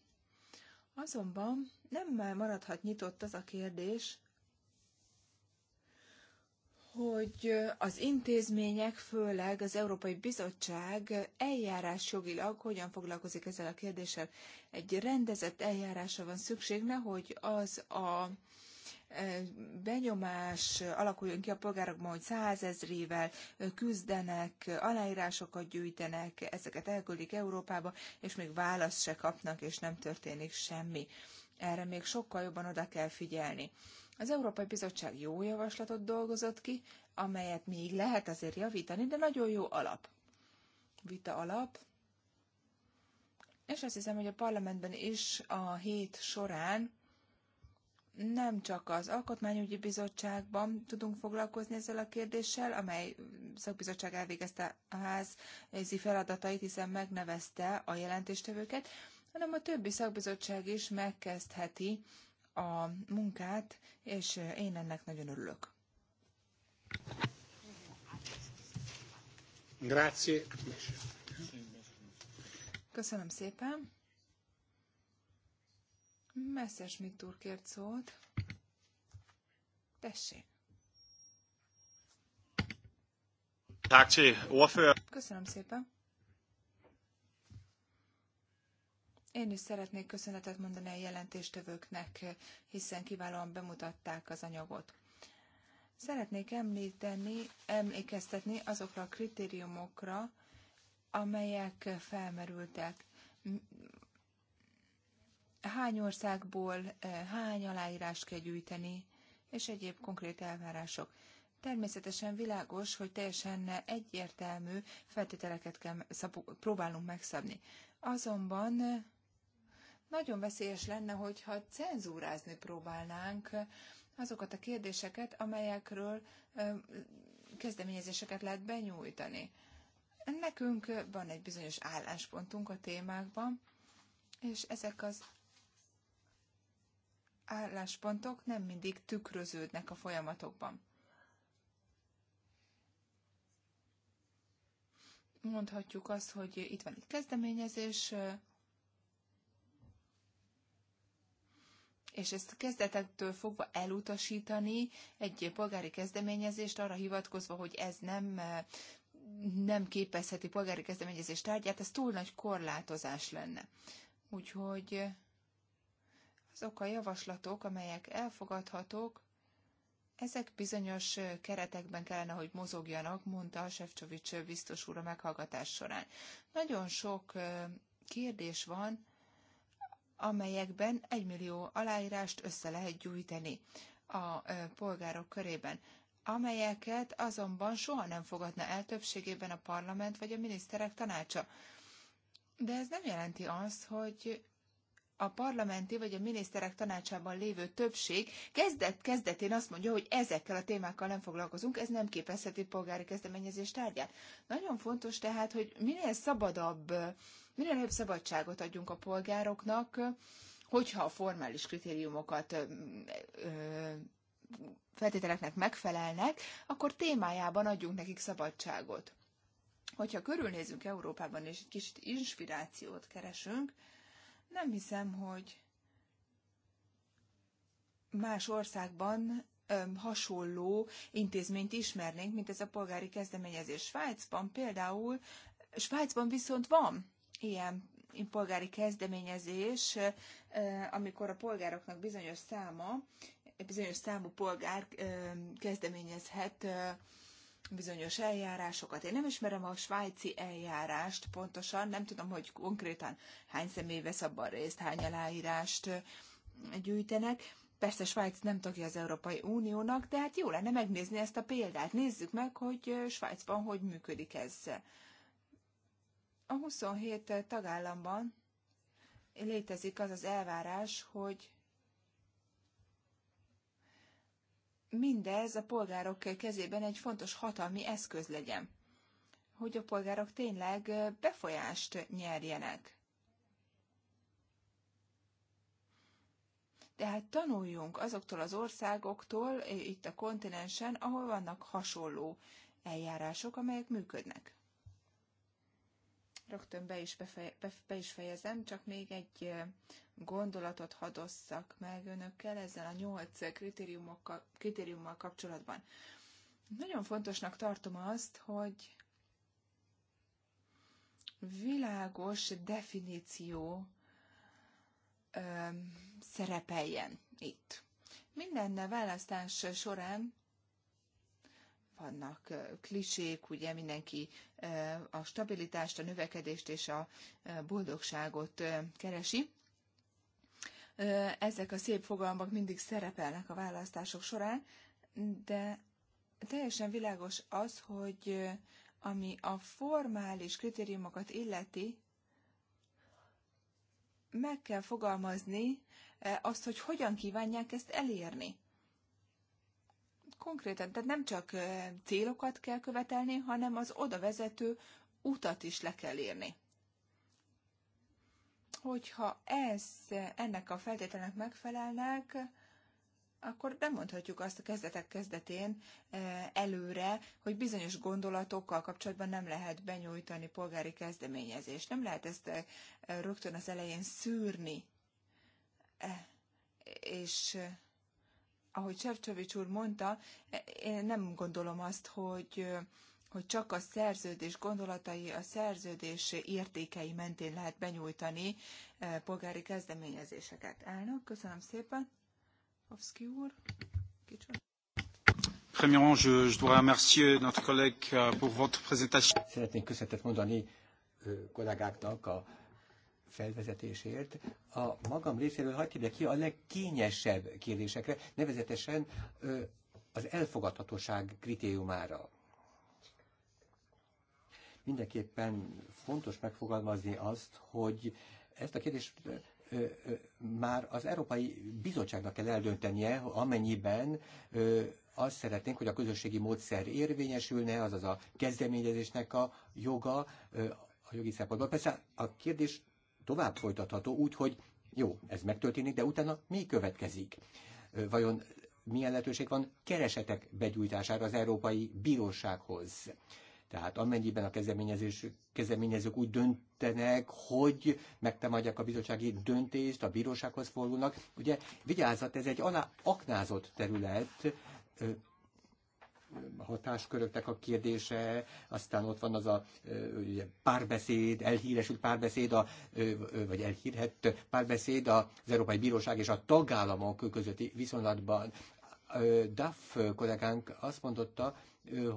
Azonban nem maradhat nyitott az a kérdés, hogy az intézmények, főleg az Európai Bizottság eljárás jogilag hogyan foglalkozik ezzel a kérdéssel. Egy rendezett eljárásra van szükség, nehogy az a benyomás alakuljon ki a polgárokban, hogy százezrével küzdenek, aláírásokat gyűjtenek, ezeket elküldik Európába, és még választ se kapnak, és nem történik semmi. Erre még sokkal jobban oda kell figyelni. Az Európai Bizottság jó javaslatot dolgozott ki, amelyet még lehet azért javítani, de nagyon jó alap. Vita alap. És azt hiszem, hogy a parlamentben is a hét során nem csak az Alkotmányügyi Bizottságban tudunk foglalkozni ezzel a kérdéssel, amely szakbizottság elvégezte a házi feladatait, hiszen megnevezte a jelentéstevőket, hanem a többi szakbizottság is megkezdheti a munkát, és én ennek nagyon örülök. Grazie. Köszönöm szépen. Messzes úr kért szót. Tessék. Köszönöm szépen. Én is szeretnék köszönetet mondani a jelentéstövőknek, hiszen kiválóan bemutatták az anyagot. Szeretnék említeni, emlékeztetni azokra a kritériumokra, amelyek felmerültek hány országból eh, hány aláírást kell gyűjteni, és egyéb konkrét elvárások. Természetesen világos, hogy teljesen egyértelmű feltételeket kell szabu- próbálunk megszabni. Azonban eh, nagyon veszélyes lenne, hogyha cenzúrázni próbálnánk eh, azokat a kérdéseket, amelyekről kezdeményezéseket lehet benyújtani. Nekünk van egy bizonyos álláspontunk a témákban, és ezek az álláspontok nem mindig tükröződnek a folyamatokban. Mondhatjuk azt, hogy itt van egy kezdeményezés, és ezt kezdetektől fogva elutasítani egy polgári kezdeményezést arra hivatkozva, hogy ez nem, nem képezheti polgári kezdeményezés tárgyát, ez túl nagy korlátozás lenne. Úgyhogy azok a javaslatok, amelyek elfogadhatók, ezek bizonyos keretekben kellene, hogy mozogjanak, mondta a Sefcsovics biztos úr a meghallgatás során. Nagyon sok kérdés van, amelyekben egy millió aláírást össze lehet gyűjteni a polgárok körében, amelyeket azonban soha nem fogadna el többségében a parlament vagy a miniszterek tanácsa. De ez nem jelenti azt, hogy a parlamenti vagy a miniszterek tanácsában lévő többség kezdet kezdetén azt mondja, hogy ezekkel a témákkal nem foglalkozunk, ez nem képezheti polgári kezdeményezés tárgyát. Nagyon fontos tehát, hogy minél szabadabb, minél nagyobb szabadságot adjunk a polgároknak, hogyha a formális kritériumokat feltételeknek megfelelnek, akkor témájában adjunk nekik szabadságot. Hogyha körülnézünk Európában és egy kicsit inspirációt keresünk, nem hiszem, hogy más országban öm, hasonló intézményt ismernénk, mint ez a polgári kezdeményezés. Svájcban például, Svájcban viszont van ilyen polgári kezdeményezés, amikor a polgároknak bizonyos száma, bizonyos számú polgár kezdeményezhet bizonyos eljárásokat. Én nem ismerem a svájci eljárást pontosan, nem tudom, hogy konkrétan hány személy vesz abban részt, hány aláírást gyűjtenek. Persze Svájc nem tagja az Európai Uniónak, de hát jó lenne megnézni ezt a példát. Nézzük meg, hogy Svájcban hogy működik ez. A 27 tagállamban létezik az az elvárás, hogy mindez a polgárok kezében egy fontos hatalmi eszköz legyen, hogy a polgárok tényleg befolyást nyerjenek. Tehát tanuljunk azoktól az országoktól itt a kontinensen, ahol vannak hasonló eljárások, amelyek működnek. Rögtön be is, befeje, be is fejezem, csak még egy gondolatot hadosszak meg önökkel ezzel a nyolc kritériumokkal, kritériummal kapcsolatban. Nagyon fontosnak tartom azt, hogy világos definíció ö, szerepeljen itt. Minden választás során vannak klisék, ugye mindenki a stabilitást, a növekedést és a boldogságot keresi. Ezek a szép fogalmak mindig szerepelnek a választások során, de teljesen világos az, hogy ami a formális kritériumokat illeti, meg kell fogalmazni azt, hogy hogyan kívánják ezt elérni konkrétan, tehát nem csak célokat kell követelni, hanem az oda vezető utat is le kell írni. Hogyha ez, ennek a feltételnek megfelelnek, akkor nem mondhatjuk azt a kezdetek kezdetén előre, hogy bizonyos gondolatokkal kapcsolatban nem lehet benyújtani polgári kezdeményezést. Nem lehet ezt rögtön az elején szűrni. E, és ahogy Sefcsovics úr mondta, én nem gondolom azt, hogy hogy csak a szerződés gondolatai, a szerződés értékei mentén lehet benyújtani eh, polgári kezdeményezéseket. Elnök, köszönöm szépen. Hovszki úr, kicsit. Premièrement, je, je dois remercier notre collègue euh, pour votre présentation. Szeretnék köszönetet mondani euh, kollégáknak a felvezetésért. A magam részéről hagyd ki a legkényesebb kérdésekre, nevezetesen az elfogadhatóság kritériumára. Mindenképpen fontos megfogalmazni azt, hogy ezt a kérdést már az Európai Bizottságnak kell eldöntenie, amennyiben azt szeretnénk, hogy a közösségi módszer érvényesülne, azaz a kezdeményezésnek a joga, a jogi szempontból. Persze a kérdés tovább folytatható, úgyhogy jó, ez megtörténik, de utána mi következik? Vajon milyen lehetőség van keresetek begyújtására az Európai Bírósághoz? Tehát amennyiben a kezdeményezők úgy döntenek, hogy megtámadják a bizottsági döntést, a bírósághoz fordulnak. Ugye vigyázat, ez egy alá aknázott terület, hatásköröknek a kérdése, aztán ott van az a ugye, párbeszéd, elhíresült párbeszéd, a, vagy elhírhett párbeszéd az Európai Bíróság és a tagállamok közötti viszonylatban. Duff kollégánk azt mondotta,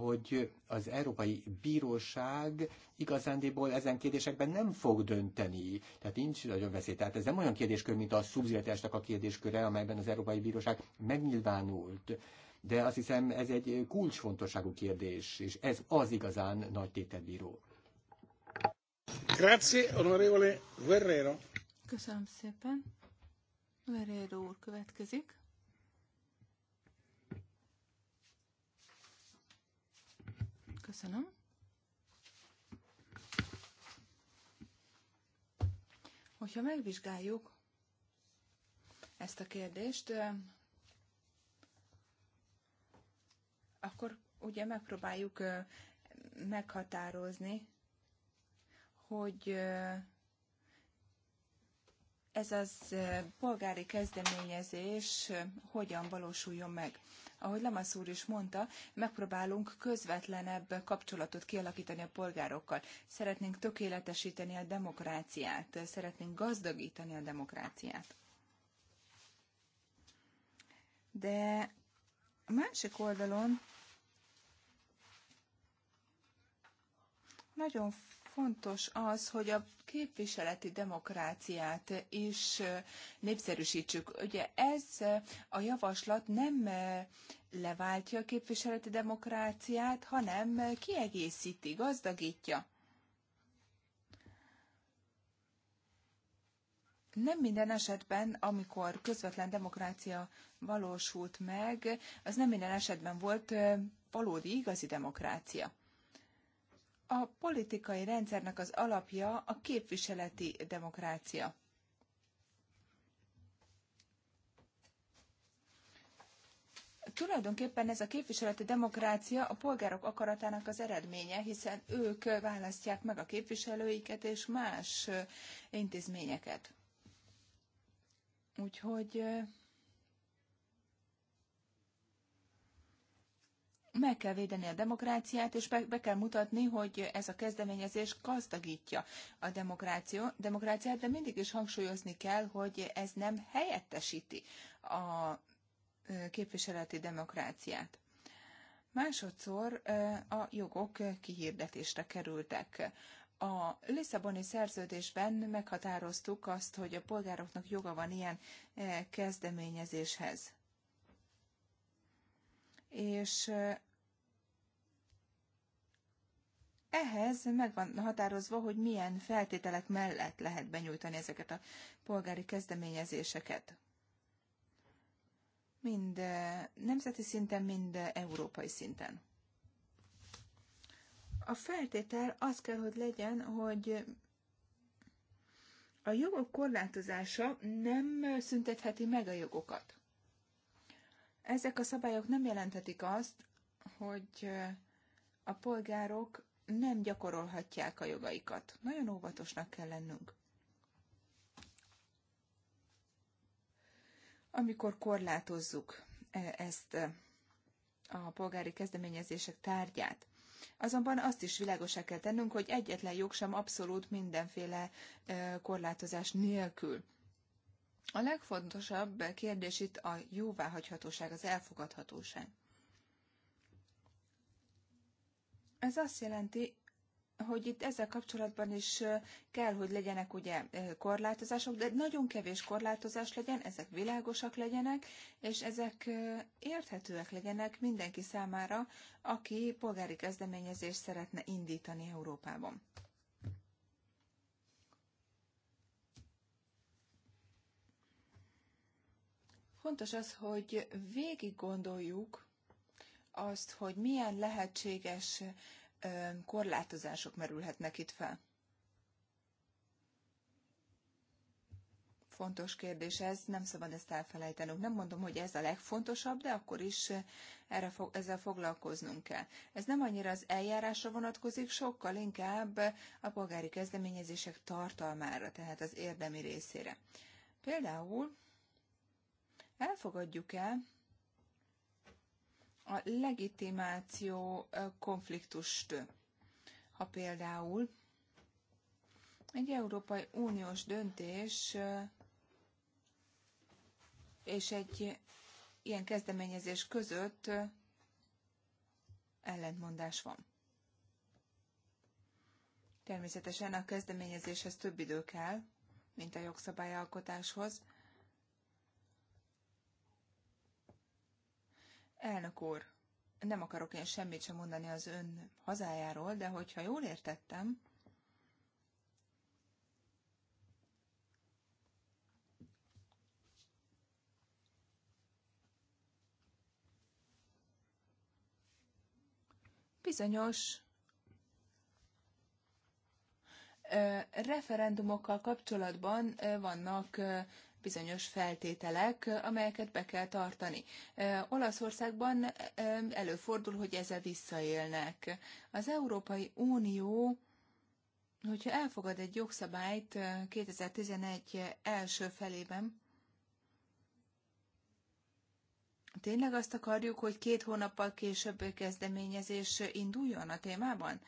hogy az Európai Bíróság igazándiból ezen kérdésekben nem fog dönteni. Tehát nincs nagyon veszély. Tehát ez nem olyan kérdéskör, mint a szubszidiaritásnak a kérdésköre, amelyben az Európai Bíróság megnyilvánult de azt hiszem ez egy kulcsfontosságú kérdés, és ez az igazán nagy tételbíró. Grazie, onorevole Guerrero. Köszönöm szépen. Guerrero úr következik. Köszönöm. Hogyha megvizsgáljuk ezt a kérdést, akkor ugye megpróbáljuk meghatározni, hogy ez az polgári kezdeményezés hogyan valósuljon meg. Ahogy Lamasz úr is mondta, megpróbálunk közvetlenebb kapcsolatot kialakítani a polgárokkal. Szeretnénk tökéletesíteni a demokráciát, szeretnénk gazdagítani a demokráciát. De a másik oldalon nagyon fontos az, hogy a képviseleti demokráciát is népszerűsítsük. Ugye ez a javaslat nem leváltja a képviseleti demokráciát, hanem kiegészíti, gazdagítja. nem minden esetben, amikor közvetlen demokrácia valósult meg, az nem minden esetben volt valódi, igazi demokrácia. A politikai rendszernek az alapja a képviseleti demokrácia. Tulajdonképpen ez a képviseleti demokrácia a polgárok akaratának az eredménye, hiszen ők választják meg a képviselőiket és más intézményeket. Úgyhogy meg kell védeni a demokráciát, és be, be kell mutatni, hogy ez a kezdeményezés gazdagítja a demokráció, demokráciát, de mindig is hangsúlyozni kell, hogy ez nem helyettesíti a képviseleti demokráciát. Másodszor a jogok kihirdetésre kerültek a Lisszaboni szerződésben meghatároztuk azt, hogy a polgároknak joga van ilyen e, kezdeményezéshez. És e, ehhez meg van határozva, hogy milyen feltételek mellett lehet benyújtani ezeket a polgári kezdeményezéseket. Mind e, nemzeti szinten, mind európai szinten. A feltétel az kell, hogy legyen, hogy a jogok korlátozása nem szüntetheti meg a jogokat. Ezek a szabályok nem jelenthetik azt, hogy a polgárok nem gyakorolhatják a jogaikat. Nagyon óvatosnak kell lennünk. Amikor korlátozzuk e- ezt a polgári kezdeményezések tárgyát, Azonban azt is világosá kell tennünk, hogy egyetlen jog sem abszolút mindenféle korlátozás nélkül. A legfontosabb kérdés itt a jóváhagyhatóság, az elfogadhatóság. Ez azt jelenti, hogy itt ezzel kapcsolatban is kell, hogy legyenek ugye korlátozások, de nagyon kevés korlátozás legyen, ezek világosak legyenek, és ezek érthetőek legyenek mindenki számára, aki polgári kezdeményezést szeretne indítani Európában. Fontos az, hogy végig gondoljuk azt, hogy milyen lehetséges korlátozások merülhetnek itt fel. Fontos kérdés ez, nem szabad ezt elfelejtenünk. Nem mondom, hogy ez a legfontosabb, de akkor is erre fog, ezzel foglalkoznunk kell. Ez nem annyira az eljárásra vonatkozik, sokkal inkább a polgári kezdeményezések tartalmára, tehát az érdemi részére. Például elfogadjuk-e a legitimáció konfliktust. Ha például egy Európai Uniós döntés és egy ilyen kezdeményezés között ellentmondás van. Természetesen a kezdeményezéshez több idő kell, mint a jogszabályalkotáshoz, Elnök úr, nem akarok én semmit sem mondani az ön hazájáról, de hogyha jól értettem, bizonyos referendumokkal kapcsolatban vannak bizonyos feltételek, amelyeket be kell tartani. Olaszországban előfordul, hogy ezzel visszaélnek. Az Európai Unió hogyha elfogad egy jogszabályt 2011 első felében, tényleg azt akarjuk, hogy két hónappal később kezdeményezés induljon a témában?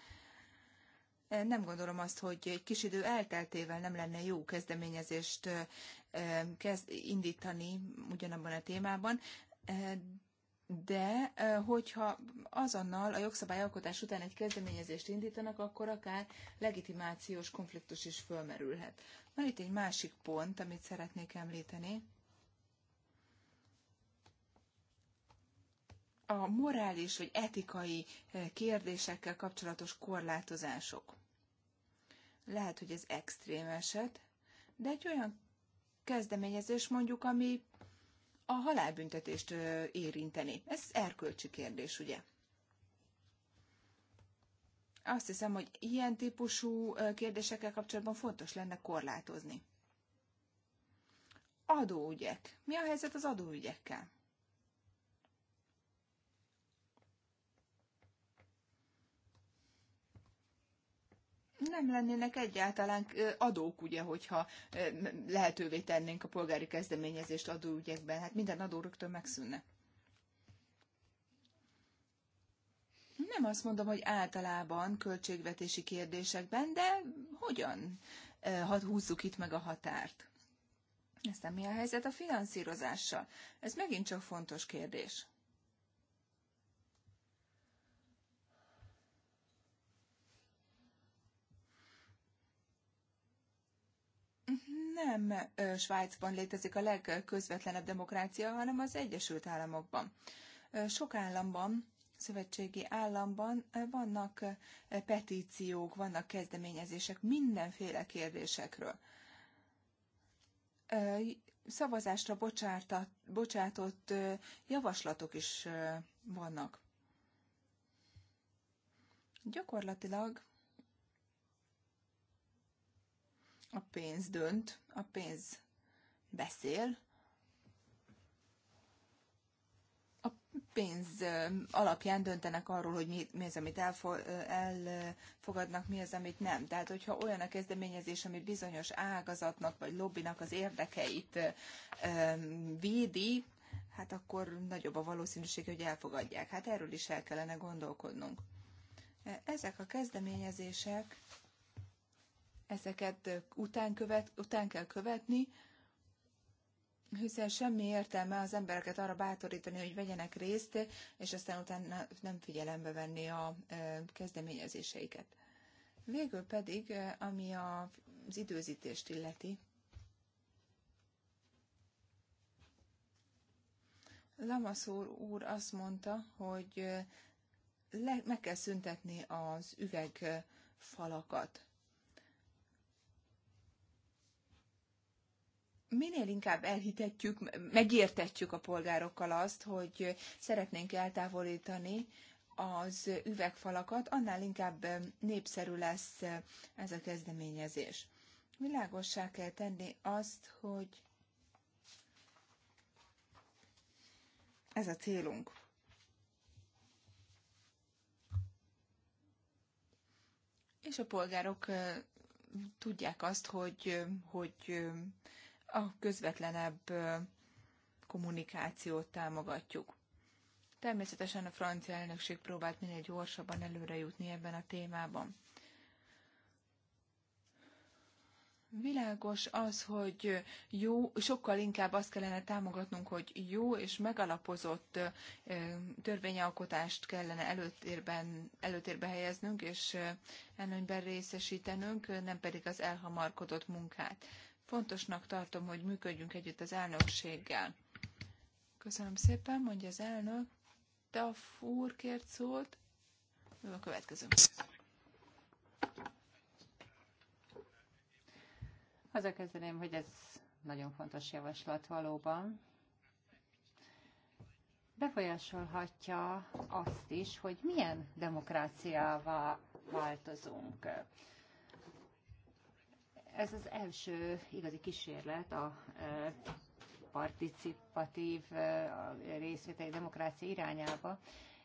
nem gondolom azt, hogy egy kis idő elteltével nem lenne jó kezdeményezést kezd indítani ugyanabban a témában, de hogyha azonnal a jogszabályalkotás után egy kezdeményezést indítanak, akkor akár legitimációs konfliktus is fölmerülhet. Van itt egy másik pont, amit szeretnék említeni. A morális vagy etikai kérdésekkel kapcsolatos korlátozások lehet, hogy ez extrém eset, de egy olyan kezdeményezés mondjuk, ami a halálbüntetést érinteni. Ez erkölcsi kérdés, ugye? Azt hiszem, hogy ilyen típusú kérdésekkel kapcsolatban fontos lenne korlátozni. Adóügyek. Mi a helyzet az adóügyekkel? nem lennének egyáltalán adók, ugye, hogyha lehetővé tennénk a polgári kezdeményezést adóügyekben. Hát minden adó rögtön megszűnne. Nem azt mondom, hogy általában költségvetési kérdésekben, de hogyan ha húzzuk itt meg a határt? Aztán mi a helyzet a finanszírozással? Ez megint csak fontos kérdés. nem Svájcban létezik a legközvetlenebb demokrácia, hanem az Egyesült Államokban. Sok államban, szövetségi államban vannak petíciók, vannak kezdeményezések mindenféle kérdésekről szavazásra bocsártat, bocsátott javaslatok is vannak. Gyakorlatilag A pénz dönt, a pénz beszél, a pénz alapján döntenek arról, hogy mi, az, amit elfogadnak, mi az, amit nem. Tehát, hogyha olyan a kezdeményezés, ami bizonyos ágazatnak vagy lobbinak az érdekeit védi, hát akkor nagyobb a valószínűség, hogy elfogadják. Hát erről is el kellene gondolkodnunk. Ezek a kezdeményezések ezeket után, követ, után kell követni, hiszen semmi értelme az embereket arra bátorítani, hogy vegyenek részt, és aztán utána nem figyelembe venni a kezdeményezéseiket. Végül pedig, ami az időzítést illeti, Lamaszúr úr azt mondta, hogy le, meg kell szüntetni az üvegfalakat. minél inkább elhitetjük, megértetjük a polgárokkal azt, hogy szeretnénk eltávolítani az üvegfalakat, annál inkább népszerű lesz ez a kezdeményezés. Világossá kell tenni azt, hogy ez a célunk. És a polgárok tudják azt, hogy, hogy a közvetlenebb kommunikációt támogatjuk. Természetesen a francia elnökség próbált minél gyorsabban előre jutni ebben a témában. Világos az, hogy jó, sokkal inkább azt kellene támogatnunk, hogy jó és megalapozott törvényalkotást kellene előtérben, előtérbe helyeznünk és előnyben részesítenünk, nem pedig az elhamarkodott munkát. Fontosnak tartom, hogy működjünk együtt az elnökséggel. Köszönöm szépen, mondja az elnök. De a fúr kért szót. Ő a következő. a kezdeném, hogy ez nagyon fontos javaslat valóban. Befolyásolhatja azt is, hogy milyen demokráciává változunk. Ez az első igazi kísérlet a e, participatív e, részvételi demokrácia irányába,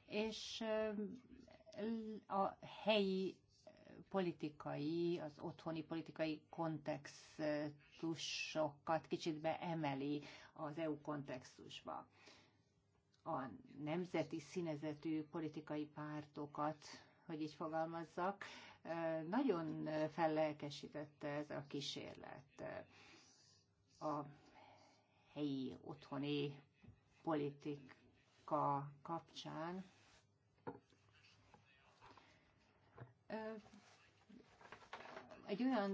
és e, a helyi politikai, az otthoni politikai kontextusokat kicsit beemeli az EU kontextusba. A nemzeti színezetű politikai pártokat, hogy így fogalmazzak, nagyon fellelkesítette ez a kísérlet. A helyi, otthoni politika kapcsán egy olyan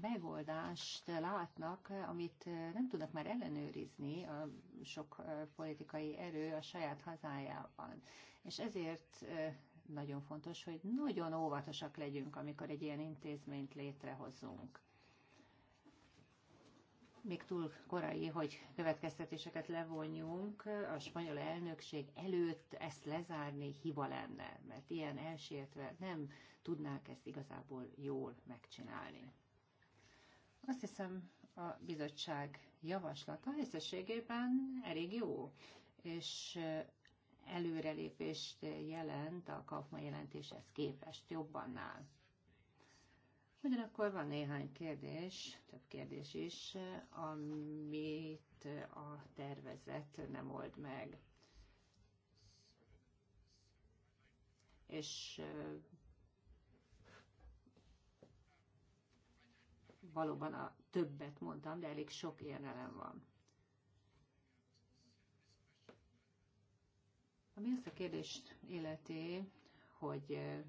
megoldást látnak, amit nem tudnak már ellenőrizni a sok politikai erő a saját hazájában. És ezért nagyon fontos, hogy nagyon óvatosak legyünk, amikor egy ilyen intézményt létrehozunk. Még túl korai, hogy következtetéseket levonjunk, a spanyol elnökség előtt ezt lezárni hiba lenne, mert ilyen elsértve nem tudnák ezt igazából jól megcsinálni. Azt hiszem, a bizottság javaslata összességében elég jó, és előrelépést jelent a kapma jelentéshez képest jobbannál. Ugyanakkor van néhány kérdés, több kérdés is, amit a tervezet nem old meg. És valóban a többet mondtam, de elég sok érelem van. Ami azt a kérdést illeti, hogy eh,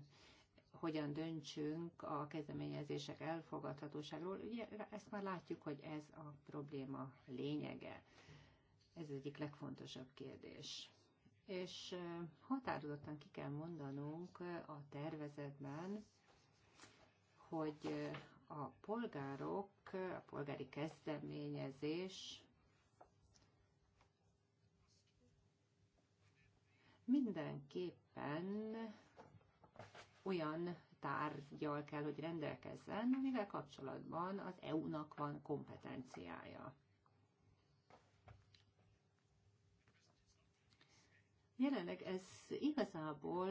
hogyan döntsünk a kezdeményezések elfogadhatóságról, ugye ezt már látjuk, hogy ez a probléma lényege. Ez egyik legfontosabb kérdés. És eh, határozottan ki kell mondanunk eh, a tervezetben, hogy a polgárok, a polgári kezdeményezés mindenképpen olyan tárgyal kell, hogy rendelkezzen, amivel kapcsolatban az EU-nak van kompetenciája. Jelenleg ez igazából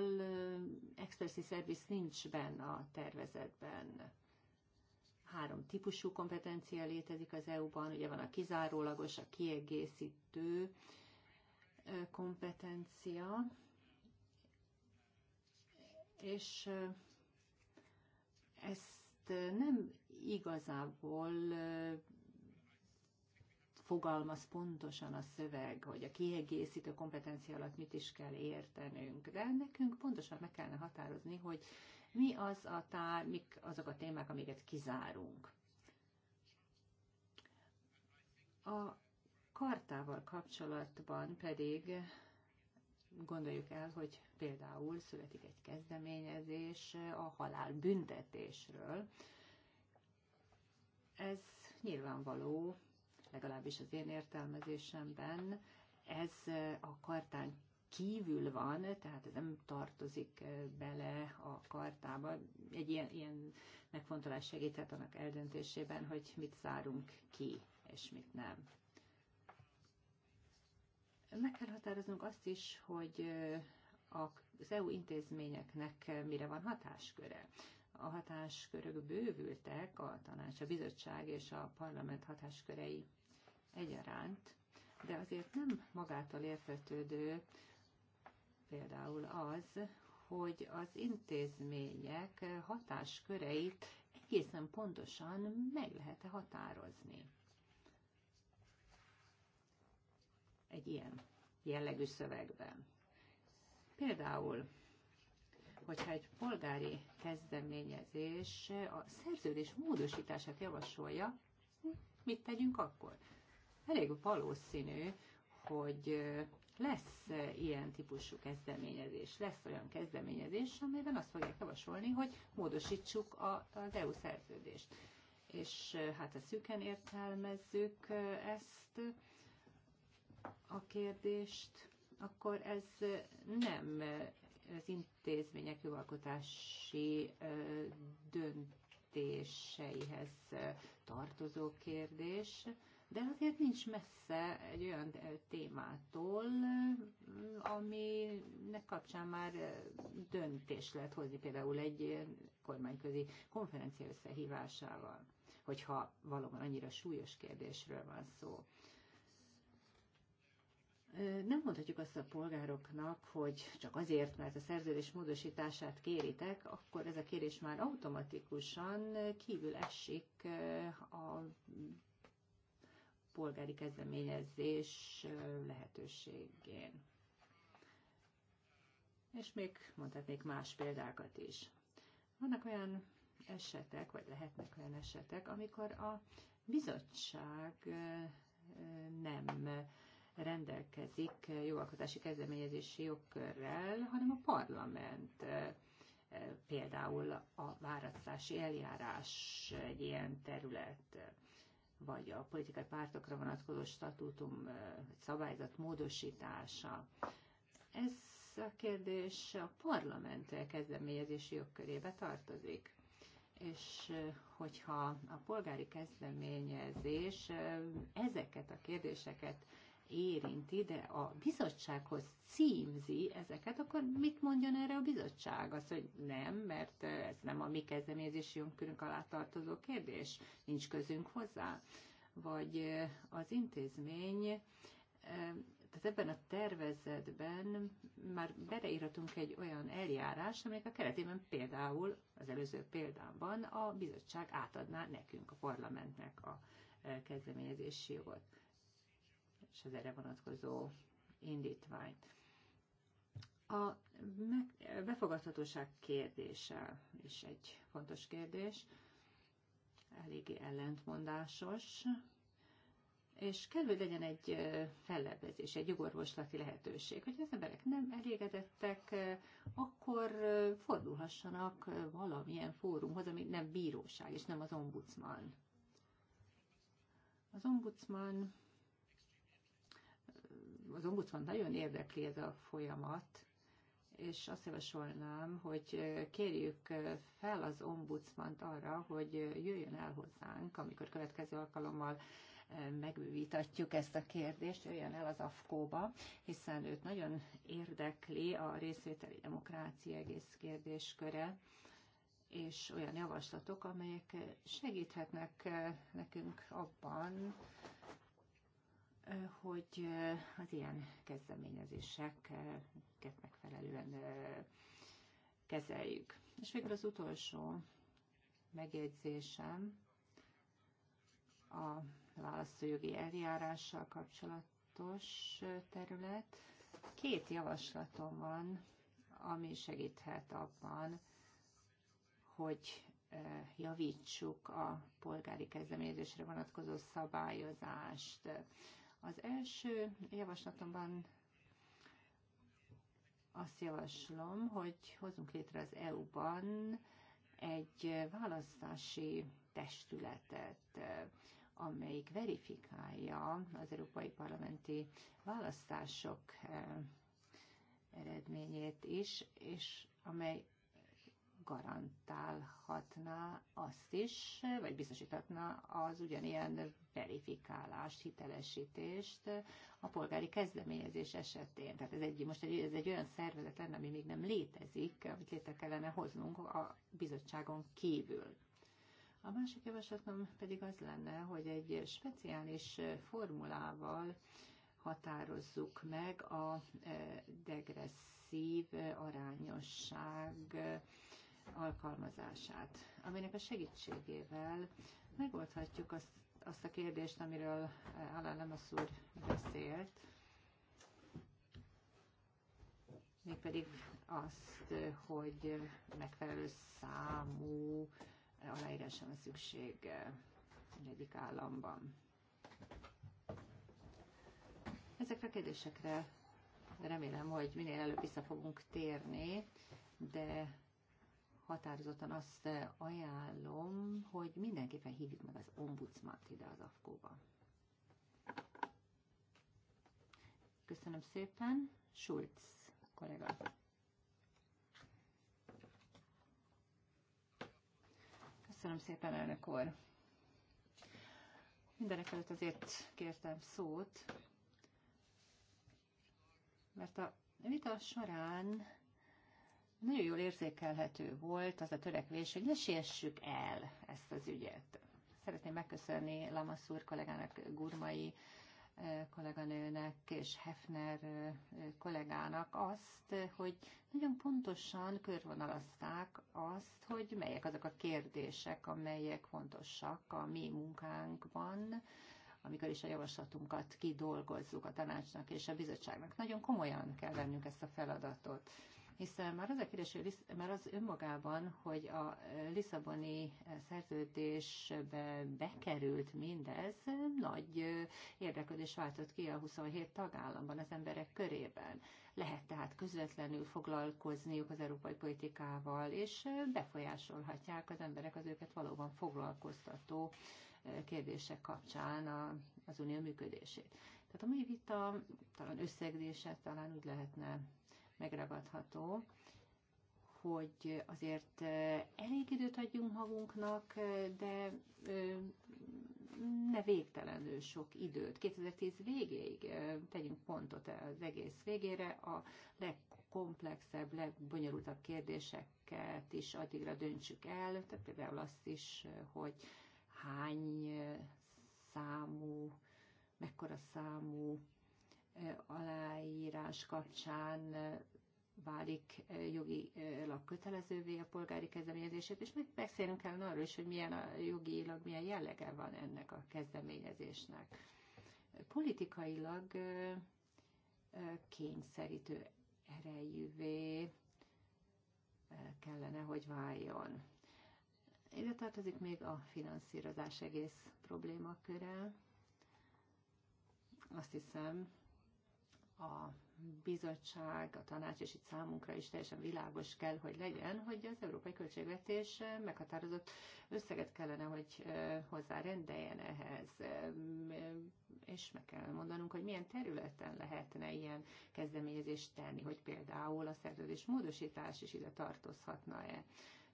expressi service nincs benne a tervezetben. Három típusú kompetencia létezik az EU-ban, ugye van a kizárólagos, a kiegészítő, kompetencia, és ezt nem igazából fogalmaz pontosan a szöveg, hogy a kiegészítő kompetencia alatt mit is kell értenünk, de nekünk pontosan meg kellene határozni, hogy mi az a tár, mik azok a témák, amiket kizárunk. A kartával kapcsolatban pedig gondoljuk el, hogy például születik egy kezdeményezés a halál büntetésről. Ez nyilvánvaló, legalábbis az én értelmezésemben, ez a kartán kívül van, tehát ez nem tartozik eh, bele a kartába. Egy ilyen, ilyen megfontolás segíthet annak eldöntésében, hogy mit zárunk ki, és mit nem. Meg kell határoznunk azt is, hogy az EU intézményeknek mire van hatásköre. A hatáskörök bővültek, a tanács, a bizottság és a parlament hatáskörei egyaránt, de azért nem magától értetődő például az, hogy az intézmények hatásköreit egészen pontosan meg lehet -e határozni. egy ilyen jellegű szövegben. Például, hogyha egy polgári kezdeményezés a szerződés módosítását javasolja, mit tegyünk akkor? Elég valószínű, hogy lesz ilyen típusú kezdeményezés, lesz olyan kezdeményezés, amelyben azt fogják javasolni, hogy módosítsuk a, az EU szerződést. És hát a szüken értelmezzük ezt, a kérdést, akkor ez nem az intézmények jogalkotási döntéseihez tartozó kérdés, de azért nincs messze egy olyan témától, aminek kapcsán már döntés lehet hozni, például egy kormányközi konferencia összehívásával, hogyha valóban annyira súlyos kérdésről van szó nem mondhatjuk azt a polgároknak, hogy csak azért, mert a szerződés módosítását kéritek, akkor ez a kérés már automatikusan kívül esik a polgári kezdeményezés lehetőségén. És még mondhatnék más példákat is. Vannak olyan esetek, vagy lehetnek olyan esetek, amikor a bizottság nem rendelkezik jogalkotási kezdeményezési jogkörrel, hanem a parlament eh, például a választási eljárás egy ilyen terület, vagy a politikai pártokra vonatkozó statútum eh, szabályzat módosítása. Ez a kérdés a parlament kezdeményezési jogkörébe tartozik és eh, hogyha a polgári kezdeményezés ezeket a kérdéseket érinti, de a bizottsághoz címzi ezeket, akkor mit mondjon erre a bizottság? Az, hogy nem, mert ez nem a mi kezdeményezési jogkörünk alá tartozó kérdés, nincs közünk hozzá. Vagy eh, az intézmény eh, tehát ebben a tervezetben már beleírhatunk egy olyan eljárás, amelyek a keretében például az előző példában a bizottság átadná nekünk, a parlamentnek a eh, kezdeményezési jogot és az erre vonatkozó indítványt. A befogadhatóság kérdése is egy fontos kérdés, eléggé ellentmondásos, és kell, hogy legyen egy fellebbezés, egy jogorvoslati lehetőség, hogy az emberek nem elégedettek, akkor fordulhassanak valamilyen fórumhoz, ami nem bíróság, és nem az ombudsman. Az ombudsman az ombudsman nagyon érdekli ez a folyamat, és azt javasolnám, hogy kérjük fel az ombudsmant arra, hogy jöjjön el hozzánk, amikor következő alkalommal megvitatjuk ezt a kérdést, jöjjön el az AFKÓ-ba, hiszen őt nagyon érdekli a részvételi demokrácia egész kérdésköre, és olyan javaslatok, amelyek segíthetnek nekünk abban, hogy az ilyen kezdeményezéseket megfelelően kezeljük. És végül az utolsó megjegyzésem a választójogi eljárással kapcsolatos terület. Két javaslatom van, ami segíthet abban, hogy javítsuk a polgári kezdeményezésre vonatkozó szabályozást. Az első javaslatomban azt javaslom, hogy hozunk létre az EU-ban egy választási testületet, amelyik verifikálja az európai parlamenti választások eh, eredményét is, és amely garantálhatná azt is, vagy biztosíthatná az ugyanilyen verifikálást, hitelesítést a polgári kezdeményezés esetén. Tehát ez egy, most egy, ez egy olyan szervezet lenne, ami még nem létezik, amit létre kellene hoznunk a bizottságon kívül. A másik javaslatom pedig az lenne, hogy egy speciális formulával határozzuk meg a eh, degresszív eh, arányosság alkalmazását, aminek a segítségével megoldhatjuk azt, azt a kérdést, amiről eh, Alan úr beszélt, mégpedig azt, eh, hogy megfelelő számú eh, aláírásra van szükség egyik államban. Ezekre a kérdésekre remélem, hogy minél előbb vissza fogunk térni, de határozottan azt ajánlom, hogy mindenképpen hívjuk meg az ombudsmant ide az afkóba. Köszönöm szépen. Schulz kollega. Köszönöm szépen, elnök úr. Mindenek előtt azért kértem szót, mert a vita során nagyon jól érzékelhető volt az a törekvés, hogy ne siessük el ezt az ügyet. Szeretném megköszönni Lamasz úr kollégának, Gurmai eh, kolléganőnek és Hefner eh, kollégának azt, hogy nagyon pontosan körvonalazták azt, hogy melyek azok a kérdések, amelyek fontosak a mi munkánkban, amikor is a javaslatunkat kidolgozzuk a tanácsnak és a bizottságnak. Nagyon komolyan kell vennünk ezt a feladatot hiszen már az a kérdés, hogy már az önmagában, hogy a Lisszaboni szerződésbe bekerült mindez, nagy érdeklődés váltott ki a 27 tagállamban az emberek körében. Lehet tehát közvetlenül foglalkozniuk az európai politikával, és befolyásolhatják az emberek az őket valóban foglalkoztató kérdések kapcsán az unió működését. Tehát a mai vita talán összegzése talán úgy lehetne megragadható, hogy azért elég időt adjunk magunknak, de ne végtelenül sok időt. 2010 végéig tegyünk pontot az egész végére, a legkomplexebb, legbonyolultabb kérdéseket is addigra döntsük el, tehát például azt is, hogy hány számú, mekkora számú aláírás kapcsán válik jogi kötelezővé a polgári kezdeményezését, és meg beszélünk el arról is, hogy milyen a jogilag milyen jellege van ennek a kezdeményezésnek. Politikailag kényszerítő erejűvé kellene, hogy váljon. Ide tartozik még a finanszírozás egész problémaköre. Azt hiszem, a bizottság, a tanács, és itt számunkra is teljesen világos kell, hogy legyen, hogy az európai költségvetés meghatározott összeget kellene, hogy hozzárendeljen ehhez, és meg kell mondanunk, hogy milyen területen lehetne ilyen kezdeményezést tenni, hogy például a szerződés módosítás is ide tartozhatna-e.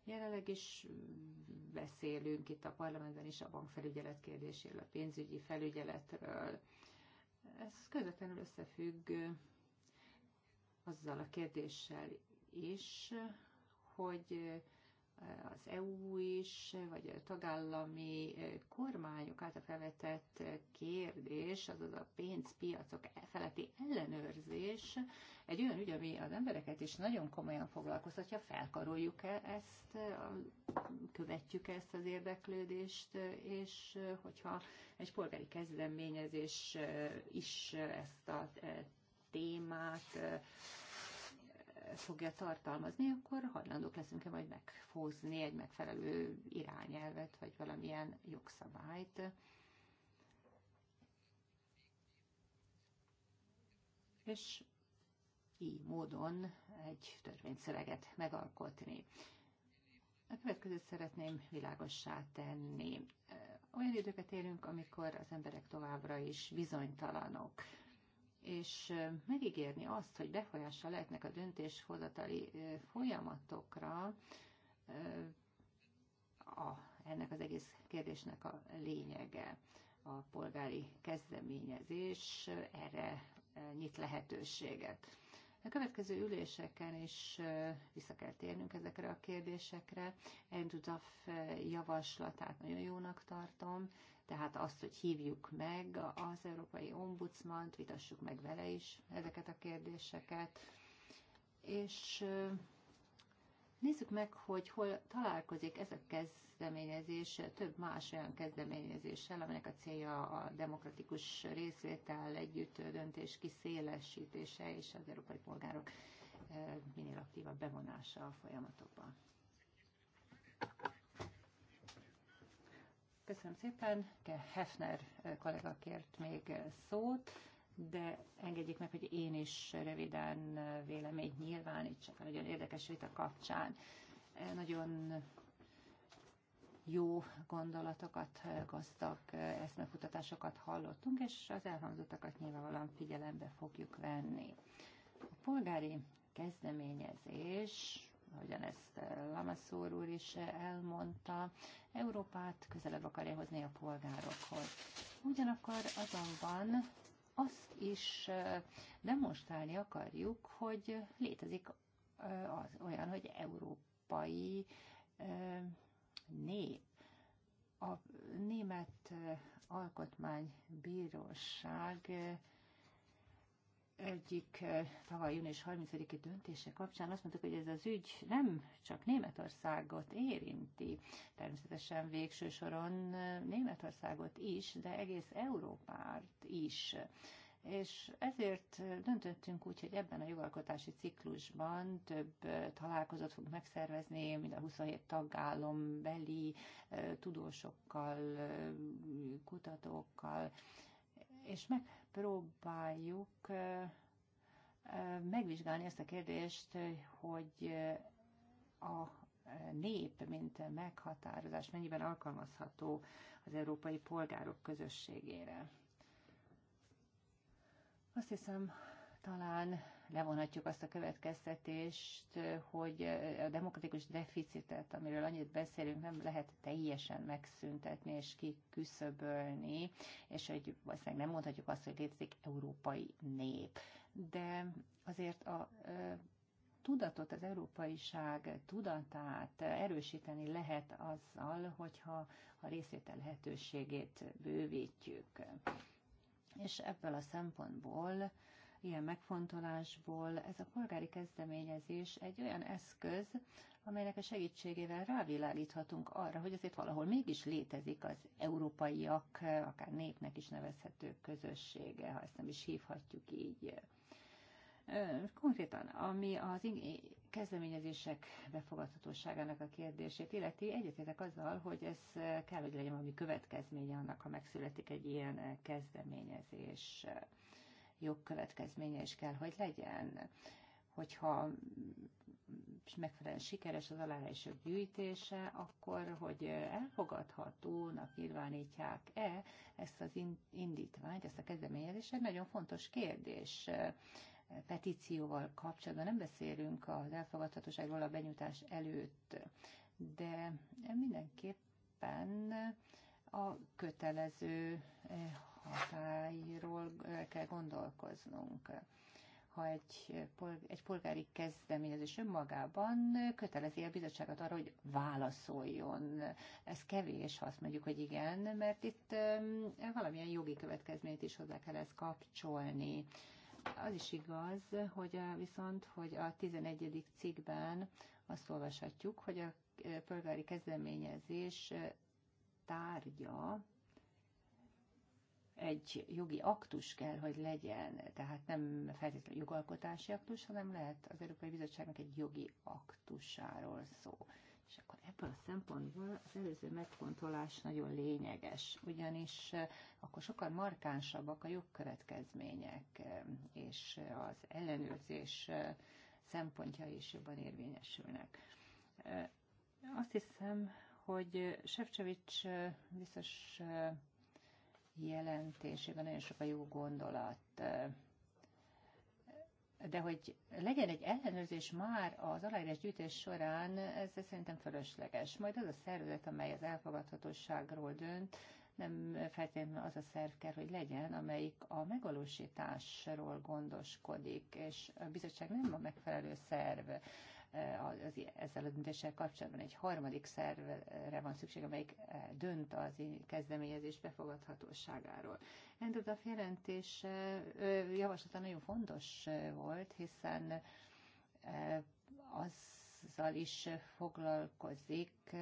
Jelenleg is beszélünk itt a parlamentben is a bankfelügyelet kérdéséről, a pénzügyi felügyeletről, ez közvetlenül összefügg azzal a kérdéssel is, hogy az EU is, vagy a tagállami kormányok által felvetett kérdés, azaz a pénzpiacok e- feletti ellenőrzés egy olyan ügy, ami az embereket is nagyon komolyan foglalkoztatja, felkaroljuk-e ezt, követjük -e ezt az érdeklődést, és hogyha egy polgári kezdeményezés is ezt a témát fogja tartalmazni, akkor hajlandók leszünk-e majd meghozni egy megfelelő irányelvet, vagy valamilyen jogszabályt. És így módon egy törvényszöveget megalkotni. A következőt szeretném világossá tenni. Olyan időket élünk, amikor az emberek továbbra is bizonytalanok, és megígérni azt, hogy befolyása lehetnek a döntéshozatali folyamatokra, a, ennek az egész kérdésnek a lényege. A polgári kezdeményezés erre nyit lehetőséget. A következő üléseken is vissza kell térnünk ezekre a kérdésekre. Endudaf javaslatát nagyon jónak tartom, tehát azt, hogy hívjuk meg az Európai Ombudsmant, vitassuk meg vele is ezeket a kérdéseket, és Nézzük meg, hogy hol találkozik ez a kezdeményezés több más olyan kezdeményezéssel, aminek a célja a demokratikus részvétel, együtt döntés kiszélesítése és az európai polgárok eh, minél aktívabb bevonása a folyamatokba. Köszönöm szépen. Hefner eh, kollega kért még eh, szót de engedjék meg, hogy én is röviden véleményt nyilvánítsak a nagyon érdekes vita kapcsán. E, nagyon jó gondolatokat, e, gazdag e, eszmefutatásokat hallottunk, és az elhangzottakat nyilvánvalóan figyelembe fogjuk venni. A polgári kezdeményezés, ahogyan ezt Lamaszúr úr is elmondta, Európát közelebb akarja hozni a polgárokhoz. Ugyanakkor azonban azt is demonstrálni akarjuk, hogy létezik az olyan, hogy európai nép. A német alkotmánybíróság egyik eh, tavaly június 30-i döntése kapcsán azt mondtuk, hogy ez az ügy nem csak Németországot érinti, természetesen végső soron eh, Németországot is, de egész Európát is. És ezért eh, döntöttünk úgy, hogy ebben a jogalkotási ciklusban több találkozót fogunk megszervezni, mind a 27 tagállom beli tudósokkal, kutatókkal, és megpróbáljuk megvizsgálni ezt a kérdést, hogy a nép, mint meghatározás mennyiben alkalmazható az európai polgárok közösségére. Azt hiszem, talán levonhatjuk azt a következtetést, hogy a demokratikus deficitet, amiről annyit beszélünk, nem lehet teljesen megszüntetni és kiküszöbölni, és hogy valószínűleg nem mondhatjuk azt, hogy létezik európai nép. De azért a tudatot, az európaiság tudatát erősíteni lehet azzal, hogyha a részvétel lehetőségét bővítjük. És ebből a szempontból ilyen megfontolásból. Ez a polgári kezdeményezés egy olyan eszköz, amelynek a segítségével rávilágíthatunk arra, hogy azért valahol mégis létezik az európaiak, akár népnek is nevezhető közössége, ha ezt nem is hívhatjuk így. Konkrétan, ami az kezdeményezések befogadhatóságának a kérdését illeti, egyetértek azzal, hogy ez kell, hogy legyen valami következménye annak, ha megszületik egy ilyen kezdeményezés jogkövetkezménye is kell, hogy legyen. Hogyha megfelelően sikeres az aláírások gyűjtése, akkor hogy elfogadhatónak nyilvánítják-e ezt az indítványt, ezt a kezdeményezést, egy nagyon fontos kérdés petícióval kapcsolatban nem beszélünk az elfogadhatóságról a benyújtás előtt, de mindenképpen a kötelező eh, hatályról kell gondolkoznunk. Ha egy, egy polgári kezdeményezés önmagában kötelezi a bizottságot arra, hogy válaszoljon. Ez kevés, ha azt mondjuk, hogy igen, mert itt valamilyen jogi következményt is hozzá kell ezt kapcsolni. Az is igaz, hogy viszont, hogy a 11. cikkben azt olvashatjuk, hogy a polgári kezdeményezés tárgya egy jogi aktus kell, hogy legyen, tehát nem feltétlenül jogalkotási aktus, hanem lehet az Európai Bizottságnak egy jogi aktusáról szó. És akkor ebből a szempontból az előző megfontolás nagyon lényeges, ugyanis eh, akkor sokkal markánsabbak a jogkövetkezmények, eh, és az ellenőrzés eh, szempontja is jobban érvényesülnek. Azt hiszem, hogy Sefcsevics biztos jelentésében nagyon sok a jó gondolat. De hogy legyen egy ellenőrzés már az aláírás gyűjtés során, ez szerintem fölösleges. Majd az a szervezet, amely az elfogadhatóságról dönt, nem feltétlenül az a szerv kell, hogy legyen, amelyik a megvalósításról gondoskodik, és a bizottság nem a megfelelő szerv. Eh, az, ezzel a döntéssel kapcsolatban egy harmadik szervre van szükség, amelyik eh, dönt az kezdeményezés befogadhatóságáról. Ended a jelentés javaslata nagyon fontos volt, hiszen eh, azzal is foglalkozik,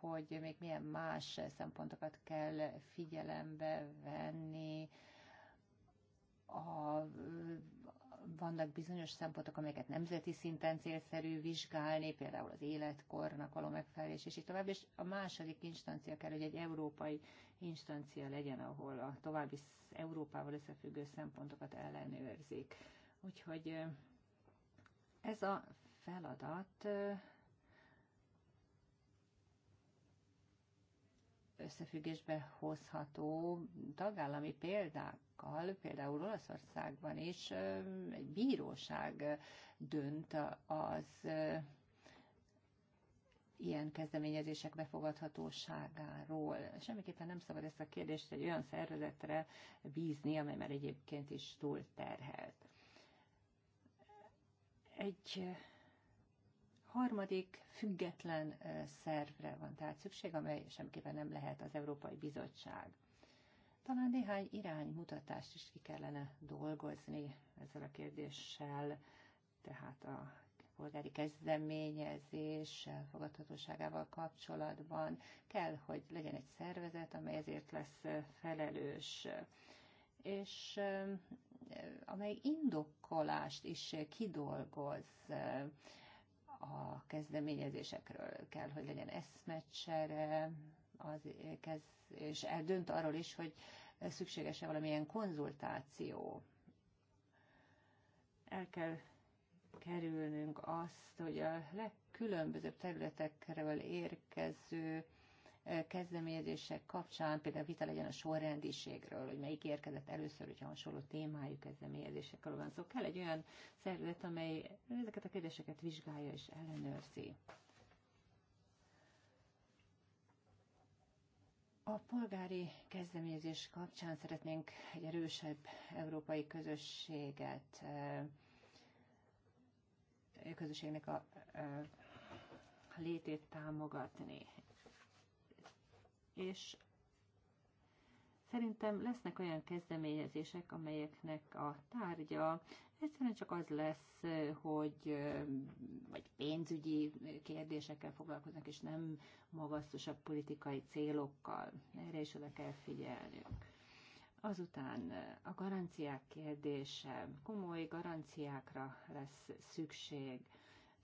hogy még milyen más szempontokat kell figyelembe venni, a vannak bizonyos szempontok, amelyeket nemzeti szinten célszerű vizsgálni, például az életkornak való megfelelés, és így tovább, és a második instancia kell, hogy egy európai instancia legyen, ahol a további Európával összefüggő szempontokat ellenőrzik. Úgyhogy ez a feladat összefüggésbe hozható tagállami példák országokkal, például Olaszországban is egy bíróság dönt az ilyen kezdeményezések befogadhatóságáról. Semmiképpen nem szabad ezt a kérdést egy olyan szervezetre bízni, amely már egyébként is túl terhelt. Egy harmadik független szervre van tehát szükség, amely semmiképpen nem lehet az Európai Bizottság. Talán néhány iránymutatást is ki kellene dolgozni ezzel a kérdéssel, tehát a polgári kezdeményezés fogadhatóságával kapcsolatban kell, hogy legyen egy szervezet, amely ezért lesz felelős, és eh, amely indokolást is kidolgoz eh, a kezdeményezésekről. Kell, hogy legyen eszmecsere, az, kez, és eldönt arról is, hogy szükséges-e valamilyen konzultáció. El kell kerülnünk azt, hogy a legkülönbözőbb területekről érkező eh, kezdeményezések kapcsán például vita legyen a sorrendiségről, hogy melyik érkezett először, hogyha hasonló témájú kezdeményezésekről van szó. Szóval kell egy olyan szervezet, amely ezeket a kérdéseket vizsgálja és ellenőrzi. A polgári kezdeményezés kapcsán szeretnénk egy erősebb európai közösséget, közösségnek a létét támogatni. És szerintem lesznek olyan kezdeményezések, amelyeknek a tárgya egyszerűen csak az lesz, hogy vagy pénzügyi kérdésekkel foglalkoznak, és nem magasztosabb politikai célokkal. Erre is oda kell figyelnünk. Azután a garanciák kérdése. Komoly garanciákra lesz szükség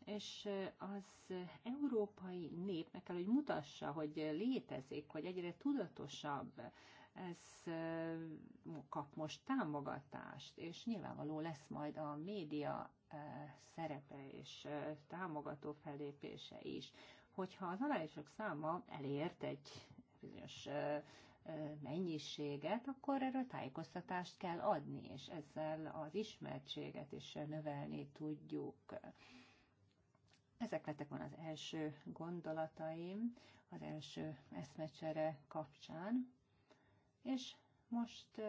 és az európai nép meg kell, hogy mutassa, hogy létezik, hogy egyre tudatosabb ez kap most támogatást, és nyilvánvaló lesz majd a média szerepe és támogató fellépése is. Hogyha az aláírások száma elért egy bizonyos mennyiséget, akkor erről tájékoztatást kell adni, és ezzel az ismertséget is növelni tudjuk. Ezek lettek volna az első gondolataim az első eszmecsere kapcsán. És most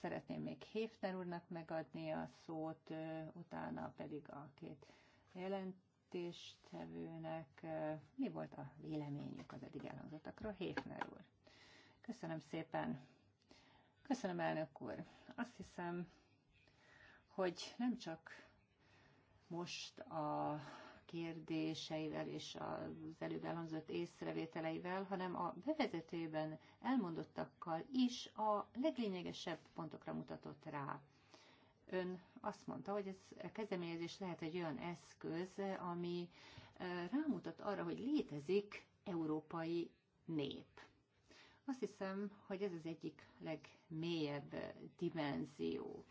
szeretném még Héfner úrnak megadni a szót, utána pedig a két jelentéstevőnek. Mi volt a véleményük az eddig elhangzottakról? Héfner úr. Köszönöm szépen. Köszönöm, elnök úr. Azt hiszem, hogy nem csak most a kérdéseivel és az előbb elhangzott észrevételeivel, hanem a bevezetőben elmondottakkal is a leglényegesebb pontokra mutatott rá. Ön azt mondta, hogy ez a kezdeményezés lehet egy olyan eszköz, ami e, rámutat arra, hogy létezik európai nép. Azt hiszem, hogy ez az egyik legmélyebb dimenzió,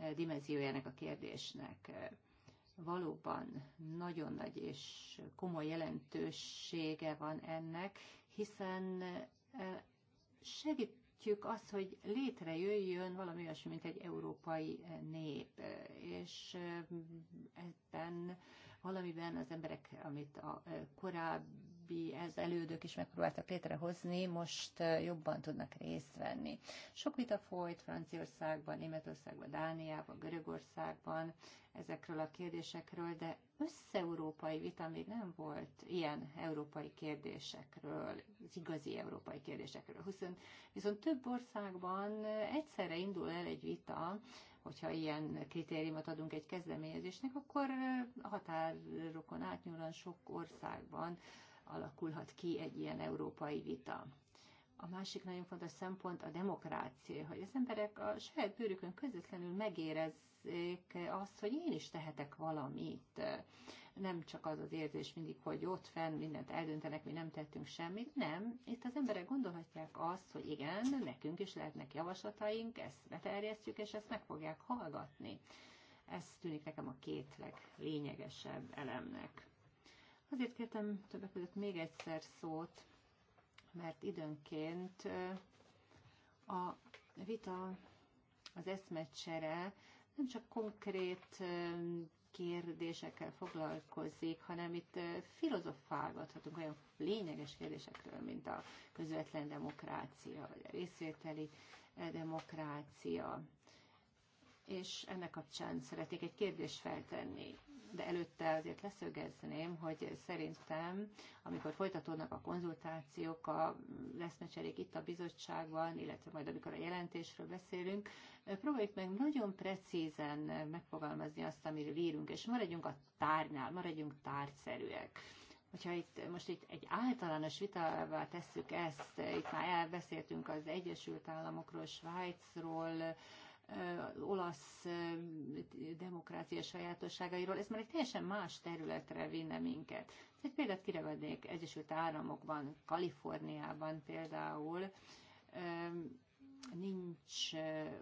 e, dimenziójának a kérdésnek valóban nagyon nagy és komoly jelentősége van ennek, hiszen eh, segítjük azt, hogy létrejöjjön valami olyasmi, mint egy európai eh, nép, eh, és ebben valamiben az emberek, amit a korábbi az elődök is megpróbáltak létrehozni, most jobban tudnak részt venni. Sok vita folyt Franciaországban, Németországban, Dániában, Görögországban ezekről a kérdésekről, de összeurópai vita még nem volt ilyen európai kérdésekről, az igazi európai kérdésekről. Viszont, viszont több országban egyszerre indul el egy vita, hogyha ilyen kritériumot adunk egy kezdeményezésnek, akkor határokon átnyúlóan sok országban alakulhat ki egy ilyen európai vita. A másik nagyon fontos szempont a demokrácia, hogy az emberek a saját bőrükön közvetlenül megérezzék azt, hogy én is tehetek valamit. Nem csak az az érzés mindig, hogy ott fenn mindent eldöntenek, mi nem tettünk semmit. Nem, itt az emberek gondolhatják azt, hogy igen, nekünk is lehetnek javaslataink, ezt beterjesztjük, és ezt meg fogják hallgatni. Ez tűnik nekem a két leglényegesebb elemnek. Azért kértem többek között még egyszer szót, mert időnként a vita, az eszmecsere nem csak konkrét kérdésekkel foglalkozik, hanem itt filozofálgathatunk olyan lényeges kérdésekről, mint a közvetlen demokrácia, vagy a részvételi demokrácia. És ennek kapcsán szeretnék egy kérdést feltenni de előtte azért leszögezném, hogy szerintem, amikor folytatódnak a konzultációk, a leszmecserék itt a bizottságban, illetve majd amikor a jelentésről beszélünk, próbáljuk meg nagyon precízen megfogalmazni azt, amiről írunk, és maradjunk a tárnál, maradjunk tárgyszerűek hogyha itt most itt egy általános vitává tesszük ezt, itt már elbeszéltünk az Egyesült Államokról, Svájcról, az olasz demokrácia sajátosságairól, ez már egy teljesen más területre vinne minket. Egy példát kiragadnék Egyesült Államokban, Kaliforniában például, nincs,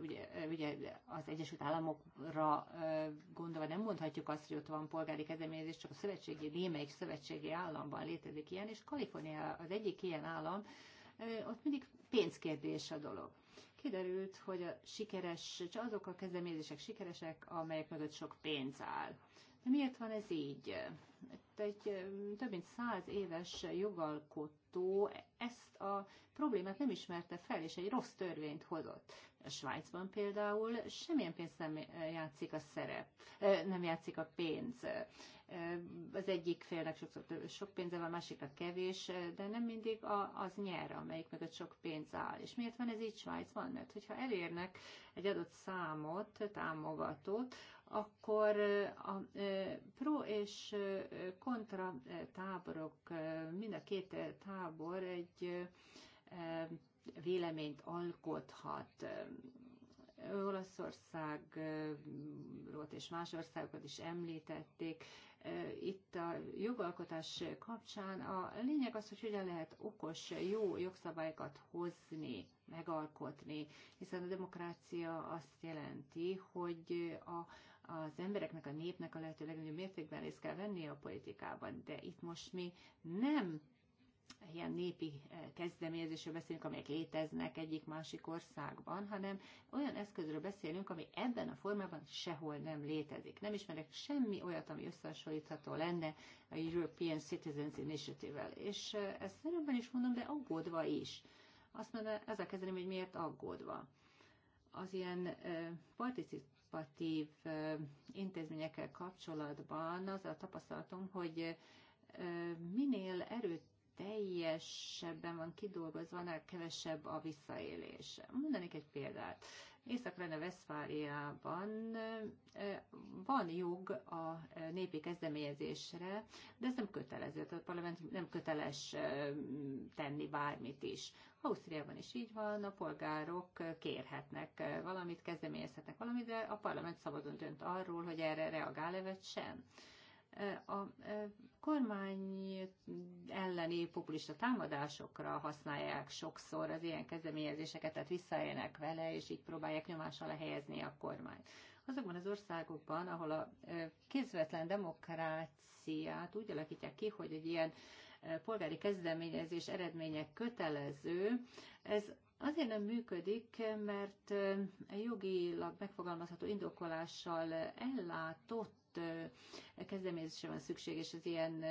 ugye, ugye az Egyesült Államokra gondolva nem mondhatjuk azt, hogy ott van polgári kezdeményezés, csak a szövetségi, némelyik szövetségi államban létezik ilyen, és Kalifornia az egyik ilyen állam, ott mindig pénzkérdés a dolog kiderült, hogy a sikeres, csak azok a kezdeményezések sikeresek, amelyek mögött sok pénz áll. De miért van ez így? Itt egy több mint száz éves jogalkot alkotó ezt a problémát nem ismerte fel, és egy rossz törvényt hozott. A Svájcban például semmilyen pénzt nem játszik a szerep, nem játszik a pénz. Az egyik félnek sokszor sok pénze van, a másiknak kevés, de nem mindig az nyer, amelyik mögött sok pénz áll. És miért van ez így Svájcban? Mert hogyha elérnek egy adott számot, támogatót, akkor a pro és kontra táborok, mind a két tábor egy véleményt alkothat. Olaszországról és más országokat is említették. Itt a jogalkotás kapcsán a lényeg az, hogy hogyan lehet okos, jó jogszabályokat hozni, megalkotni, hiszen a demokrácia azt jelenti, hogy a az embereknek, a népnek a lehető legnagyobb mértékben részt kell vennie a politikában, de itt most mi nem ilyen népi eh, kezdeményezésről beszélünk, amelyek léteznek egyik másik országban, hanem olyan eszközről beszélünk, ami ebben a formában sehol nem létezik. Nem ismerek semmi olyat, ami összehasonlítható lenne a European Citizens Initiative-vel. És eh, ezt örömben is mondom, de aggódva is. Azt mondom, a kezdeném, hogy miért aggódva. Az ilyen eh, particip participatív intézményekkel kapcsolatban az a tapasztalatom, hogy minél erőt teljesebben van kidolgozva, annál kevesebb a visszaélés. Mondanék egy példát. észak rene Veszfáliában van jog a népi kezdeményezésre, de ez nem kötelező, tehát a parlament nem köteles tenni bármit is. Ausztriában is így van, a polgárok kérhetnek valamit, kezdeményezhetnek valamit, de a parlament szabadon dönt arról, hogy erre reagál-e vagy sem a e, kormány elleni populista támadásokra használják sokszor az ilyen kezdeményezéseket, tehát visszaélnek vele, és így próbálják nyomás alá helyezni a kormányt. Azokban az országokban, ahol a e, kézvetlen demokráciát úgy alakítják ki, hogy egy ilyen e, polgári kezdeményezés eredmények kötelező, ez Azért nem működik, mert jogilag megfogalmazható indokolással ellátott határozott kezdeményezésre van szükség, és az ilyen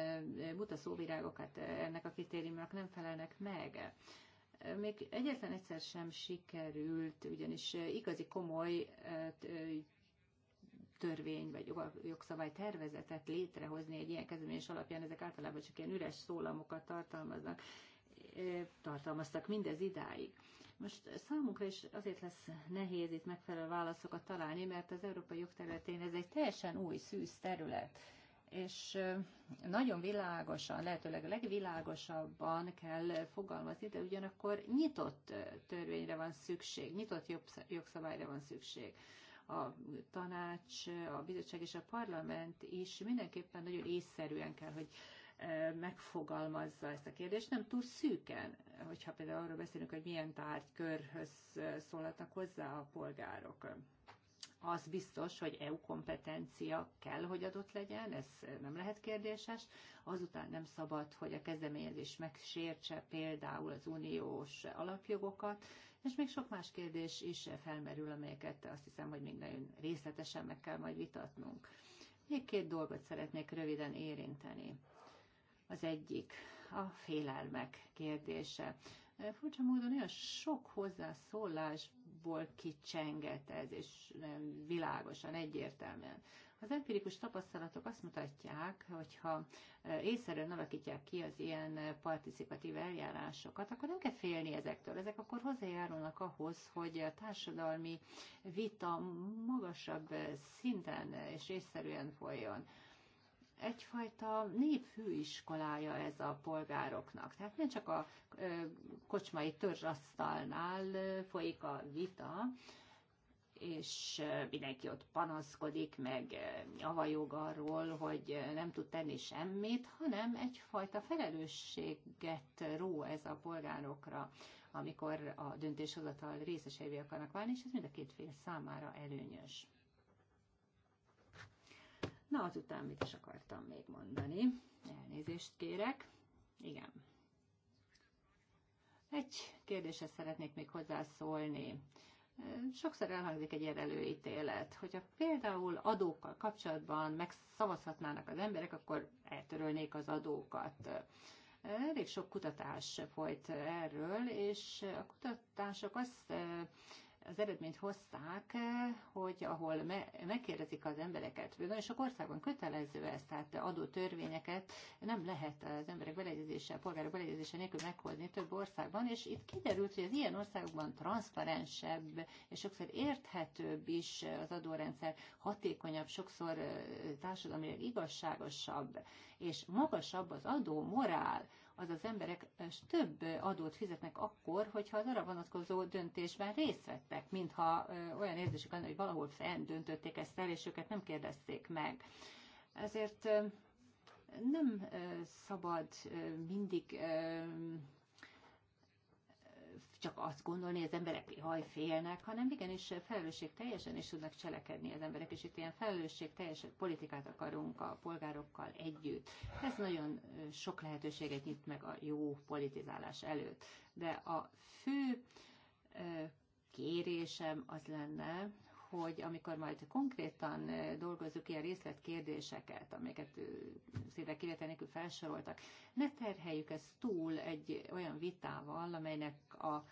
buta szóvirágokat hát, ennek a kritériumnak nem felelnek meg még egyetlen egyszer sem sikerült, ugyanis igazi komoly törvény vagy jogszabály tervezetet létrehozni egy ilyen kezdeményes alapján, ezek általában csak ilyen üres szólamokat tartalmaznak, tartalmaztak mindez idáig. Most számunkra is azért lesz nehéz itt megfelelő válaszokat találni, mert az európai jogterületén ez egy teljesen új, szűz terület és nagyon világosan, lehetőleg a legvilágosabban kell fogalmazni, de ugyanakkor nyitott törvényre van szükség, nyitott jogszabályra van szükség. A tanács, a bizottság és a parlament is mindenképpen nagyon észszerűen kell, hogy megfogalmazza ezt a kérdést, nem túl szűken, hogyha például arról beszélünk, hogy milyen tárgykörhöz szólhatnak hozzá a polgárok. Az biztos, hogy EU kompetencia kell, hogy adott legyen, ez nem lehet kérdéses. Azután nem szabad, hogy a kezdeményezés megsértse például az uniós alapjogokat, és még sok más kérdés is felmerül, amelyeket azt hiszem, hogy még nagyon részletesen meg kell majd vitatnunk. Még két dolgot szeretnék röviden érinteni. Az egyik a félelmek kérdése. Furcsa módon olyan sok hozzászólásból kicsenget ez, és nem világosan, egyértelműen. Az empirikus tapasztalatok azt mutatják, hogy ha észszerűen alakítják ki az ilyen participatív eljárásokat, akkor nem kell félni ezektől. Ezek akkor hozzájárulnak ahhoz, hogy a társadalmi vita magasabb szinten és észszerűen folyjon egyfajta népfőiskolája ez a polgároknak. Tehát nem csak a kocsmai törzsasztalnál folyik a vita, és mindenki ott panaszkodik, meg javajog arról, hogy nem tud tenni semmit, hanem egyfajta felelősséget ró ez a polgárokra, amikor a döntéshozatal részeseivé akarnak válni, és ez mind a két fél számára előnyös. Na, azután mit is akartam még mondani? Elnézést kérek. Igen. Egy kérdéshez szeretnék még hozzászólni. Sokszor elhangzik egy ilyen előítélet, hogyha például adókkal kapcsolatban megszavazhatnának az emberek, akkor eltörölnék az adókat. Elég sok kutatás folyt erről, és a kutatások azt az eredményt hozták, hogy ahol me- megkérdezik az embereket, nagyon sok országban kötelező ez, tehát adó törvényeket nem lehet az emberek beleegyezéssel, a polgárok beleegyezéssel nélkül meghozni több országban, és itt kiderült, hogy az ilyen országokban transzparensebb és sokszor érthetőbb is az adórendszer, hatékonyabb, sokszor társadalmilag igazságosabb, és magasabb az adó morál, az az emberek több adót fizetnek akkor, hogyha az arra vonatkozó döntésben részt vettek, mintha olyan érzésük lenne, hogy valahol fenn döntötték ezt el, és őket nem kérdezték meg. Ezért nem szabad mindig csak azt gondolni, hogy az emberek haj félnek, hanem igenis felelősség teljesen is tudnak cselekedni az emberek, és itt ilyen felelősség teljes politikát akarunk a polgárokkal együtt. Ez nagyon sok lehetőséget nyit meg a jó politizálás előtt. De a fő kérésem az lenne, hogy amikor majd konkrétan dolgozzuk ilyen részletkérdéseket, amiket szinte kivétel nélkül felsoroltak, ne terheljük ezt túl egy olyan vitával, amelynek a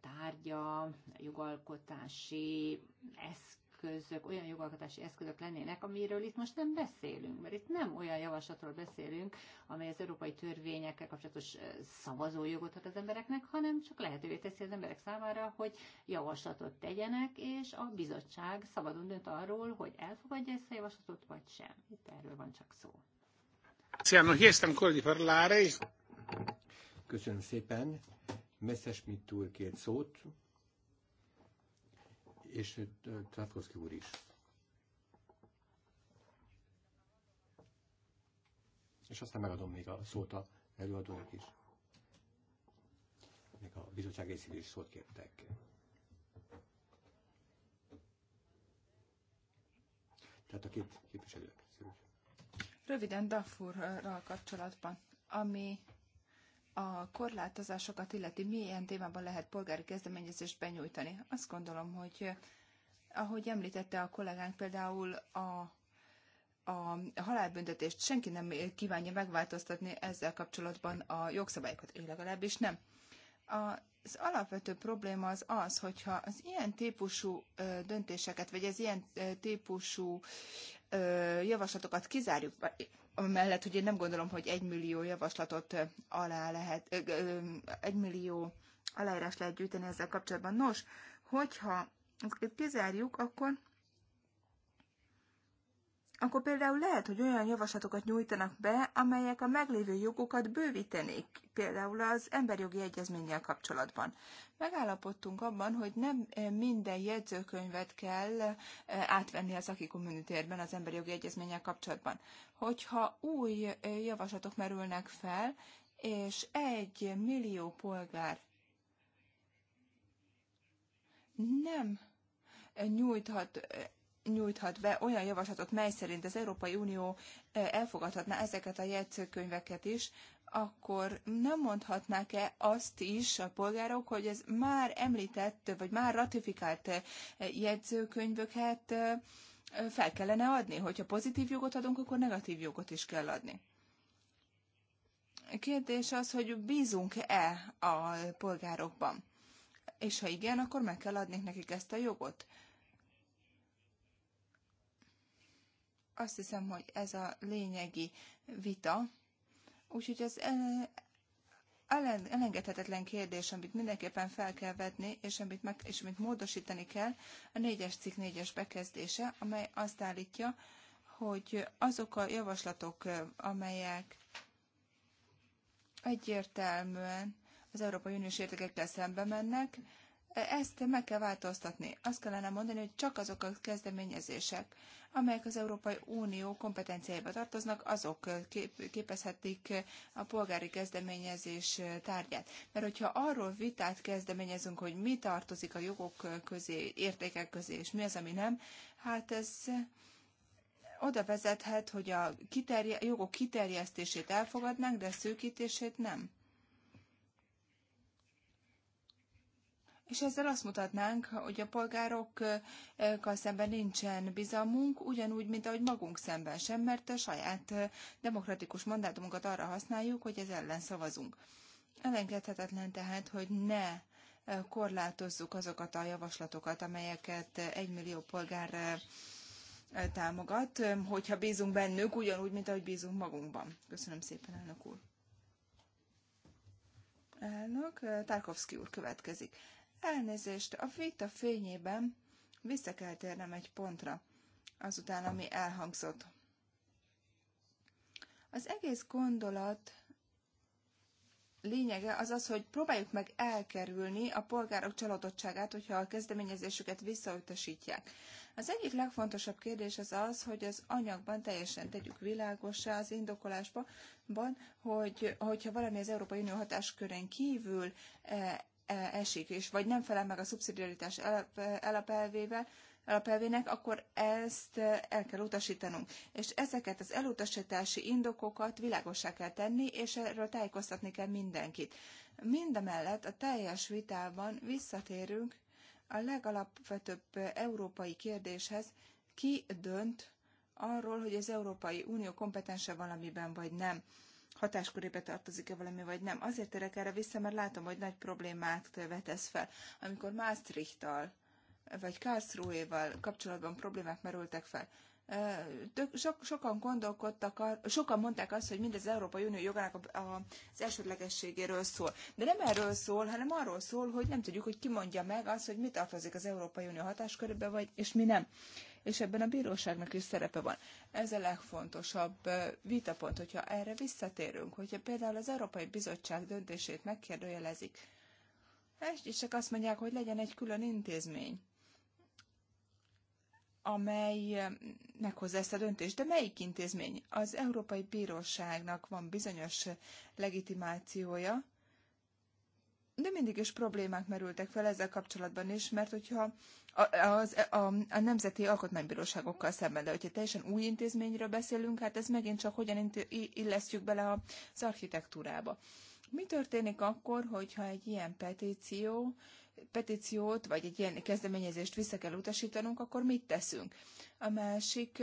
tárgya, jogalkotási eszköz, eszközök, olyan jogalkotási eszközök lennének, amiről itt most nem beszélünk, mert itt nem olyan javaslatról beszélünk, amely az európai törvényekkel kapcsolatos szavazójogot ad az embereknek, hanem csak lehetővé teszi az emberek számára, hogy javaslatot tegyenek, és a bizottság szabadon dönt arról, hogy elfogadja ezt a javaslatot, vagy sem. Itt erről van csak szó. Köszönöm szépen. Messerschmitt úr két szót és Trafkovszki úr is. És aztán megadom még a szót a előadónak is. Még a bizottság részéről is szót kértek. Tehát a két képviselők. Röviden Dafurral kapcsolatban, ami a korlátozásokat illeti, milyen témában lehet polgári kezdeményezést benyújtani. Azt gondolom, hogy ahogy említette a kollégánk például a a halálbüntetést senki nem kívánja megváltoztatni ezzel kapcsolatban a jogszabályokat, én legalábbis nem. Az alapvető probléma az az, hogyha az ilyen típusú döntéseket, vagy az ilyen típusú javaslatokat kizárjuk, mellett, hogy én nem gondolom, hogy egy millió javaslatot alá lehet, egy millió aláírás lehet gyűjteni ezzel kapcsolatban. Nos, hogyha ezeket kizárjuk, akkor akkor például lehet, hogy olyan javaslatokat nyújtanak be, amelyek a meglévő jogokat bővítenék, például az emberjogi egyezménnyel kapcsolatban. Megállapodtunk abban, hogy nem eh, minden jegyzőkönyvet kell eh, átvenni az aki kommunitérben az emberjogi egyezménnyel kapcsolatban. Hogyha új eh, javaslatok merülnek fel, és egy millió polgár nem nyújthat nyújthat be olyan javaslatot, mely szerint az Európai Unió elfogadhatná ezeket a jegyzőkönyveket is, akkor nem mondhatnák-e azt is a polgárok, hogy ez már említett, vagy már ratifikált jegyzőkönyvöket fel kellene adni? Hogyha pozitív jogot adunk, akkor negatív jogot is kell adni. Kérdés az, hogy bízunk-e a polgárokban? És ha igen, akkor meg kell adni nekik ezt a jogot Azt hiszem, hogy ez a lényegi vita. Úgyhogy az eh, elengedhetetlen kérdés, amit mindenképpen fel kell vetni, és amit, meg, és amit módosítani kell, a négyes cikk négyes bekezdése, amely azt állítja, hogy azok a javaslatok, eh, amelyek egyértelműen az Európai Uniós értékekkel szembe mennek, ezt meg kell változtatni. Azt kellene mondani, hogy csak azok a kezdeményezések, amelyek az Európai Unió kompetenciájába tartoznak, azok képezhetik a polgári kezdeményezés tárgyát. Mert hogyha arról vitát kezdeményezünk, hogy mi tartozik a jogok közé, értékek közé, és mi az, ami nem, hát ez oda vezethet, hogy a kiterje- jogok kiterjesztését elfogadnánk, de szűkítését nem. és ezzel azt mutatnánk, hogy a polgárokkal szemben nincsen bizalmunk, ugyanúgy, mint ahogy magunk szemben sem, mert a saját demokratikus mandátumunkat arra használjuk, hogy ez ellen szavazunk. Elengedhetetlen tehát, hogy ne korlátozzuk azokat a javaslatokat, amelyeket egymillió polgár támogat, hogyha bízunk bennük, ugyanúgy, mint ahogy bízunk magunkban. Köszönöm szépen, elnök úr. Elnök, Tarkovsky úr következik. Elnézést, a vita fényében vissza kell térnem egy pontra, azután, ami elhangzott. Az egész gondolat lényege az az, hogy próbáljuk meg elkerülni a polgárok csalódottságát, hogyha a kezdeményezésüket visszautasítják. Az egyik legfontosabb kérdés az az, hogy az anyagban teljesen tegyük világossá az indokolásban, hogy, hogyha valami az Európai Unió hatáskörén kívül eh, esik, és vagy nem felel meg a szubszidiaritás alapelvével, alapelvének, akkor ezt el kell utasítanunk. És ezeket az elutasítási indokokat világossá kell tenni, és erről tájékoztatni kell mindenkit. Mindemellett a teljes vitában visszatérünk a legalapvetőbb európai kérdéshez, ki dönt arról, hogy az Európai Unió kompetense valamiben vagy nem hatáskörébe tartozik-e valami, vagy nem. Azért érek erre vissza, mert látom, hogy nagy problémát vetesz fel. Amikor Maastrichttal vagy Karlsruhe-val kapcsolatban problémák merültek fel, Tök, sok, sokan gondolkodtak, sokan mondták azt, hogy mindez az Európai Unió jogának a, a, az elsődlegességéről szól. De nem erről szól, hanem arról szól, hogy nem tudjuk, hogy ki mondja meg azt, hogy mi tartozik az Európai Unió hatáskörébe, vagy, és mi nem és ebben a bíróságnak is szerepe van. Ez a legfontosabb vitapont, hogyha erre visszatérünk, hogyha például az Európai Bizottság döntését megkérdőjelezik, és csak azt mondják, hogy legyen egy külön intézmény, amely meghozza ezt a döntést. De melyik intézmény? Az Európai Bíróságnak van bizonyos legitimációja, de mindig is problémák merültek fel ezzel kapcsolatban is, mert hogyha a, az, a, a nemzeti alkotmánybíróságokkal szemben, de hogyha teljesen új intézményről beszélünk, hát ez megint csak hogyan illesztjük bele az architektúrába. Mi történik akkor, hogyha egy ilyen petíció, petíciót, vagy egy ilyen kezdeményezést vissza kell utasítanunk, akkor mit teszünk? A másik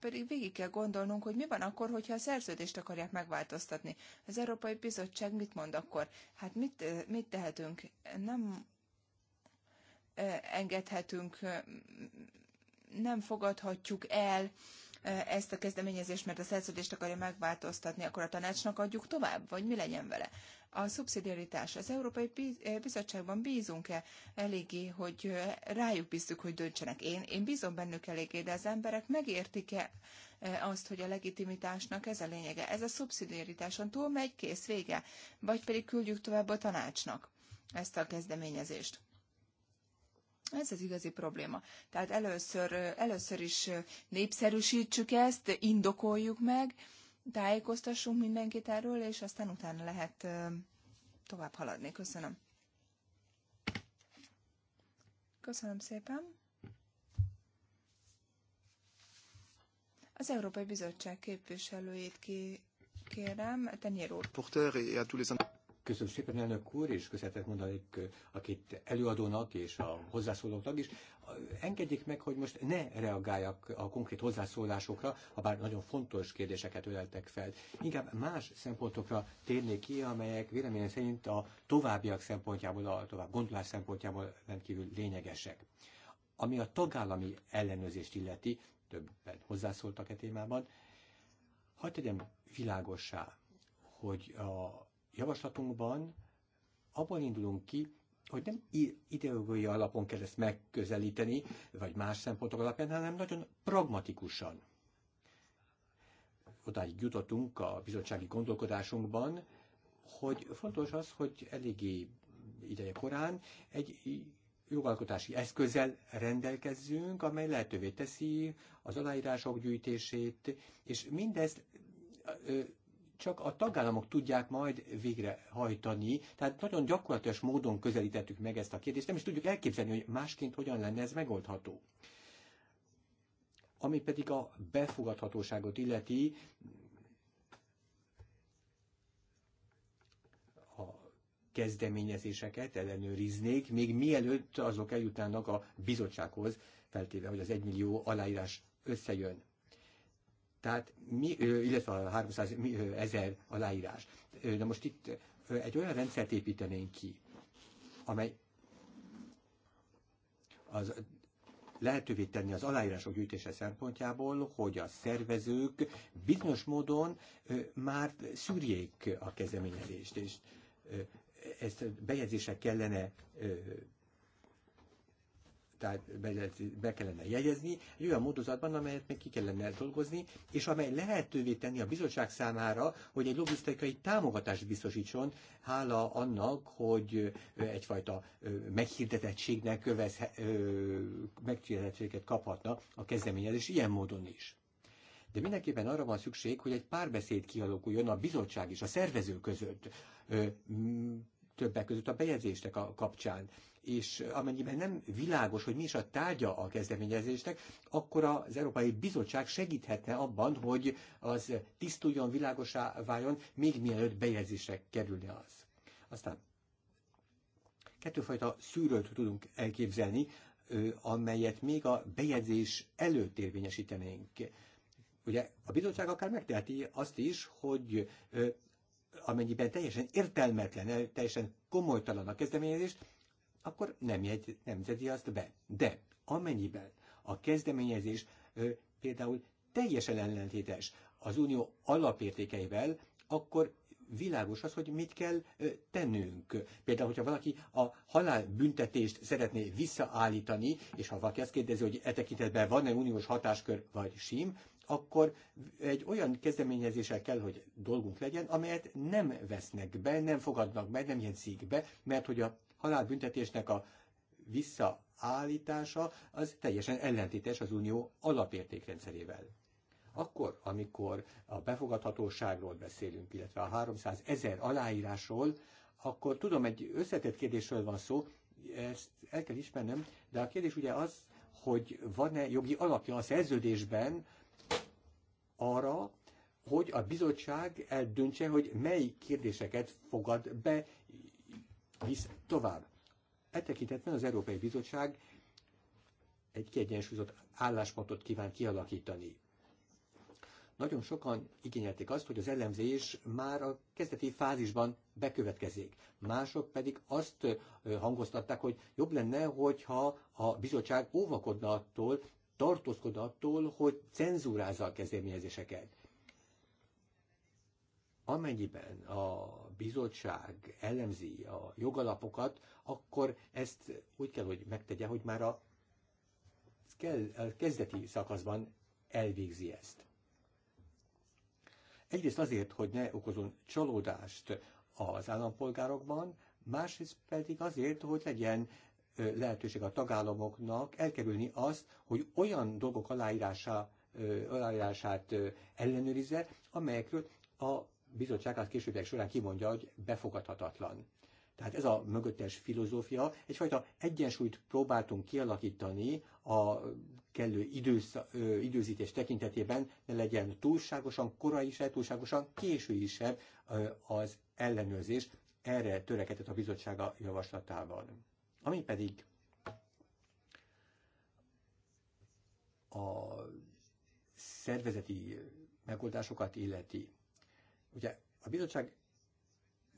pedig végig kell gondolnunk, hogy mi van akkor, hogyha a szerződést akarják megváltoztatni. Az Európai Bizottság mit mond akkor? Hát mit, mit tehetünk? Nem engedhetünk, nem fogadhatjuk el ezt a kezdeményezést, mert a szerződést akarja megváltoztatni, akkor a tanácsnak adjuk tovább, vagy mi legyen vele? a szubszidiaritás. Az Európai eh, Bizottságban bízunk-e eléggé, hogy eh, rájuk bíztuk, hogy döntsenek? Én, én bízom bennük eléggé, de az emberek megértik-e eh, azt, hogy a legitimitásnak ez a lényege? Ez a szubszidiaritáson túl megy, kész, vége? Vagy pedig küldjük tovább a tanácsnak ezt a kezdeményezést? Ez az igazi probléma. Tehát először, először is népszerűsítsük ezt, indokoljuk meg, tájékoztassunk mindenkit erről, és aztán utána lehet tovább haladni. Köszönöm. Köszönöm szépen. Az Európai Bizottság képviselőjét ki kérem, Tenyér úr. Köszönöm szépen, elnök úr, és köszönetet mondanék a két előadónak és a hozzászólóknak is. Engedjék meg, hogy most ne reagáljak a konkrét hozzászólásokra, ha bár nagyon fontos kérdéseket öleltek fel. Inkább más szempontokra térnék ki, amelyek véleményem szerint a továbbiak szempontjából, a tovább gondolás szempontjából rendkívül lényegesek. Ami a tagállami ellenőrzést illeti, többen hozzászóltak e témában, hagyd tegyem világossá, hogy a javaslatunkban abból indulunk ki, hogy nem ideológiai alapon kell ezt megközelíteni, vagy más szempontok alapján, hanem nagyon pragmatikusan. Odáig jutottunk a bizottsági gondolkodásunkban, hogy fontos az, hogy eléggé ideje korán egy jogalkotási eszközzel rendelkezzünk, amely lehetővé teszi az aláírások gyűjtését, és mindezt csak a tagállamok tudják majd végrehajtani. Tehát nagyon gyakorlatilag módon közelítettük meg ezt a kérdést, nem is tudjuk elképzelni, hogy másként hogyan lenne ez megoldható. Ami pedig a befogadhatóságot illeti, kezdeményezéseket ellenőriznék, még mielőtt azok eljutnának a bizottsághoz, feltéve, hogy az egymillió aláírás összejön. Tehát mi, illetve a 300 ezer aláírás. De most itt egy olyan rendszert építenénk ki, amely az lehetővé tenni az aláírások gyűjtése szempontjából, hogy a szervezők bizonyos módon már szűrjék a kezdeményezést, és ezt bejegyzések kellene tehát be, be kellene jegyezni, egy olyan módozatban, amelyet meg ki kellene dolgozni, és amely lehetővé tenni a bizottság számára, hogy egy logisztikai támogatást biztosítson, hála annak, hogy egyfajta meghirdetettségnek kövez, meghirdetettséget kaphatna a kezdeményezés ilyen módon is. De mindenképpen arra van szükség, hogy egy párbeszéd kialakuljon a bizottság és a szervező között, többek között a bejegyzések a kapcsán és amennyiben nem világos, hogy mi is a tárgya a kezdeményezésnek, akkor az Európai Bizottság segíthetne abban, hogy az tisztuljon, világosá váljon, még mielőtt bejegyzésre kerülne az. Aztán kettőfajta szűrőt tudunk elképzelni, amelyet még a bejegyzés előtt érvényesítenénk. Ugye a bizottság akár megteheti azt is, hogy amennyiben teljesen értelmetlen, teljesen komolytalan a kezdeményezés, akkor nem, jegy, nem tedi azt be. De amennyiben a kezdeményezés ö, például teljesen ellentétes az unió alapértékeivel, akkor világos az, hogy mit kell tennünk. Például, hogyha valaki a halálbüntetést szeretné visszaállítani, és ha valaki azt kérdezi, hogy e tekintetben van-e uniós hatáskör vagy sim, akkor egy olyan kezdeményezéssel kell, hogy dolgunk legyen, amelyet nem vesznek be, nem fogadnak meg, nem jegyzik be, mert hogy a halálbüntetésnek a visszaállítása az teljesen ellentétes az unió alapértékrendszerével. Akkor, amikor a befogadhatóságról beszélünk, illetve a 300 ezer aláírásról, akkor tudom, egy összetett kérdésről van szó, ezt el kell ismernem, de a kérdés ugye az, hogy van-e jogi alapja a szerződésben arra, hogy a bizottság eldöntse, hogy mely kérdéseket fogad be visz tovább. E tekintetben az Európai Bizottság egy kiegyensúlyozott álláspontot kíván kialakítani. Nagyon sokan igényelték azt, hogy az elemzés már a kezdeti fázisban bekövetkezik. Mások pedig azt hangoztatták, hogy jobb lenne, hogyha a bizottság óvakodna attól, tartózkodna attól, hogy cenzúrázza a kezdeményezéseket. Amennyiben a bizottság elemzi a jogalapokat, akkor ezt úgy kell, hogy megtegye, hogy már a kezdeti szakaszban elvégzi ezt. Egyrészt azért, hogy ne okozon csalódást az állampolgárokban, másrészt pedig azért, hogy legyen lehetőség a tagállamoknak elkerülni azt, hogy olyan dolgok aláírása, aláírását ellenőrizze, amelyekről a bizottság az későbbiek során kimondja, hogy befogadhatatlan. Tehát ez a mögöttes filozófia, egyfajta egyensúlyt próbáltunk kialakítani a kellő idősz, ö, időzítés tekintetében, ne legyen túlságosan korai se, túlságosan késői se az ellenőrzés. Erre törekedett a bizottsága javaslatával. Ami pedig a szervezeti megoldásokat illeti. Ugye a bizottság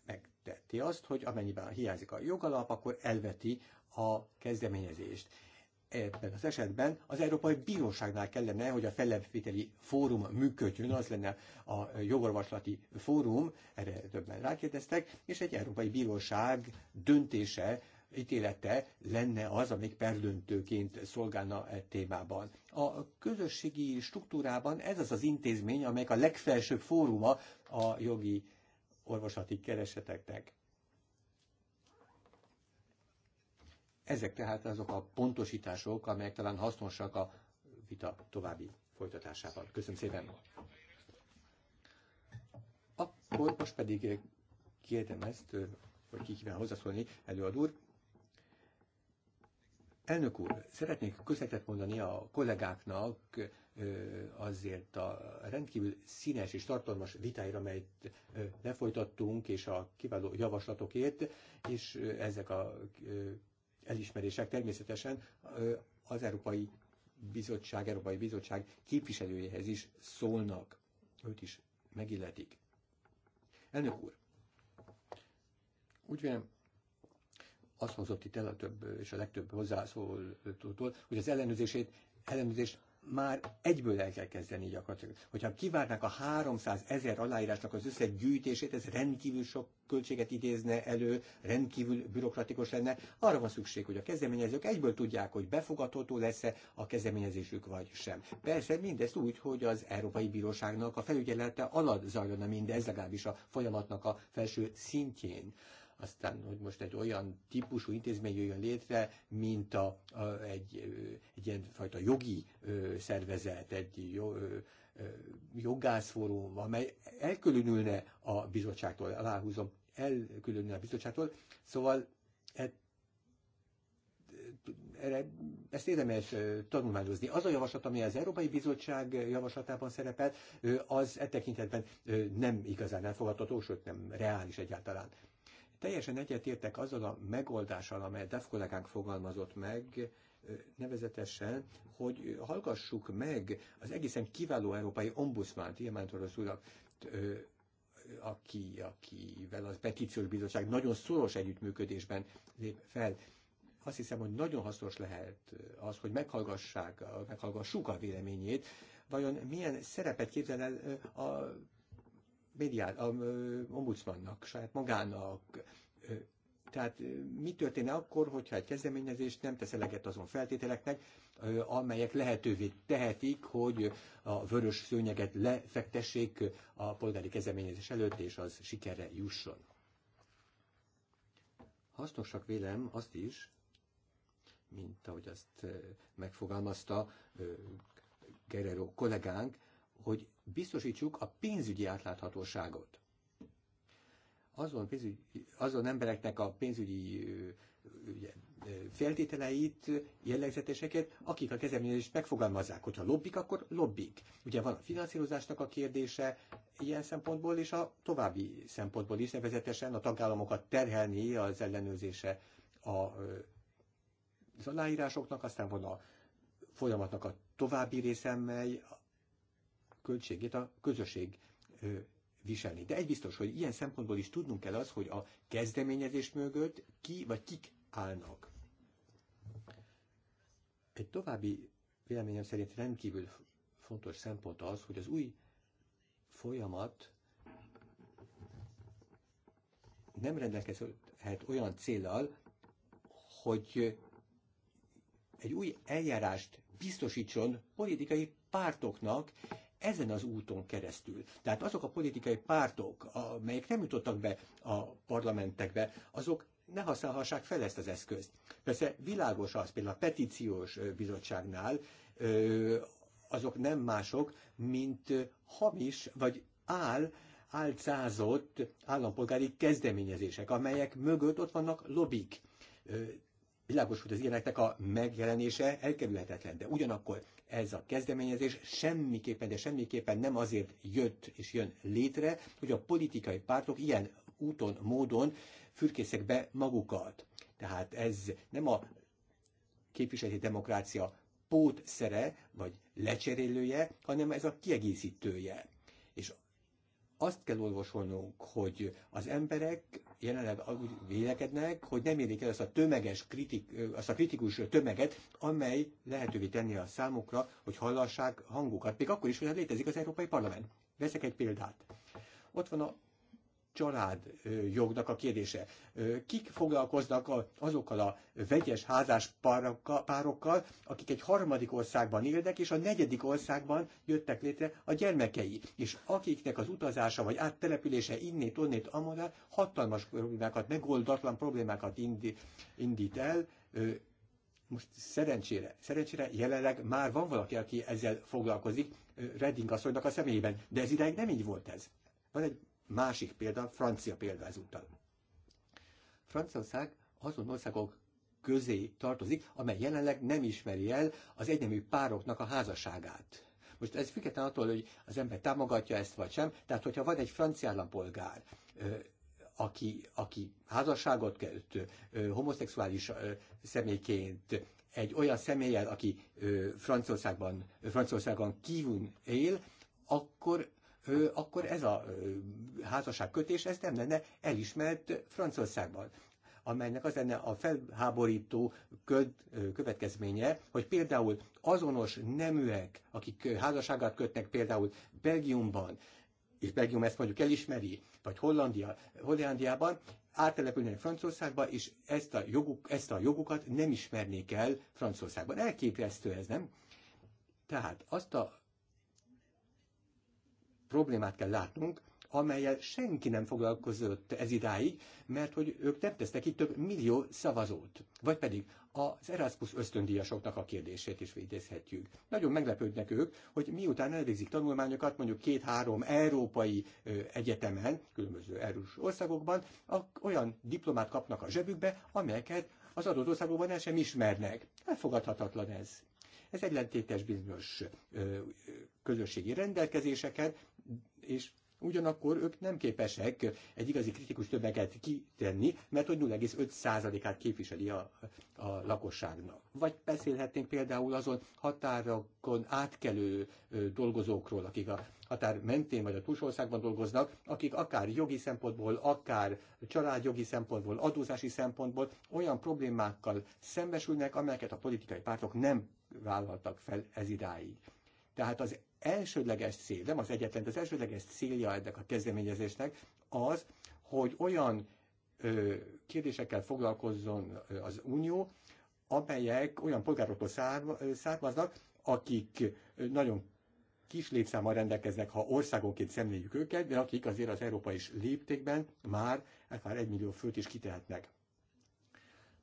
megteti azt, hogy amennyiben hiányzik a jogalap, akkor elveti a kezdeményezést. Ebben az esetben az Európai Bíróságnál kellene, hogy a felelősviteli fórum működjön, az lenne a jogorvoslati fórum, erre többen rákérdeztek, és egy Európai Bíróság döntése ítélete lenne az, amik perdöntőként szolgálna e témában. A közösségi struktúrában ez az az intézmény, amely a legfelsőbb fóruma a jogi orvoslati kereseteknek. Ezek tehát azok a pontosítások, amelyek talán hasznosak a vita további folytatásában. Köszönöm szépen! Akkor most pedig kérdem ezt, hogy ki kíván hozzászólni, előadó úr. Elnök úr, szeretnék köszönetet mondani a kollégáknak azért a rendkívül színes és tartalmas vitáira, amelyet lefolytattunk, és a kiváló javaslatokért, és ezek a elismerések természetesen az Európai Bizottság, Európai Bizottság képviselőjehez is szólnak, őt is megilletik. Elnök úr, úgy vélem, azt hozott itt el a több és a legtöbb hozzászólótól, hogy az ellenőrzését, ellenőrzést már egyből el kell kezdeni gyakorlatilag. Hogyha kivárnák a 300 ezer aláírásnak az összegyűjtését, ez rendkívül sok költséget idézne elő, rendkívül bürokratikus lenne. Arra van szükség, hogy a kezdeményezők egyből tudják, hogy befogadható lesz-e a kezdeményezésük vagy sem. Persze mindezt úgy, hogy az Európai Bíróságnak a felügyelete alatt zajlana mindez, legalábbis a folyamatnak a felső szintjén aztán, hogy most egy olyan típusú intézmény jöjjön létre, mint a, a, egy, egy ilyen fajta jogi ö, szervezet, egy jó, ö, jogászforum, amely elkülönülne a bizottságtól, aláhúzom, elkülönülne a bizottságtól, szóval et, hát, erre ezt érdemes tanulmányozni. Az a javaslat, ami az Európai Bizottság javaslatában szerepel, az e tekintetben nem igazán elfogadható, sőt nem reális egyáltalán. Teljesen egyetértek azzal a megoldással, amely DEF kollégánk fogalmazott meg, nevezetesen, hogy hallgassuk meg az egészen kiváló európai ombudsmánt, Diamantorosz urak, aki, akivel az petíciós bizottság nagyon szoros együttműködésben lép fel. Azt hiszem, hogy nagyon hasznos lehet az, hogy meghallgassák, meghallgassuk a véleményét, vajon milyen szerepet képzel el a médián, a ombudsmannak, saját magának. Tehát mi történne akkor, hogyha egy kezdeményezés nem tesz eleget azon feltételeknek, amelyek lehetővé tehetik, hogy a vörös szőnyeget lefektessék a polgári kezdeményezés előtt, és az sikerre jusson. Hasznosak vélem azt is, mint ahogy azt megfogalmazta Gerero kollégánk, hogy biztosítsuk a pénzügyi átláthatóságot. Azon, pénzügy, azon embereknek a pénzügyi ugye, feltételeit, jellegzeteseket, akik a kezdeményezést megfogalmazzák. Hogyha lobbik, akkor lobbik. Ugye van a finanszírozásnak a kérdése ilyen szempontból, és a további szempontból is, nevezetesen a tagállamokat terhelni az ellenőrzése a, az aláírásoknak, aztán van a folyamatnak a további része, mely költségét a közösség viselni. De egy biztos, hogy ilyen szempontból is tudnunk kell az, hogy a kezdeményezés mögött ki vagy kik állnak. Egy további véleményem szerint rendkívül fontos szempont az, hogy az új folyamat nem rendelkezhet olyan célral, hogy egy új eljárást biztosítson politikai pártoknak, ezen az úton keresztül. Tehát azok a politikai pártok, amelyek nem jutottak be a parlamentekbe, azok ne használhassák fel ezt az eszközt. Persze világos az, például a petíciós bizottságnál azok nem mások, mint hamis vagy áll álcázott állampolgári kezdeményezések, amelyek mögött ott vannak lobbik. Világos, hogy az ilyeneknek a megjelenése elkerülhetetlen, de ugyanakkor ez a kezdeményezés semmiképpen, de semmiképpen nem azért jött és jön létre, hogy a politikai pártok ilyen úton, módon fürkészek be magukat. Tehát ez nem a képviseleti demokrácia pótszere, vagy lecserélője, hanem ez a kiegészítője. És azt kell olvasolnunk, hogy az emberek jelenleg úgy vélekednek, hogy nem érik el azt a tömeges kritik, azt a kritikus tömeget, amely lehetővé tenni a számukra, hogy hallassák hangukat, még akkor is, hogy létezik az Európai Parlament. Veszek egy példát. Ott van a család jognak a kérdése. Kik foglalkoznak azokkal a vegyes házás párokkal, akik egy harmadik országban élnek, és a negyedik országban jöttek létre a gyermekei, és akiknek az utazása vagy áttelepülése innét, onnét, amorá hatalmas problémákat, megoldatlan problémákat indít el, most szerencsére, szerencsére jelenleg már van valaki, aki ezzel foglalkozik, Redding asszonynak a személyében, de ez ideig nem így volt ez. Van egy másik példa, francia példa ezúttal. Franciaország azon országok közé tartozik, amely jelenleg nem ismeri el az egynemű pároknak a házasságát. Most ez független attól, hogy az ember támogatja ezt vagy sem, tehát hogyha van egy francia állampolgár, aki, aki házasságot köt homoszexuális személyként egy olyan személlyel, aki Franciaországban, Franciaországon kívül él, akkor akkor ez a házasságkötés ez nem lenne elismert Franciaországban amelynek az lenne a felháborító köd, következménye, hogy például azonos neműek, akik házasságát kötnek például Belgiumban, és Belgium ezt mondjuk elismeri, vagy Hollandia, Hollandiában, áttelepülnének Franciaországba, és ezt a, joguk, ezt a jogukat nem ismernék el Franciaországban. Elképesztő ez, nem? Tehát azt a problémát kell látnunk, amelyel senki nem foglalkozott ez idáig, mert hogy ők nem tesztek itt több millió szavazót. Vagy pedig az Erasmus ösztöndíjasoknak a kérdését is idézhetjük. Nagyon meglepődnek ők, hogy miután elvégzik tanulmányokat mondjuk két-három európai egyetemen, különböző erős országokban, olyan diplomát kapnak a zsebükbe, amelyeket az adott országokban el sem ismernek. Elfogadhatatlan ez. Ez egy lentétes bizonyos közösségi rendelkezéseket, és ugyanakkor ők nem képesek egy igazi kritikus többeket kitenni, mert hogy 0,5%-át képviseli a, a lakosságnak. Vagy beszélhetnénk például azon határokon átkelő dolgozókról, akik a határ mentén vagy a túlsországban dolgoznak, akik akár jogi szempontból, akár családjogi szempontból, adózási szempontból olyan problémákkal szembesülnek, amelyeket a politikai pártok nem vállaltak fel ez idáig. Tehát az elsődleges cél, nem az egyetlen, az elsődleges célja ennek a kezdeményezésnek az, hogy olyan ö, kérdésekkel foglalkozzon az Unió, amelyek olyan polgároktól származnak, akik nagyon kis létszámmal rendelkeznek, ha országonként szemléljük őket, de akik azért az európai léptékben már akár hát egy millió főt is kitehetnek.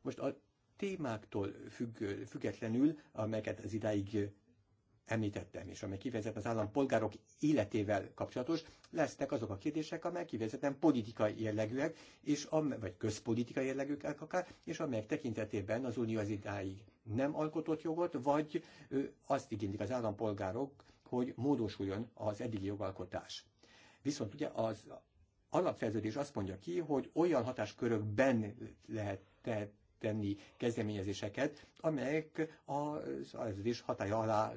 Most a témáktól függ, függetlenül, amelyeket az idáig említettem, és amely kifejezetten az állampolgárok életével kapcsolatos, lesznek azok a kérdések, amelyek kifejezetten politikai jellegűek, és am- vagy közpolitikai jellegűek akár, és amelyek tekintetében az Unió az idáig nem alkotott jogot, vagy ő, azt igénylik az állampolgárok, hogy módosuljon az eddigi jogalkotás. Viszont ugye az alapszerződés azt mondja ki, hogy olyan hatáskörökben lehet tehát tenni kezdeményezéseket, amelyek az szerződés hatája alá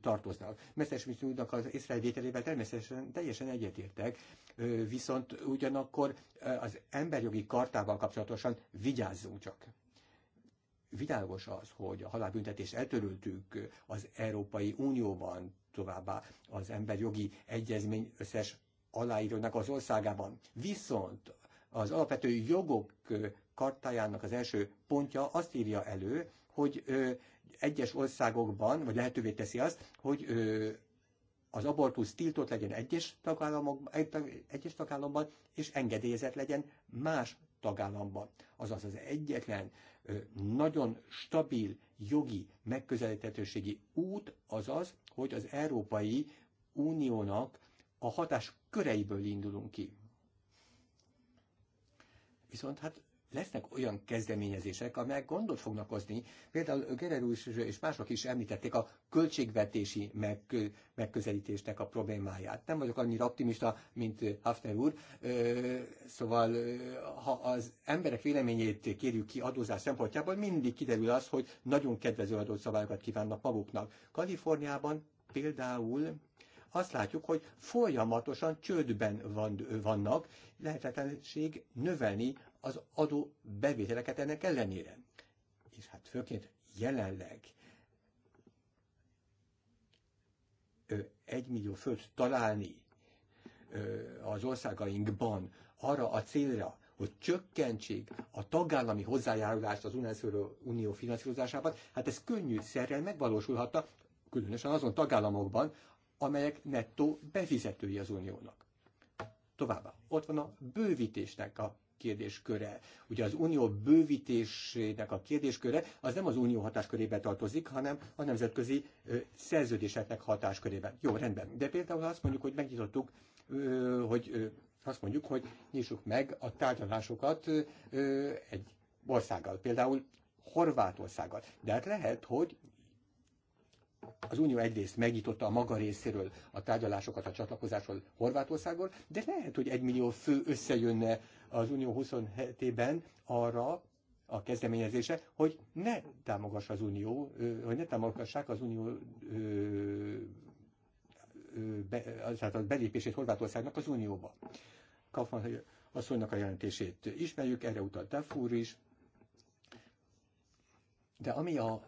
tartoznak. Messerschmitt úrnak az észrevételével természetesen teljesen egyetértek, viszont ugyanakkor az emberjogi kartával kapcsolatosan vigyázzunk csak. Világos az, hogy a halálbüntetést eltöröltük az Európai Unióban, továbbá az emberjogi egyezmény összes aláírónak az országában. Viszont az alapvető jogok kartájának az első pontja azt írja elő, hogy ö, egyes országokban, vagy lehetővé teszi azt, hogy ö, az abortusz tiltott legyen egyes, tagállamok, egyes tagállamban, és engedélyezett legyen más tagállamban. Azaz az egyetlen ö, nagyon stabil jogi megközelíthetőségi út az az, hogy az Európai Uniónak a hatás köreiből indulunk ki. Viszont hát lesznek olyan kezdeményezések, amelyek gondot fognak hozni. Például Gerer és mások is említették a költségvetési meg, megközelítésnek a problémáját. Nem vagyok annyira optimista, mint Hafner úr, szóval ha az emberek véleményét kérjük ki adózás szempontjából, mindig kiderül az, hogy nagyon kedvező adószabályokat kívánnak maguknak. Kaliforniában például azt látjuk, hogy folyamatosan csődben van, vannak, lehetetlenség növelni az adó bevételeket ennek ellenére. És hát főként jelenleg egy millió föld találni az országainkban arra a célra, hogy csökkentsék a tagállami hozzájárulást az Unió finanszírozásában, hát ez könnyű szerrel megvalósulhatta, különösen azon tagállamokban, amelyek nettó befizetői az Uniónak. Továbbá, ott van a bővítésnek a kérdésköre. Ugye az unió bővítésének a kérdésköre az nem az unió hatáskörébe tartozik, hanem a nemzetközi szerződéseknek hatáskörében. Jó, rendben. De például azt mondjuk, hogy megnyitottuk, hogy azt mondjuk, hogy nyissuk meg a tárgyalásokat egy országgal, például Horvátországgal. De hát lehet, hogy az Unió egyrészt megnyitotta a maga részéről a tárgyalásokat a csatlakozásról Horvátországgal, de lehet, hogy egy millió fő összejönne az Unió 27-ben arra a kezdeményezése, hogy ne támogass az Unió, hogy ne támogassák az Unió be, tehát a belépését Horvátországnak az Unióba. Kaufmann asszonynak a jelentését ismerjük, erre utalt Dafur is, de ami a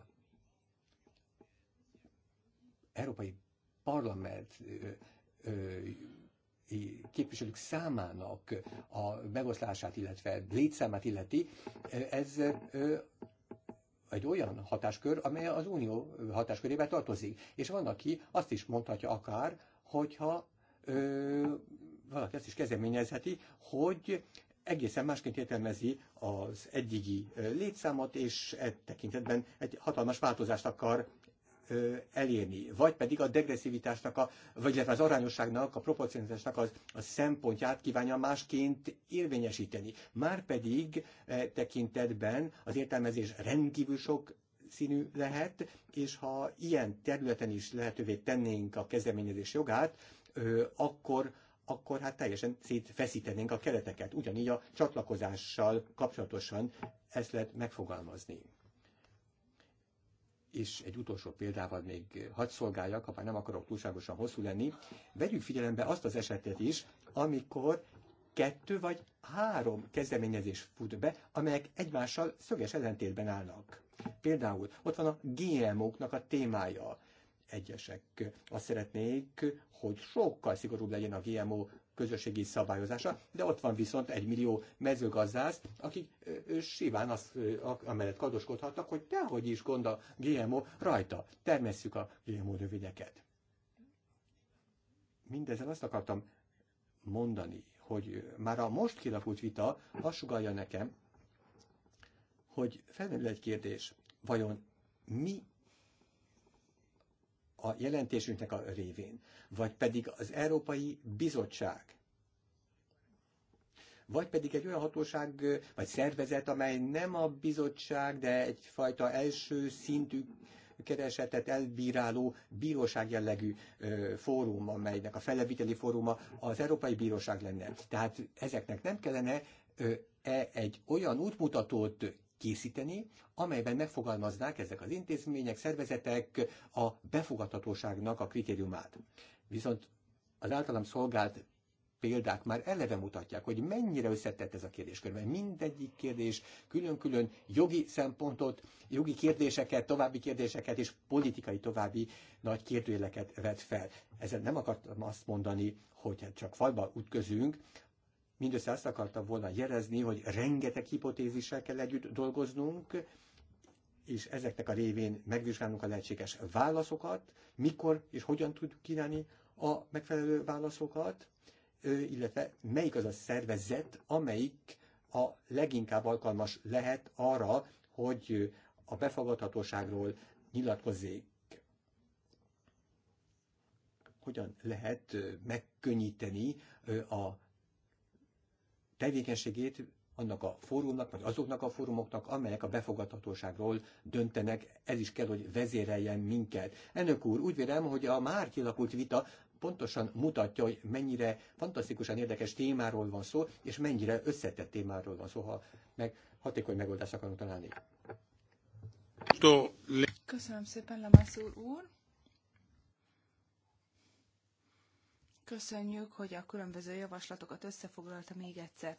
Európai Parlament képviselők számának a megoszlását, illetve létszámát illeti, ez egy olyan hatáskör, amely az unió hatáskörébe tartozik. És van, aki azt is mondhatja akár, hogyha ö, valaki ezt is kezdeményezheti, hogy egészen másként értelmezi az eddigi létszámot, és e tekintetben egy hatalmas változást akar elérni, vagy pedig a degresszivitásnak, a, vagy illetve az arányosságnak, a proporcionalitásnak az, a szempontját kívánja másként érvényesíteni. Márpedig e, tekintetben az értelmezés rendkívül sok színű lehet, és ha ilyen területen is lehetővé tennénk a kezdeményezés jogát, e, akkor akkor hát teljesen szétfeszítenénk a kereteket. Ugyanígy a csatlakozással kapcsolatosan ezt lehet megfogalmazni és egy utolsó példával még hadd szolgáljak, ha már nem akarok túlságosan hosszú lenni, vegyük figyelembe azt az esetet is, amikor kettő vagy három kezdeményezés fut be, amelyek egymással szöges ellentétben állnak. Például ott van a GMO-knak a témája. Egyesek azt szeretnék, hogy sokkal szigorúbb legyen a GMO közösségi szabályozása, de ott van viszont egy millió mezőgazdász, akik siván azt amellett kadoskodhatnak, hogy tehogy is gond a GMO rajta, termesszük a GMO növényeket. Mindezzel azt akartam mondani, hogy már a most kilakult vita azt sugalja nekem, hogy felmerül egy kérdés, vajon mi a jelentésünknek a révén, vagy pedig az Európai Bizottság, vagy pedig egy olyan hatóság vagy szervezet, amely nem a bizottság, de egyfajta első szintű keresetet elbíráló bíróság jellegű ö, fórum, amelynek a feleviteli fóruma az Európai Bíróság lenne. Tehát ezeknek nem kellene ö, e egy olyan útmutatót készíteni, amelyben megfogalmaznák ezek az intézmények, szervezetek a befogadhatóságnak a kritériumát. Viszont az általam szolgált példák már eleve mutatják, hogy mennyire összetett ez a kérdéskör, mert mindegyik kérdés külön-külön jogi szempontot, jogi kérdéseket, további kérdéseket és politikai további nagy kérdőjeleket vet fel. Ezzel nem akartam azt mondani, hogy hát csak falba ütközünk, mindössze azt akarta volna jelezni, hogy rengeteg hipotézissel kell együtt dolgoznunk, és ezeknek a révén megvizsgálunk a lehetséges válaszokat, mikor és hogyan tudjuk kínálni a megfelelő válaszokat, illetve melyik az a szervezet, amelyik a leginkább alkalmas lehet arra, hogy a befogadhatóságról nyilatkozzék. Hogyan lehet megkönnyíteni a tevékenységét annak a fórumnak, vagy azoknak a fórumoknak, amelyek a befogadhatóságról döntenek, ez is kell, hogy vezéreljen minket. Elnök úr, úgy vélem, hogy a már kilakult vita pontosan mutatja, hogy mennyire fantasztikusan érdekes témáról van szó, és mennyire összetett témáról van szó, ha meg hatékony megoldást akarunk találni. Köszönöm szépen, Lamász úr. úr. Köszönjük, hogy a különböző javaslatokat összefoglalta még egyszer,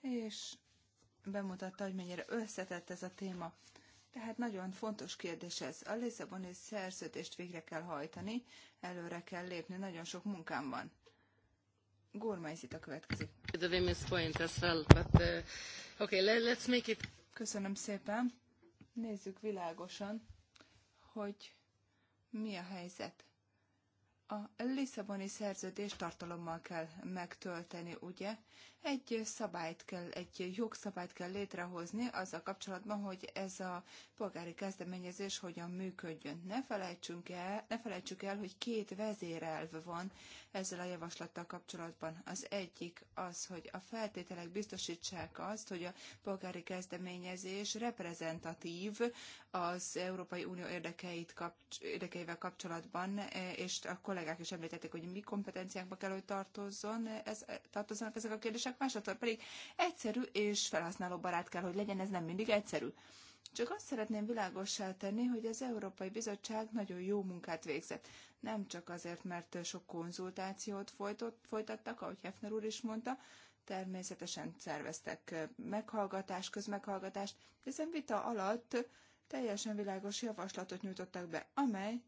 és bemutatta, hogy mennyire összetett ez a téma. Tehát nagyon fontos kérdés ez. A Lisszaboni szerződést végre kell hajtani, előre kell lépni, nagyon sok munkám van. Gormai a következik. Köszönöm szépen. Nézzük világosan, hogy mi a helyzet. A Lisszaboni szerződés tartalommal kell megtölteni, ugye? Egy szabályt kell, egy jogszabályt kell létrehozni azzal kapcsolatban, hogy ez a polgári kezdeményezés hogyan működjön. Ne felejtsünk el, ne felejtsük el, hogy két vezérelv van ezzel a javaslattal kapcsolatban. Az egyik az, hogy a feltételek biztosítsák azt, hogy a polgári kezdeményezés reprezentatív az Európai Unió érdekeit kapcs- érdekeivel kapcsolatban, és akkor kollégák is említették, hogy mi kompetenciákba kell, hogy tartozzon, ez, tartozzanak ezek a kérdések, másodszor pedig egyszerű és felhasználóbarát kell, hogy legyen, ez nem mindig egyszerű. Csak azt szeretném világossá tenni, hogy az Európai Bizottság nagyon jó munkát végzett. Nem csak azért, mert sok konzultációt folytott, folytattak, ahogy Hefner úr is mondta, természetesen szerveztek meghallgatást, közmeghallgatást, hiszen vita alatt teljesen világos javaslatot nyújtottak be, amely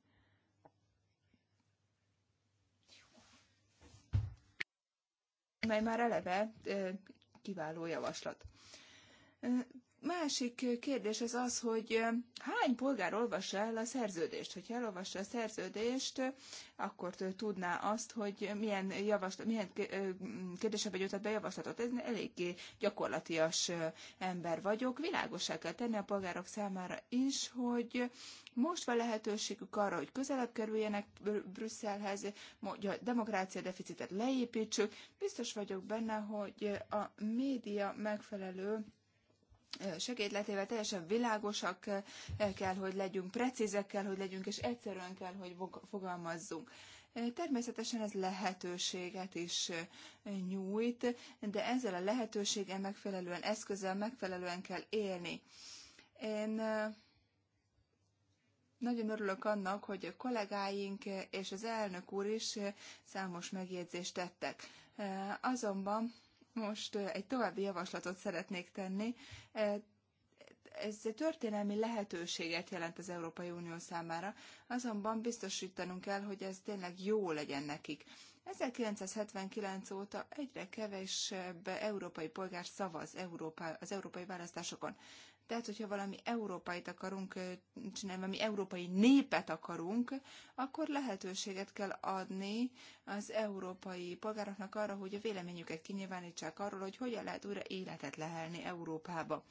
mely már eleve kiváló javaslat. Másik kérdés az az, hogy hány polgár olvassa el a szerződést? Hogyha elolvassa a szerződést, akkor tudná azt, hogy milyen, javaslat, milyen kérdésekbe jutott be javaslatot. Ez eléggé gyakorlatias ember vagyok. Világosá kell tenni a polgárok számára is, hogy most van lehetőségük arra, hogy közelebb kerüljenek Brüsszelhez, hogy a demokrácia deficitet leépítsük. Biztos vagyok benne, hogy a média megfelelő segédletével teljesen világosak eh, eh, kell, hogy legyünk, precízek kell, hogy legyünk, és egyszerűen kell, hogy fogalmazzunk. Eh, természetesen ez lehetőséget is nyújt, de ezzel a lehetőséggel megfelelően, eszközzel megfelelően kell élni. Én nagyon örülök annak, hogy a kollégáink és az elnök úr is számos megjegyzést tettek. Azonban most egy további javaslatot szeretnék tenni. Ez egy történelmi lehetőséget jelent az Európai Unió számára, azonban biztosítanunk kell, hogy ez tényleg jó legyen nekik. 1979 óta egyre kevesebb európai polgár szavaz Európa, az európai választásokon. Tehát, hogyha valami európait akarunk csinálni, valami európai népet akarunk, akkor lehetőséget kell adni az európai polgároknak arra, hogy a véleményüket kinyilvánítsák arról, hogy hogyan lehet újra életet lehelni Európába.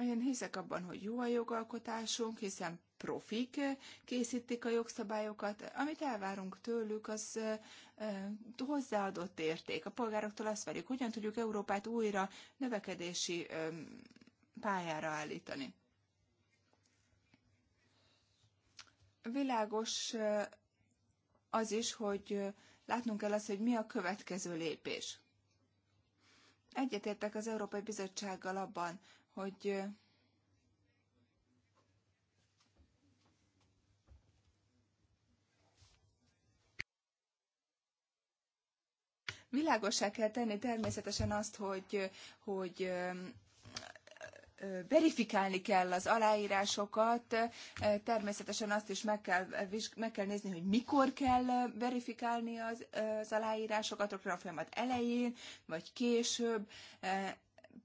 Én hiszek abban, hogy jó a jogalkotásunk, hiszen profik készítik a jogszabályokat. Amit elvárunk tőlük, az hozzáadott érték. A polgároktól azt várjuk, hogyan tudjuk Európát újra növekedési pályára állítani. Világos az is, hogy látnunk kell azt, hogy mi a következő lépés. Egyetértek az Európai Bizottsággal abban, hogy világosá kell tenni természetesen azt, hogy, hogy verifikálni kell az aláírásokat, természetesen azt is meg kell, meg kell nézni, hogy mikor kell verifikálni az, az aláírásokat, a folyamat elején, vagy később.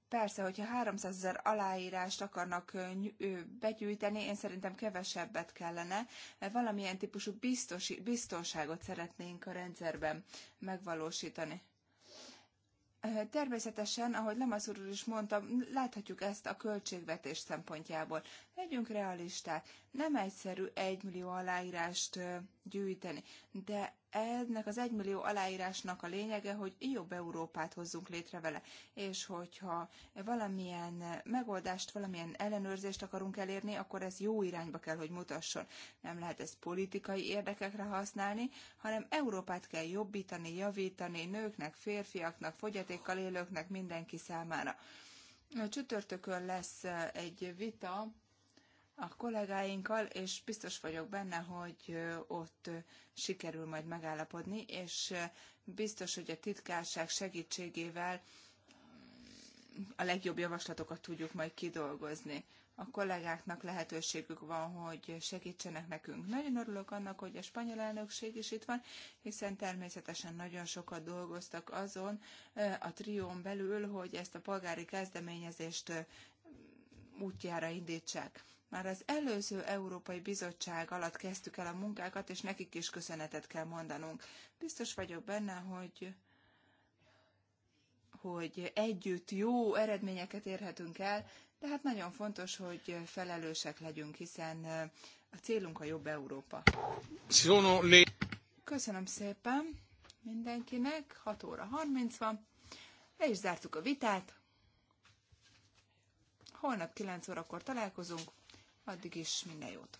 Persze, hogyha 300 ezer aláírást akarnak begyűjteni, én szerintem kevesebbet kellene. Valamilyen típusú biztosi, biztonságot szeretnénk a rendszerben megvalósítani. Természetesen, ahogy Lemaszur úr is mondta, láthatjuk ezt a költségvetés szempontjából. Legyünk realisták, nem egyszerű egymillió aláírást gyűjteni, de ennek az egymillió aláírásnak a lényege, hogy jobb Európát hozzunk létre vele, és hogyha valamilyen megoldást, valamilyen ellenőrzést akarunk elérni, akkor ez jó irányba kell, hogy mutasson. Nem lehet ezt politikai érdekekre használni, hanem Európát kell jobbítani, javítani nőknek, férfiaknak, fogyatékkal élőknek, mindenki számára. Csütörtökön lesz egy vita a kollégáinkkal, és biztos vagyok benne, hogy ott sikerül majd megállapodni, és biztos, hogy a titkárság segítségével a legjobb javaslatokat tudjuk majd kidolgozni. A kollégáknak lehetőségük van, hogy segítsenek nekünk. Nagyon örülök annak, hogy a spanyol elnökség is itt van, hiszen természetesen nagyon sokat dolgoztak azon a trión belül, hogy ezt a polgári kezdeményezést útjára indítsák. Már az előző Európai Bizottság alatt kezdtük el a munkákat, és nekik is köszönetet kell mondanunk. Biztos vagyok benne, hogy hogy együtt jó eredményeket érhetünk el, de hát nagyon fontos, hogy felelősek legyünk, hiszen a célunk a jobb Európa. Köszönöm szépen mindenkinek, 6 óra 30 van, le is zártuk a vitát. Holnap 9 órakor találkozunk addig is minden jót!